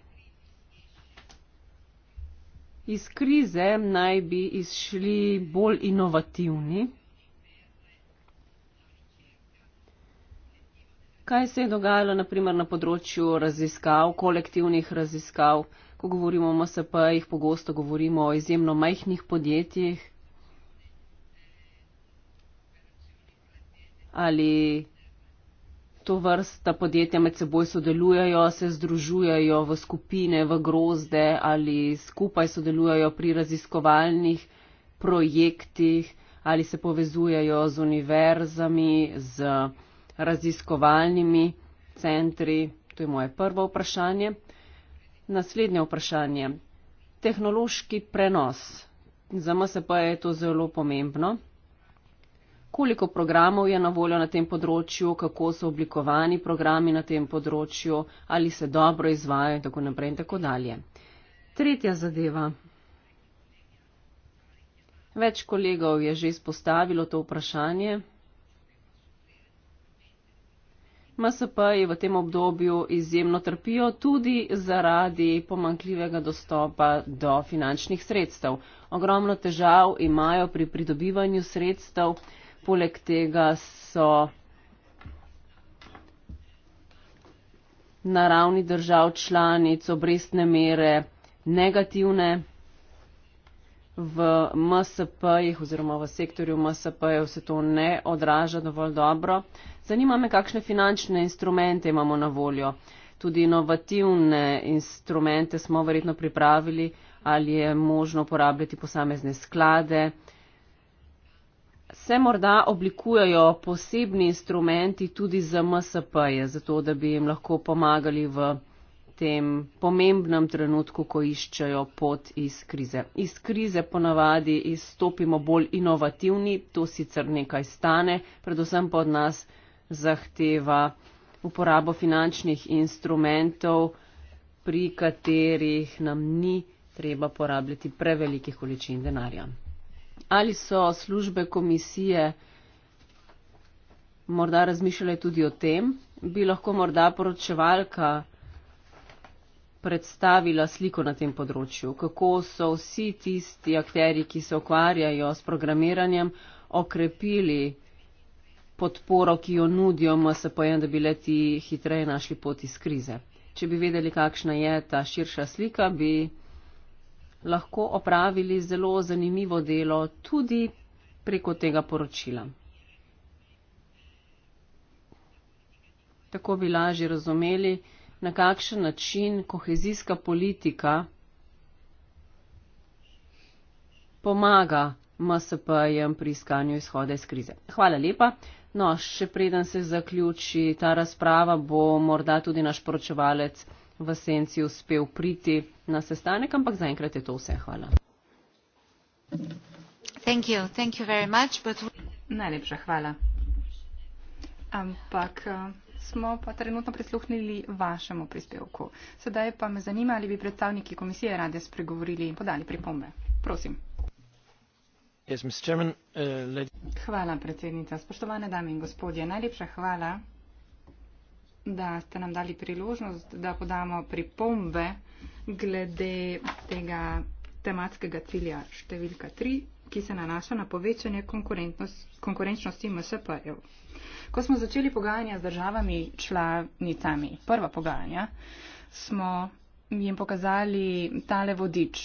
Iz krize naj bi izšli bolj inovativni. Kaj se je dogajalo naprimer na področju raziskav, kolektivnih raziskav, ko govorimo o MSP-jih, pogosto govorimo o izjemno majhnih podjetjih, ali to vrsta podjetja med seboj sodelujejo, se združujejo v skupine, v grozde ali skupaj sodelujejo pri raziskovalnih projektih ali se povezujejo z univerzami, z raziskovalnimi centri. To je moje prvo vprašanje. Naslednje vprašanje. Tehnološki prenos. Za MSP je to zelo pomembno koliko programov je na voljo na tem področju, kako so oblikovani programi na tem področju, ali se dobro izvajo in tako naprej in tako dalje. Tretja zadeva. Več kolegov je že izpostavilo to vprašanje. MSP je v tem obdobju izjemno trpijo tudi zaradi pomankljivega dostopa do finančnih sredstev. Ogromno težav imajo pri pridobivanju sredstev poleg tega so na ravni držav članic obrestne mere negativne. V MSP-jih oziroma v sektorju MSP-jev se to ne odraža dovolj dobro. Zanima me, kakšne finančne instrumente imamo na voljo. Tudi inovativne instrumente smo verjetno pripravili, ali je možno uporabljati posamezne sklade se morda oblikujajo posebni instrumenti tudi za MSP-je, zato da bi jim lahko pomagali v tem pomembnem trenutku, ko iščajo pot iz krize. Iz krize ponavadi izstopimo bolj inovativni, to sicer nekaj stane, predvsem pa od nas zahteva uporabo finančnih instrumentov, pri katerih nam ni treba porabljati prevelikih količin denarja ali so službe komisije morda razmišljale tudi o tem, bi lahko morda poročevalka predstavila sliko na tem področju, kako so vsi tisti akteri, ki se ukvarjajo s programiranjem, okrepili podporo, ki jo nudijo MSP-jem, da bi leti hitreje našli pot iz krize. Če bi vedeli, kakšna je ta širša slika, bi lahko opravili zelo zanimivo delo tudi preko tega poročila. Tako bi lažje razumeli, na kakšen način kohezijska politika pomaga MSP-jem pri iskanju izhoda iz krize. Hvala lepa. No, še preden se zaključi ta razprava, bo morda tudi naš poročevalec v senci uspel priti na sestanek, ampak zaenkrat je to vse. Hvala. Thank you. Thank you much, we... Najlepša hvala. Ampak eh, smo pa trenutno prisluhnili vašemu prispevku. Sedaj pa me zanima, ali bi predstavniki komisije rade spregovorili in podali pripombe. Prosim. Yes, Chairman, uh, hvala, predsednica. Spoštovane dame in gospodje, najlepša hvala da ste nam dali priložnost, da podamo pripombe glede tega tematskega cilja številka 3, ki se nanaša na povečanje konkurenčnosti MSP-ev. Ko smo začeli pogajanja z državami članicami, prva pogajanja, smo jim pokazali tale vodič.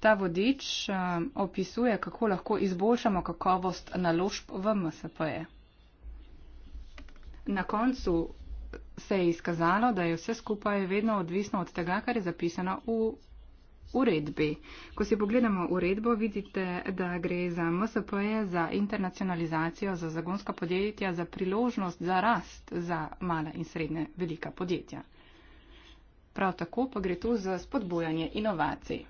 Ta vodič um, opisuje, kako lahko izboljšamo kakovost naložb v MSP-je. Na koncu se je izkazalo, da je vse skupaj vedno odvisno od tega, kar je zapisano v uredbi. Ko si pogledamo uredbo, vidite, da gre za MSP-je, za internacionalizacijo, za zagonska podjetja, za priložnost za rast za mala in srednje velika podjetja. Prav tako pa gre tu za spodbujanje inovacij.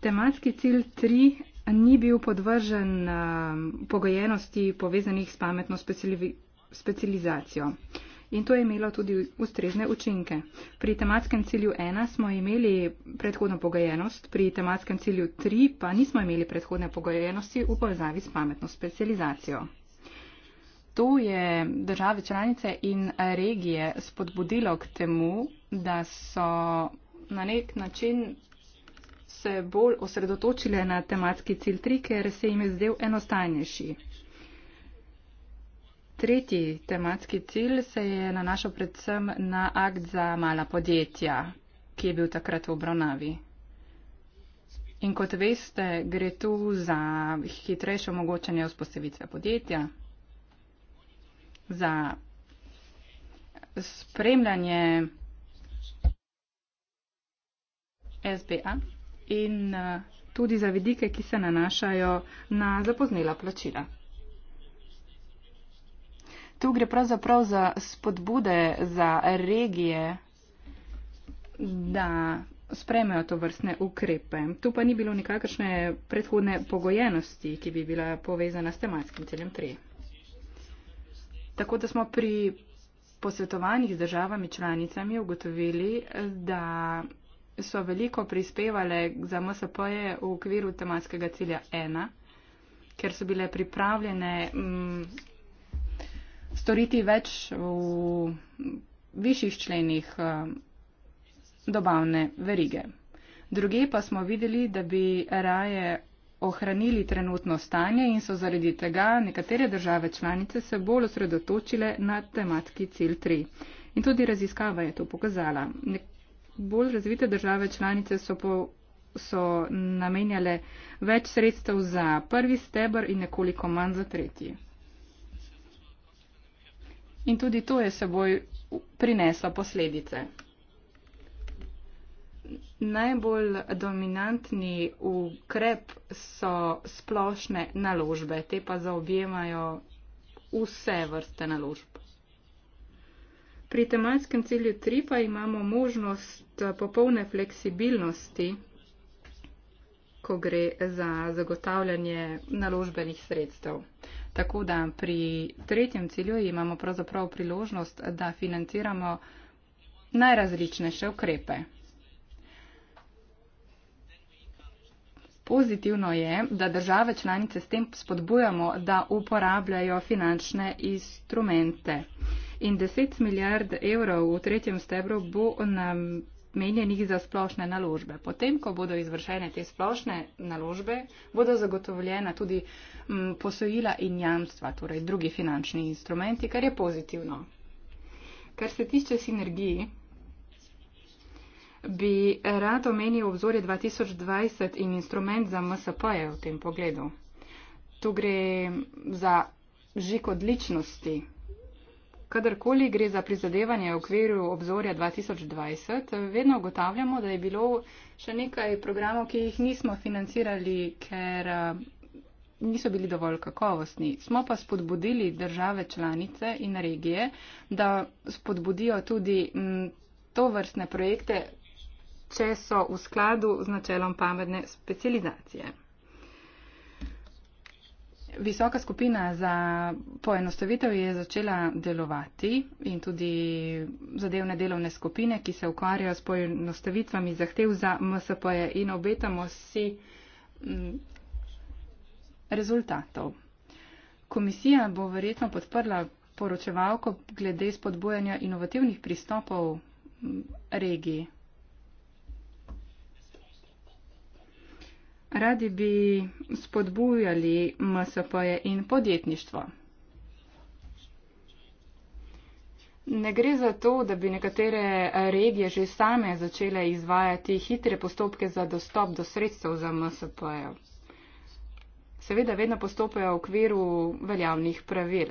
Tematski cilj 3 ni bil podvržen um, pogojenosti povezanih s pametno specializacijo. In to je imelo tudi ustrezne učinke. Pri tematskem cilju 1 smo imeli predhodno pogojenost, pri tematskem cilju 3 pa nismo imeli predhodne pogojenosti v povezavi s pametno specializacijo. To je države članice in regije spodbudilo k temu, da so na nek način se bolj osredotočile na tematski cilj 3, ker se jim je zdel enostavnejši. Tretji tematski cilj se je nanašal predvsem na akt za mala podjetja, ki je bil takrat v obravnavi. In kot veste, gre tu za hitrejše omogočanje vzpostavitve podjetja, za spremljanje SBA in eh, tudi za vidike, ki se nanašajo na zapoznela plačila. Tu gre pravzaprav za spodbude za regije, da spremejo to vrstne ukrepe. Tu pa ni bilo nikakršne predhodne pogojenosti, ki bi bila povezana s tematskim ciljem 3. Tako da smo pri posvetovanjih z državami članicami ugotovili, da so veliko prispevale za MSP-je v okviru tematskega cilja 1, ker so bile pripravljene m, mm, storiti več v višjih členih m, eh, dobavne verige. Druge pa smo videli, da bi raje ohranili trenutno stanje in so zaradi tega nekatere države članice se bolj osredotočile na tematki cilj 3. In tudi raziskava je to pokazala. Nek bolj razvite države članice so, po, so namenjale več sredstev za prvi stebr in nekoliko manj za tretji. In tudi to je seboj prineslo posledice. Najbolj dominantni ukrep so splošne naložbe, te pa zaobjemajo vse vrste naložb. Pri tematskem cilju 3 pa imamo možnost eh, popolne fleksibilnosti, ko gre za zagotavljanje naložbenih sredstev. Tako da pri tretjem cilju imamo pravzaprav priložnost, da financiramo najrazličnejše ukrepe. Pozitivno je, da države članice s tem spodbujamo, da uporabljajo finančne instrumente in 10 milijard evrov v tretjem stebru bo nam menjenih za splošne naložbe. Potem, ko bodo izvršene te splošne naložbe, bodo zagotovljena tudi m, mm, posojila in jamstva, torej drugi finančni instrumenti, kar je pozitivno. Kar se tiče sinergiji, bi rad omenil obzorje 2020 in instrument za MSP-je v tem pogledu. Tu gre za žik odličnosti, Kadarkoli gre za prizadevanje v okviru obzorja 2020, vedno ugotavljamo, da je bilo še nekaj programov, ki jih nismo financirali, ker eh, niso bili dovolj kakovostni. Smo pa spodbudili države članice in regije, da spodbudijo tudi mm, to vrstne projekte, če so v skladu z načelom pametne specializacije. Visoka skupina za poenostavitev je začela delovati in tudi zadevne delovne skupine, ki se ukvarjajo s poenostavitvami zahtev za MSP-je in obetamo si mm, rezultatov. Komisija bo verjetno podprla poročevalko glede spodbojanja inovativnih pristopov mm, regiji. radi bi spodbujali MSP-je in podjetništvo. Ne gre za to, da bi nekatere regije že same začele izvajati hitre postopke za dostop do sredstev za MSP-je. Seveda vedno postopajo v okviru veljavnih pravil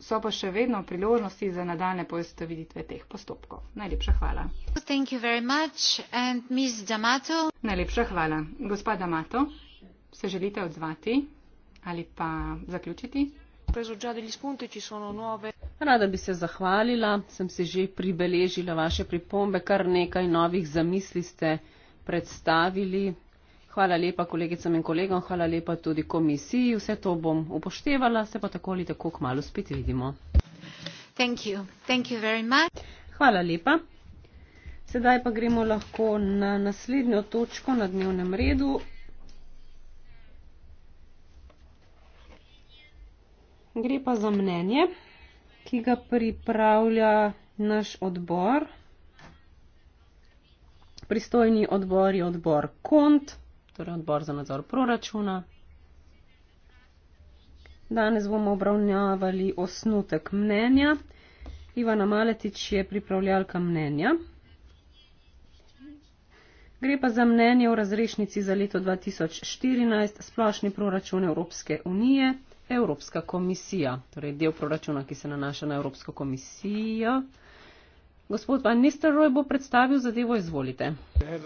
so pa še vedno priložnosti za nadaljne poistovitve teh postopkov. Najlepša hvala. Najlepša hvala. Gospa Damato, se želite odzvati ali pa zaključiti? Rada bi se zahvalila, sem se že pribeležila vaše pripombe, kar nekaj novih zamisli ste predstavili, Hvala lepa kolegicam in kolegom, hvala lepa tudi komisiji. Vse to bom upoštevala, se pa tako ali tako k malu spet vidimo. Thank you. Thank you hvala lepa. Sedaj pa gremo lahko na naslednjo točko na dnevnem redu. Gre pa za mnenje, ki ga pripravlja naš odbor. Pristojni odbor je odbor KONT torej odbor za nadzor proračuna. Danes bomo obravnavali osnutek mnenja. Ivana Maletič je pripravljalka mnenja. Gre pa za mnenje o razrešnici za leto 2014 splošni proračun Evropske unije, Evropska komisija, torej del proračuna, ki se nanaša na Evropsko komisijo. Gospod Van Nistelrooy bo predstavil zadevo, izvolite. Eh,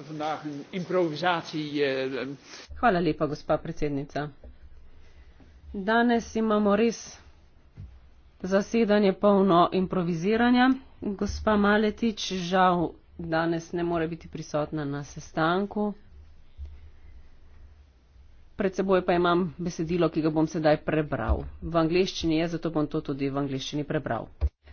Hvala lepa, gospa predsednica. Danes imamo res zasedanje polno improviziranja. Gospa Maletič žal danes ne more biti prisotna na sestanku. Pred seboj pa imam besedilo, ki ga bom sedaj prebral. V angliščini je, zato bom to tudi v angliščini prebral.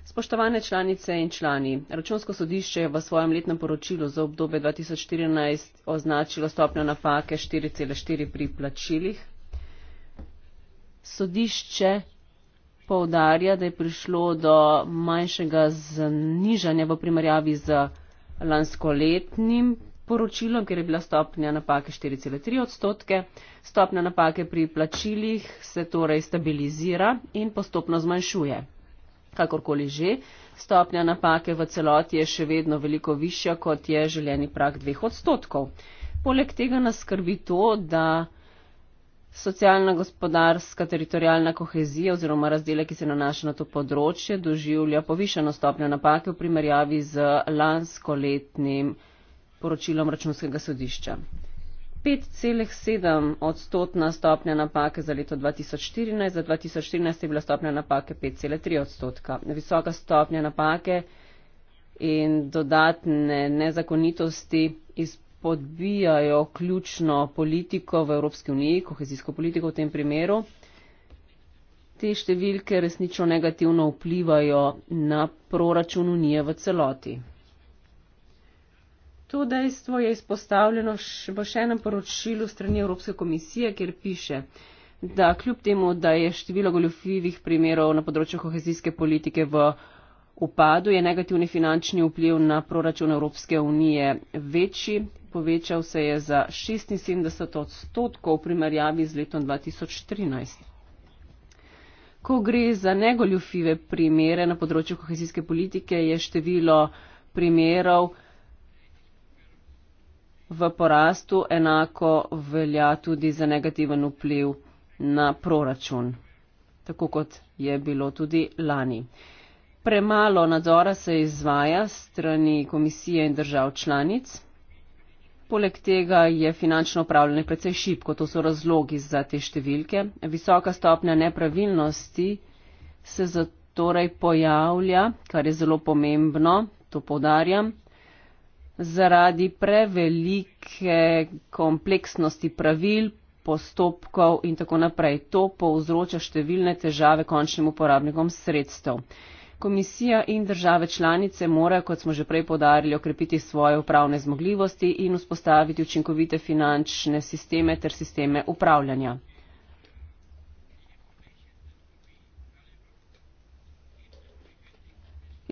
Spoštovane članice in člani, računsko sodišče je v svojem letnem poročilu za obdobje 2014 označilo stopnjo napake 4,4 pri plačilih. Sodišče poudarja, da je prišlo do manjšega znižanja v primerjavi z lanskoletnim poročilom, ker je bila stopnja napake 4,3 odstotke. Stopnja napake pri plačilih se torej stabilizira in postopno zmanjšuje. Kakorkoli že, stopnja napake v celoti je še vedno veliko višja, kot je željeni prak dveh odstotkov. Poleg tega nas skrbi to, da socialna, gospodarska, teritorijalna kohezija oziroma razdele, ki se nanaša na to področje, doživlja povišeno stopnjo napake v primerjavi z lansko letnim poročilom računskega sodišča. 5,7 odstotna stopnja napake za leto 2014, za 2014 je bila stopnja napake 5,3 odstotka. Visoka stopnja napake in dodatne nezakonitosti izpodbijajo ključno politiko v Evropski uniji, kohezijsko politiko v tem primeru. Te številke resnično negativno vplivajo na proračun unije v celoti. To dejstvo je izpostavljeno še, v še enem poročilu strani Evropske komisije, kjer piše, da kljub temu, da je število goljofivih primerov na področju kohezijske politike v upadu, je negativni finančni vpliv na proračun Evropske unije večji. Povečal se je za 76 odstotkov v primerjavi z letom 2013. Ko gre za negoljufive primere na področju kohezijske politike, je število primerov v porastu, enako velja tudi za negativen vpliv na proračun, tako kot je bilo tudi lani. Premalo nadzora se izvaja strani komisije in držav članic. Poleg tega je finančno upravljanje precej šipko, to so razlogi za te številke. Visoka stopnja nepravilnosti se zatorej pojavlja, kar je zelo pomembno, to podarjam zaradi prevelike kompleksnosti pravil, postopkov in tako naprej. To povzroča številne težave končnim uporabnikom sredstev. Komisija in države članice morajo, kot smo že prej podarili, okrepiti svoje upravne zmogljivosti in vzpostaviti učinkovite finančne sisteme ter sisteme upravljanja.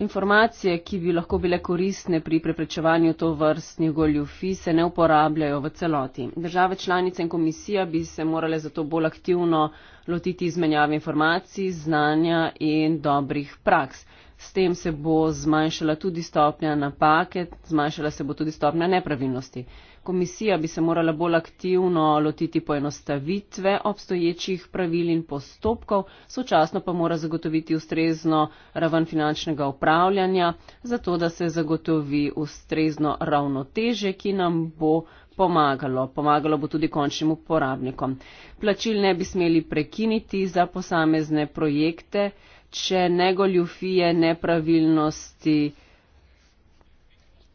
informacije, ki bi lahko bile koristne pri preprečevanju to vrstni goljufi, se ne uporabljajo v celoti. Države članice in komisija bi se morale zato bolj aktivno lotiti izmenjave informacij, znanja in dobrih praks. S tem se bo zmanjšala tudi stopnja napake, zmanjšala se bo tudi stopnja nepravilnosti. Komisija bi se morala bolj aktivno lotiti poenostavitve obstoječih pravil in postopkov, sočasno pa mora zagotoviti ustrezno raven finančnega upravljanja, zato da se zagotovi ustrezno ravnoteže, ki nam bo pomagalo. Pomagalo bo tudi končnim uporabnikom. Plačil ne bi smeli prekiniti za posamezne projekte, če ne goljufije, nepravilnosti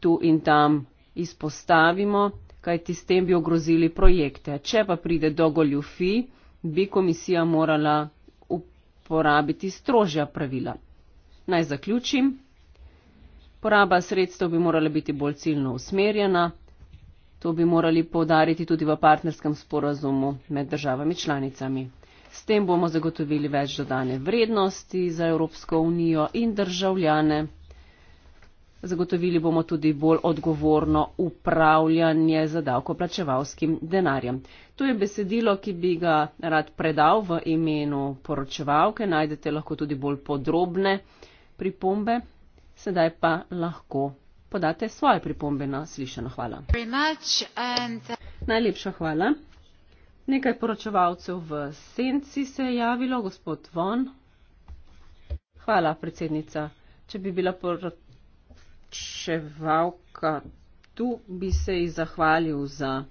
tu in tam izpostavimo, kajti s tem bi ogrozili projekte. Če pa pride do goljufij, bi komisija morala uporabiti strožja pravila. Naj zaključim. Poraba sredstev bi morala biti bolj ciljno usmerjena. To bi morali podariti tudi v partnerskem sporazumu med državami članicami. S tem bomo zagotovili več dodane vrednosti za Evropsko unijo in državljane. Zagotovili bomo tudi bolj odgovorno upravljanje z davkoplačevalskim denarjem. To je besedilo, ki bi ga rad predal v imenu poročevalke. Najdete lahko tudi bolj podrobne pripombe. Sedaj pa lahko podate svoje pripombe na slišano. Hvala. Uh, Najlepša hvala. Nekaj poročevalcev v senci se je javilo, gospod Von. Hvala, predsednica. Če bi bila poročevalka tu, bi se ji zahvalil za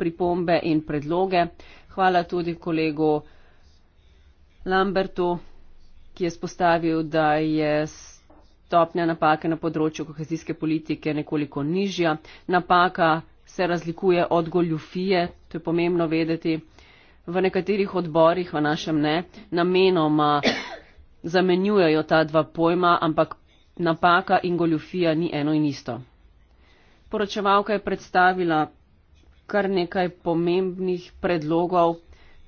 pripombe in predloge. Hvala tudi kolegu Lambertu, ki je spostavil, da je stopnja napake na področju kohezijske politike nekoliko nižja. Napaka se razlikuje od goljufije, to je pomembno vedeti. V nekaterih odborih, v našem ne, namenoma zamenjujejo ta dva pojma, ampak napaka in goljufija ni eno in isto. Poročevalka je predstavila kar nekaj pomembnih predlogov,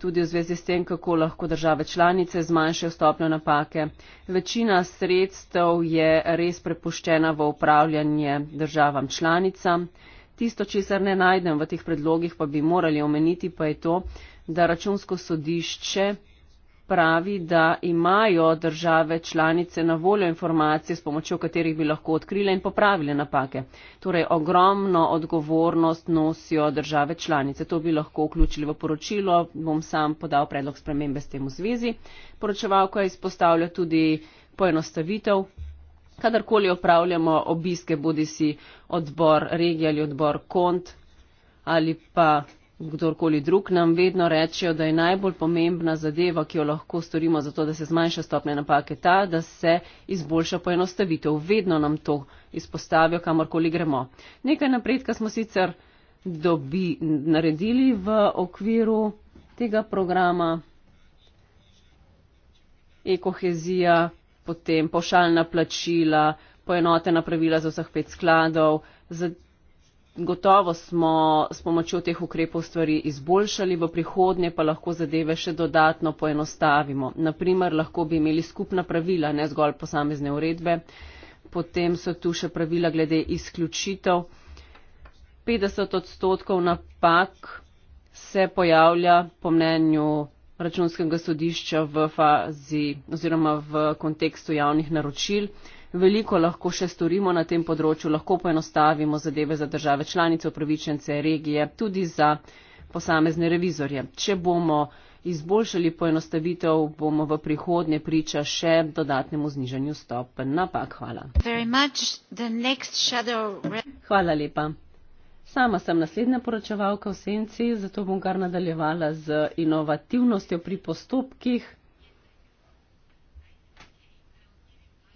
tudi v zvezi s tem, kako lahko države članice zmanjšajo stopnjo napake. Večina sredstev je res prepuščena v upravljanje državam članicam. Tisto, česar ne najdem v teh predlogih, pa bi morali omeniti, pa je to, da računsko sodišče pravi, da imajo države članice na voljo informacije, s pomočjo katerih bi lahko odkrile in popravile napake. Torej, ogromno odgovornost nosijo države članice. To bi lahko vključili v poročilo. Bom sam podal predlog spremembe s tem v zvezi. Poročevalka izpostavlja tudi poenostavitev kadarkoli opravljamo obiske, bodi si odbor regije ali odbor kont ali pa kdorkoli drug, nam vedno rečejo, da je najbolj pomembna zadeva, ki jo lahko storimo za to, da se zmanjša stopnje napake, ta, da se izboljša poenostavitev. Vedno nam to izpostavijo, kamorkoli gremo. Nekaj napredka smo sicer dobi, naredili v okviru tega programa. Ekohezija potem pošaljna plačila, poenotena pravila za vseh pet skladov. Gotovo smo s pomočjo teh ukrepov stvari izboljšali, v prihodnje pa lahko zadeve še dodatno poenostavimo. Naprimer, lahko bi imeli skupna pravila, ne zgolj posamezne uredbe. Potem so tu še pravila glede izključitev. 50 odstotkov napak se pojavlja po mnenju računskega sodišča v fazi oziroma v kontekstu javnih naročil. Veliko lahko še storimo na tem področju, lahko poenostavimo zadeve za države članice, upravičence, regije, tudi za posamezne revizorje. Če bomo izboljšali poenostavitev, bomo v prihodnje priča še dodatnemu znižanju stopen napak. Hvala. Hvala lepa. Sama sem naslednja poročevalka v senci, zato bom kar nadaljevala z inovativnostjo pri postopkih.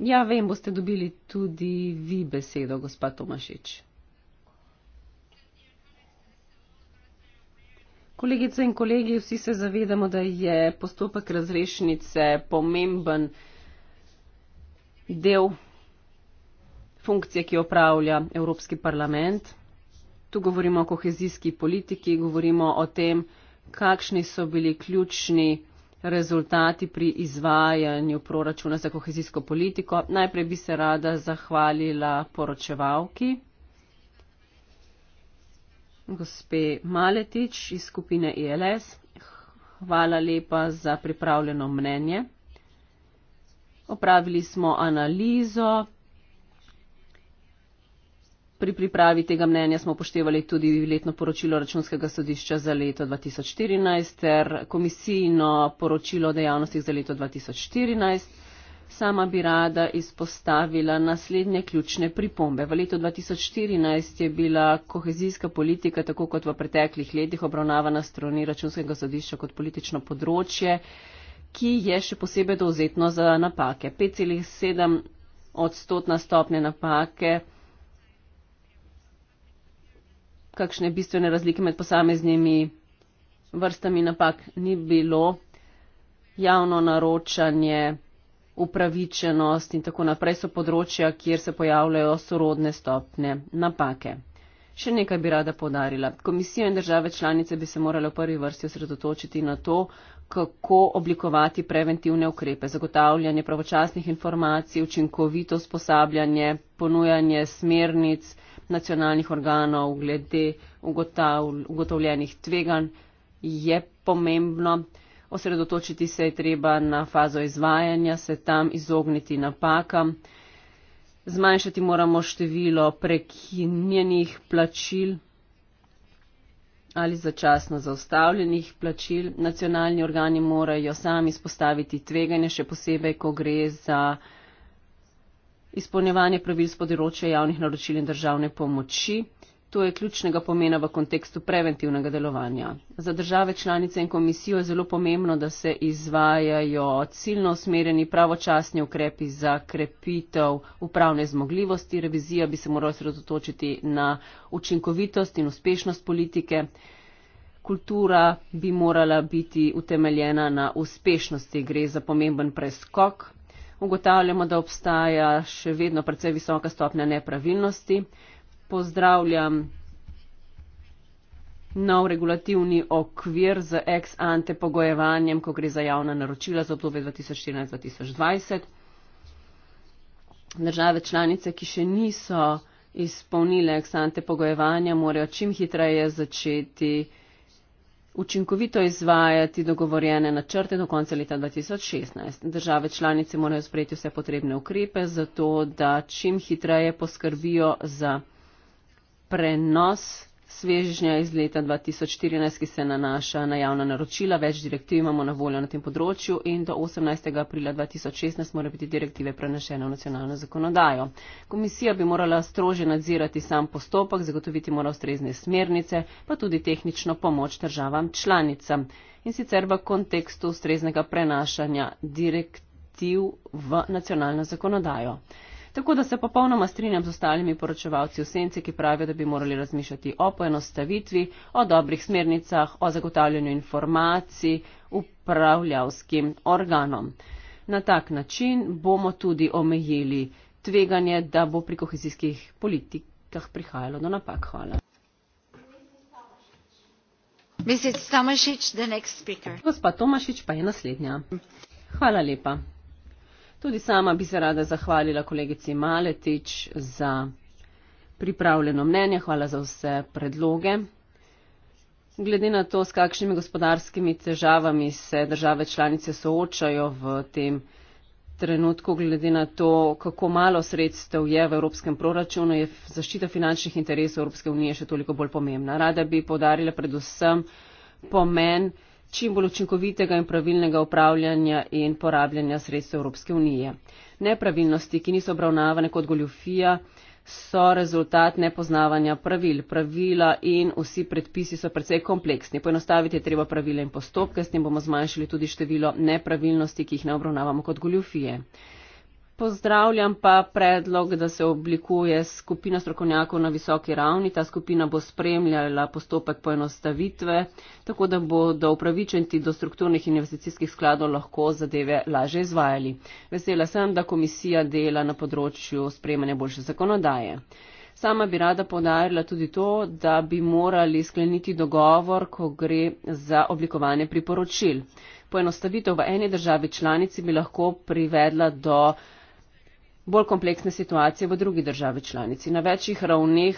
Ja, vem, boste dobili tudi vi besedo, gospa Tomašič. Kolegice in kolegi, vsi se zavedamo, da je postopek razrešnice pomemben del funkcije, ki jo opravlja Evropski parlament. Tu govorimo o kohezijski politiki, govorimo o tem, kakšni so bili ključni rezultati pri izvajanju proračuna za kohezijsko politiko. Najprej bi se rada zahvalila poročevalki, gospe Maletič iz skupine ILS. E Hvala lepa za pripravljeno mnenje. Opravili smo analizo, Pri pripravi tega mnenja smo upoštevali tudi letno poročilo računskega sodišča za leto 2014 ter komisijno poročilo o dejavnostih za leto 2014. Sama bi rada izpostavila naslednje ključne pripombe. V letu 2014 je bila kohezijska politika, tako kot v preteklih letih, obravnavana strani računskega sodišča kot politično področje, ki je še posebej dovzetno za napake. 5,7 odstotna stopnja napake kakšne bistvene razlike med posameznimi vrstami napak ni bilo. Javno naročanje, upravičenost in tako naprej so področja, kjer se pojavljajo sorodne stopne napake. Še nekaj bi rada podarila. Komisija in države članice bi se morale v prvi vrsti osredotočiti na to, kako oblikovati preventivne ukrepe, zagotavljanje pravočasnih informacij, učinkovito usposabljanje, ponujanje smernic nacionalnih organov glede ugotovljenih tveganj je pomembno. Osredotočiti se je treba na fazo izvajanja, se tam izogniti napakam. Zmanjšati moramo število prekinjenih plačil ali začasno zaustavljenih plačil. Nacionalni organi morajo sami spostaviti tveganje, še posebej, ko gre za izpolnjevanje pravil z področja javnih naročil in državne pomoči. To je ključnega pomena v kontekstu preventivnega delovanja. Za države članice in komisijo je zelo pomembno, da se izvajajo ciljno usmerjeni pravočasni ukrepi za krepitev upravne zmogljivosti. Revizija bi se morala sredotočiti na učinkovitost in uspešnost politike. Kultura bi morala biti utemeljena na uspešnosti. Gre za pomemben preskok ugotavljamo, da obstaja še vedno precej visoka stopnja nepravilnosti. Pozdravljam nov regulativni okvir z ex ante pogojevanjem, ko gre za javna naročila za obdobje 2014-2020. Države članice, ki še niso izpolnile eksante pogojevanja, morajo čim hitreje začeti uh, učinkovito izvajati dogovorjene načrte do konca leta 2016. Države članice morajo sprejeti vse potrebne ukrepe, zato da čim hitreje poskrbijo za prenos svežnja iz leta 2014, ki se nanaša na javna naročila, več direktiv imamo na voljo na tem področju in do 18. aprila 2016 mora biti direktive prenešene v nacionalno zakonodajo. Komisija bi morala strože nadzirati sam postopek, zagotoviti mora ustrezne smernice, pa tudi tehnično pomoč državam članicam in sicer v kontekstu ustreznega prenašanja direktiv v nacionalno zakonodajo. Tako da se popolnoma strinjam z ostalimi poročevalci v senci, ki pravijo, da bi morali razmišljati o poenostavitvi, o dobrih smernicah, o zagotavljanju informacij upravljavskim organom. Na tak način bomo tudi omejili tveganje, da bo pri kohezijskih politikah prihajalo do napak. Hvala. Gospa Tomašič pa je naslednja. Hvala lepa. Tudi sama bi se rada zahvalila kolegici Maletič za pripravljeno mnenje. Hvala za vse predloge. Glede na to, s kakšnimi gospodarskimi težavami se države članice soočajo v tem trenutku, glede na to, kako malo sredstev je v evropskem proračunu, je zaščita finančnih interesov Evropske unije še toliko bolj pomembna. Rada bi podarila predvsem pomen čim bolj učinkovitega in pravilnega upravljanja in porabljanja sredstev Evropske unije. Nepravilnosti, ki niso obravnavane kot goljufija, so rezultat nepoznavanja pravil. Pravila in vsi predpisi so precej kompleksni. Poenostaviti je treba pravila in postopke, s tem bomo zmanjšali tudi število nepravilnosti, ki jih ne obravnavamo kot goljufije pozdravljam pa predlog, da se oblikuje skupina strokovnjakov na visoki ravni. Ta skupina bo spremljala postopek poenostavitve, tako da bodo upravičenci do strukturnih in investicijskih skladov lahko zadeve laže izvajali. Vesela sem, da komisija dela na področju spremanja boljše zakonodaje. Sama bi rada podarila tudi to, da bi morali skleniti dogovor, ko gre za oblikovanje priporočil. Poenostavitev v eni državi članici bi lahko privedla do bolj kompleksne situacije v drugi državi članici. Na večjih ravneh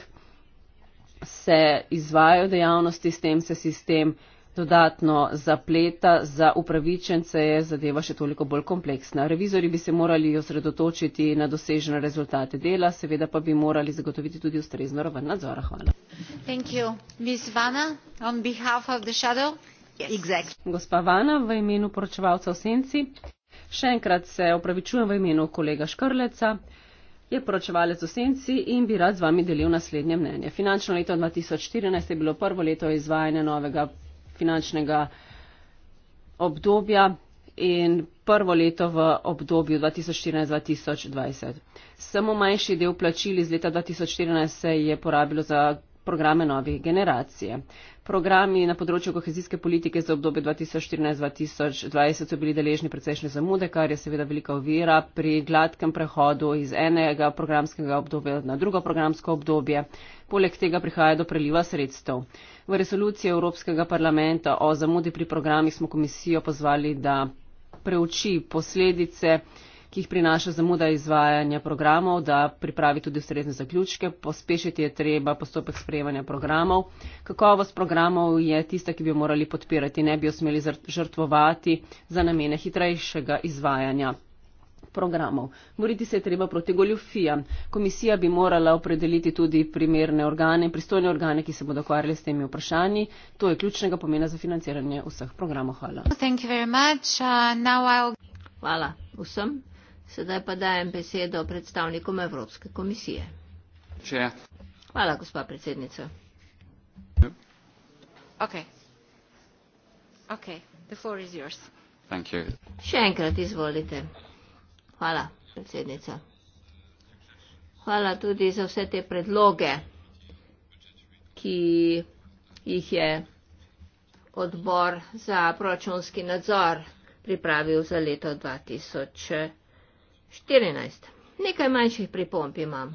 se izvajajo dejavnosti, s tem se sistem dodatno zapleta, za upravičence je zadeva še toliko bolj kompleksna. Revizori bi se morali osredotočiti na dosežene rezultate dela, seveda pa bi morali zagotoviti tudi ustrezno raven nadzora. Hvala. Yes. Gospa Vana, v imenu poročevalca v Senci. Še enkrat se opravičujem v imenu kolega Škrleca, je poročevalec v senci in bi rad z vami delil naslednje mnenje. Finančno leto 2014 je bilo prvo leto izvajanja novega finančnega obdobja in prvo leto v obdobju 2014-2020. Samo manjši del plačil iz leta 2014 se je porabilo za programe nove generacije. Programi na področju kohezijske politike za obdobje 2014-2020 so bili deležni precejšnje zamude, kar je seveda velika ovira pri gladkem prehodu iz enega programskega obdobja na drugo programsko obdobje. Poleg tega prihaja do preliva sredstev. V resoluciji Evropskega parlamenta o zamudi pri programih smo komisijo pozvali, da preuči posledice ki jih prinaša zamuda izvajanja programov, da pripravi tudi ustrezne zaključke, pospešiti je treba postopek sprejemanja programov. Kakovost programov je tista, ki bi jo morali podpirati, ne bi jo smeli žrtvovati za namene hitrejšega izvajanja programov. Boriti se je treba proti goljufijam. Komisija bi morala opredeliti tudi primerne organe in pristojne organe, ki se bodo ukvarjali s temi vprašanji. To je ključnega pomena za financiranje vseh programov. Hvala. Uh, Hvala vsem. Sedaj pa dajem besedo predstavnikom Evropske komisije. Če. Hvala, gospa predsednica. Okay. Okay. Še enkrat izvolite. Hvala, predsednica. Hvala tudi za vse te predloge, ki jih je odbor za proračunski nadzor pripravil za leto 2020. 14. Nekaj manjših pripomb imam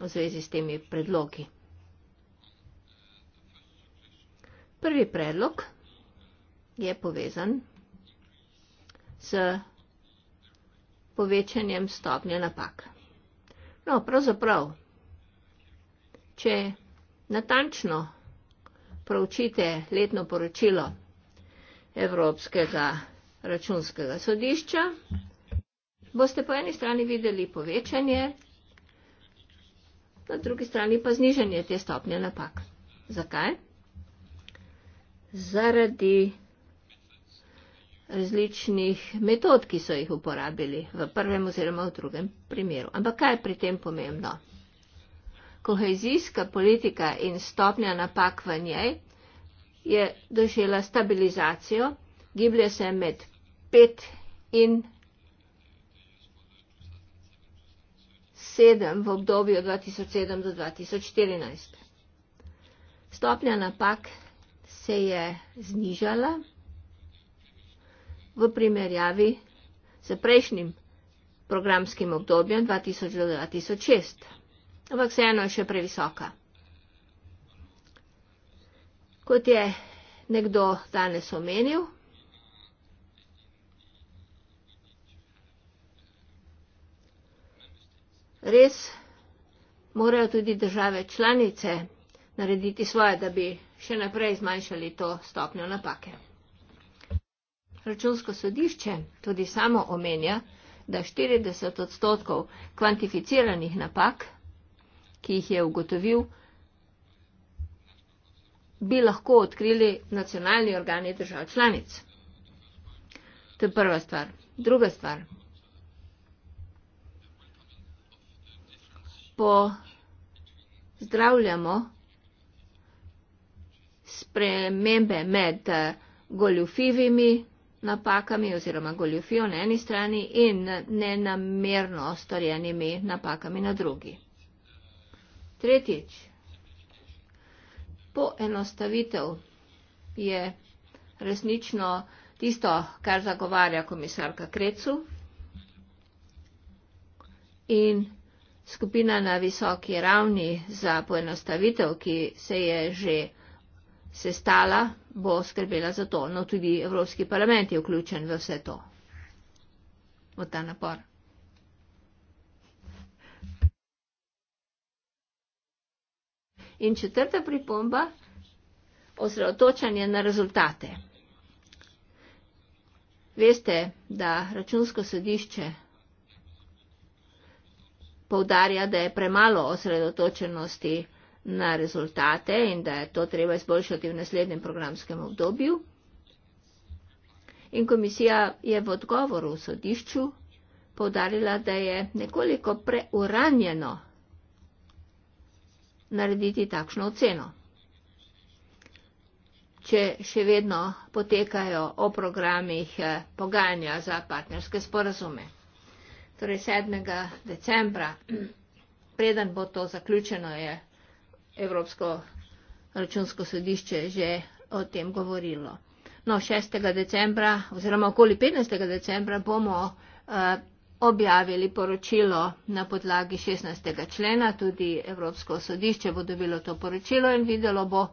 v zvezi s temi predlogi. Prvi predlog je povezan s povečanjem stopnje napak. No, pravzaprav, če natančno proučite letno poročilo Evropskega računskega sodišča, boste po eni strani videli povečanje, na drugi strani pa znižanje te stopnje napak. Zakaj? Zaradi različnih metod, ki so jih uporabili v prvem oziroma v drugem primeru. Ampak kaj je pri tem pomembno? Kohezijska politika in stopnja napak v njej je dožela stabilizacijo, giblje se med 5 in 10. sedem v obdobju 2007 do 2014. Stopnja napak se je znižala v primerjavi s prejšnjim programskim obdobjem 2000 do 2006, ampak vseeno je še previsoka. Kot je nekdo danes omenil, res morajo tudi države članice narediti svoje, da bi še naprej zmanjšali to stopnjo napake. Računsko sodišče tudi samo omenja, da 40 odstotkov kvantificiranih napak, ki jih je ugotovil, bi lahko odkrili nacionalni organi držav članic. To je prva stvar. Druga stvar. pozdravljamo spremembe med eh, goljufivimi napakami oziroma goljufijo na eni strani in nenamerno storjenimi napakami na drugi. Tretjič, poenostavitev je resnično tisto, kar zagovarja komisarka Krecu in skupina na visoki ravni za poenostavitev, ki se je že sestala, bo skrbela za to. No, tudi Evropski parlament je vključen v vse to, v ta napor. In četrta pripomba, osredotočanje na rezultate. Veste, da računsko sodišče povdarja, da je premalo osredotočenosti na rezultate in da je to treba izboljšati v naslednjem programskem obdobju. In komisija je v odgovoru v sodišču povdarila, da je nekoliko preuranjeno narediti takšno oceno. Če še vedno potekajo o programih eh, pogajanja za partnerske sporazume torej 7. decembra, preden bo to zaključeno, je Evropsko računsko sodišče že o tem govorilo. No, 6. decembra oziroma okoli 15. decembra bomo uh, objavili poročilo na podlagi 16. člena, tudi Evropsko sodišče bo dobilo to poročilo in videlo bo,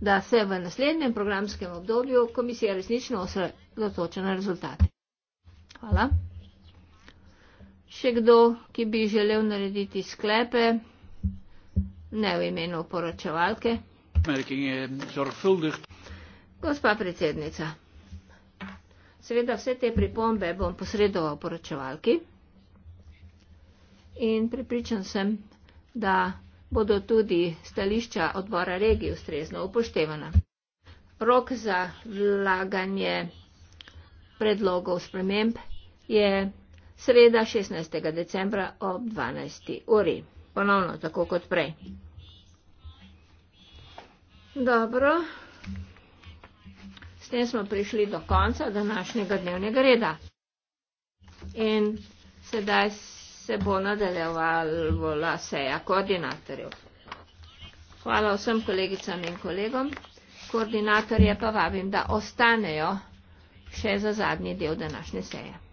da se v naslednjem programskem obdobju komisija resnično osredotoča na rezultate. Hvala še kdo, ki bi želel narediti sklepe, ne v imenu poročevalke. Gospa predsednica, seveda vse te pripombe bom posredoval poročevalki in pripričan sem, da bodo tudi stališča odbora regij ustrezno upoštevana. Rok za vlaganje predlogov sprememb je sreda 16. decembra ob 12. uri. Ponovno, tako kot prej. Dobro. S tem smo prišli do konca današnjega dnevnega reda. In sedaj se bo nadaljevala seja koordinatorjev. Hvala vsem kolegicam in kolegom. Koordinatorje pa vabim, da ostanejo še za zadnji del današnje seje.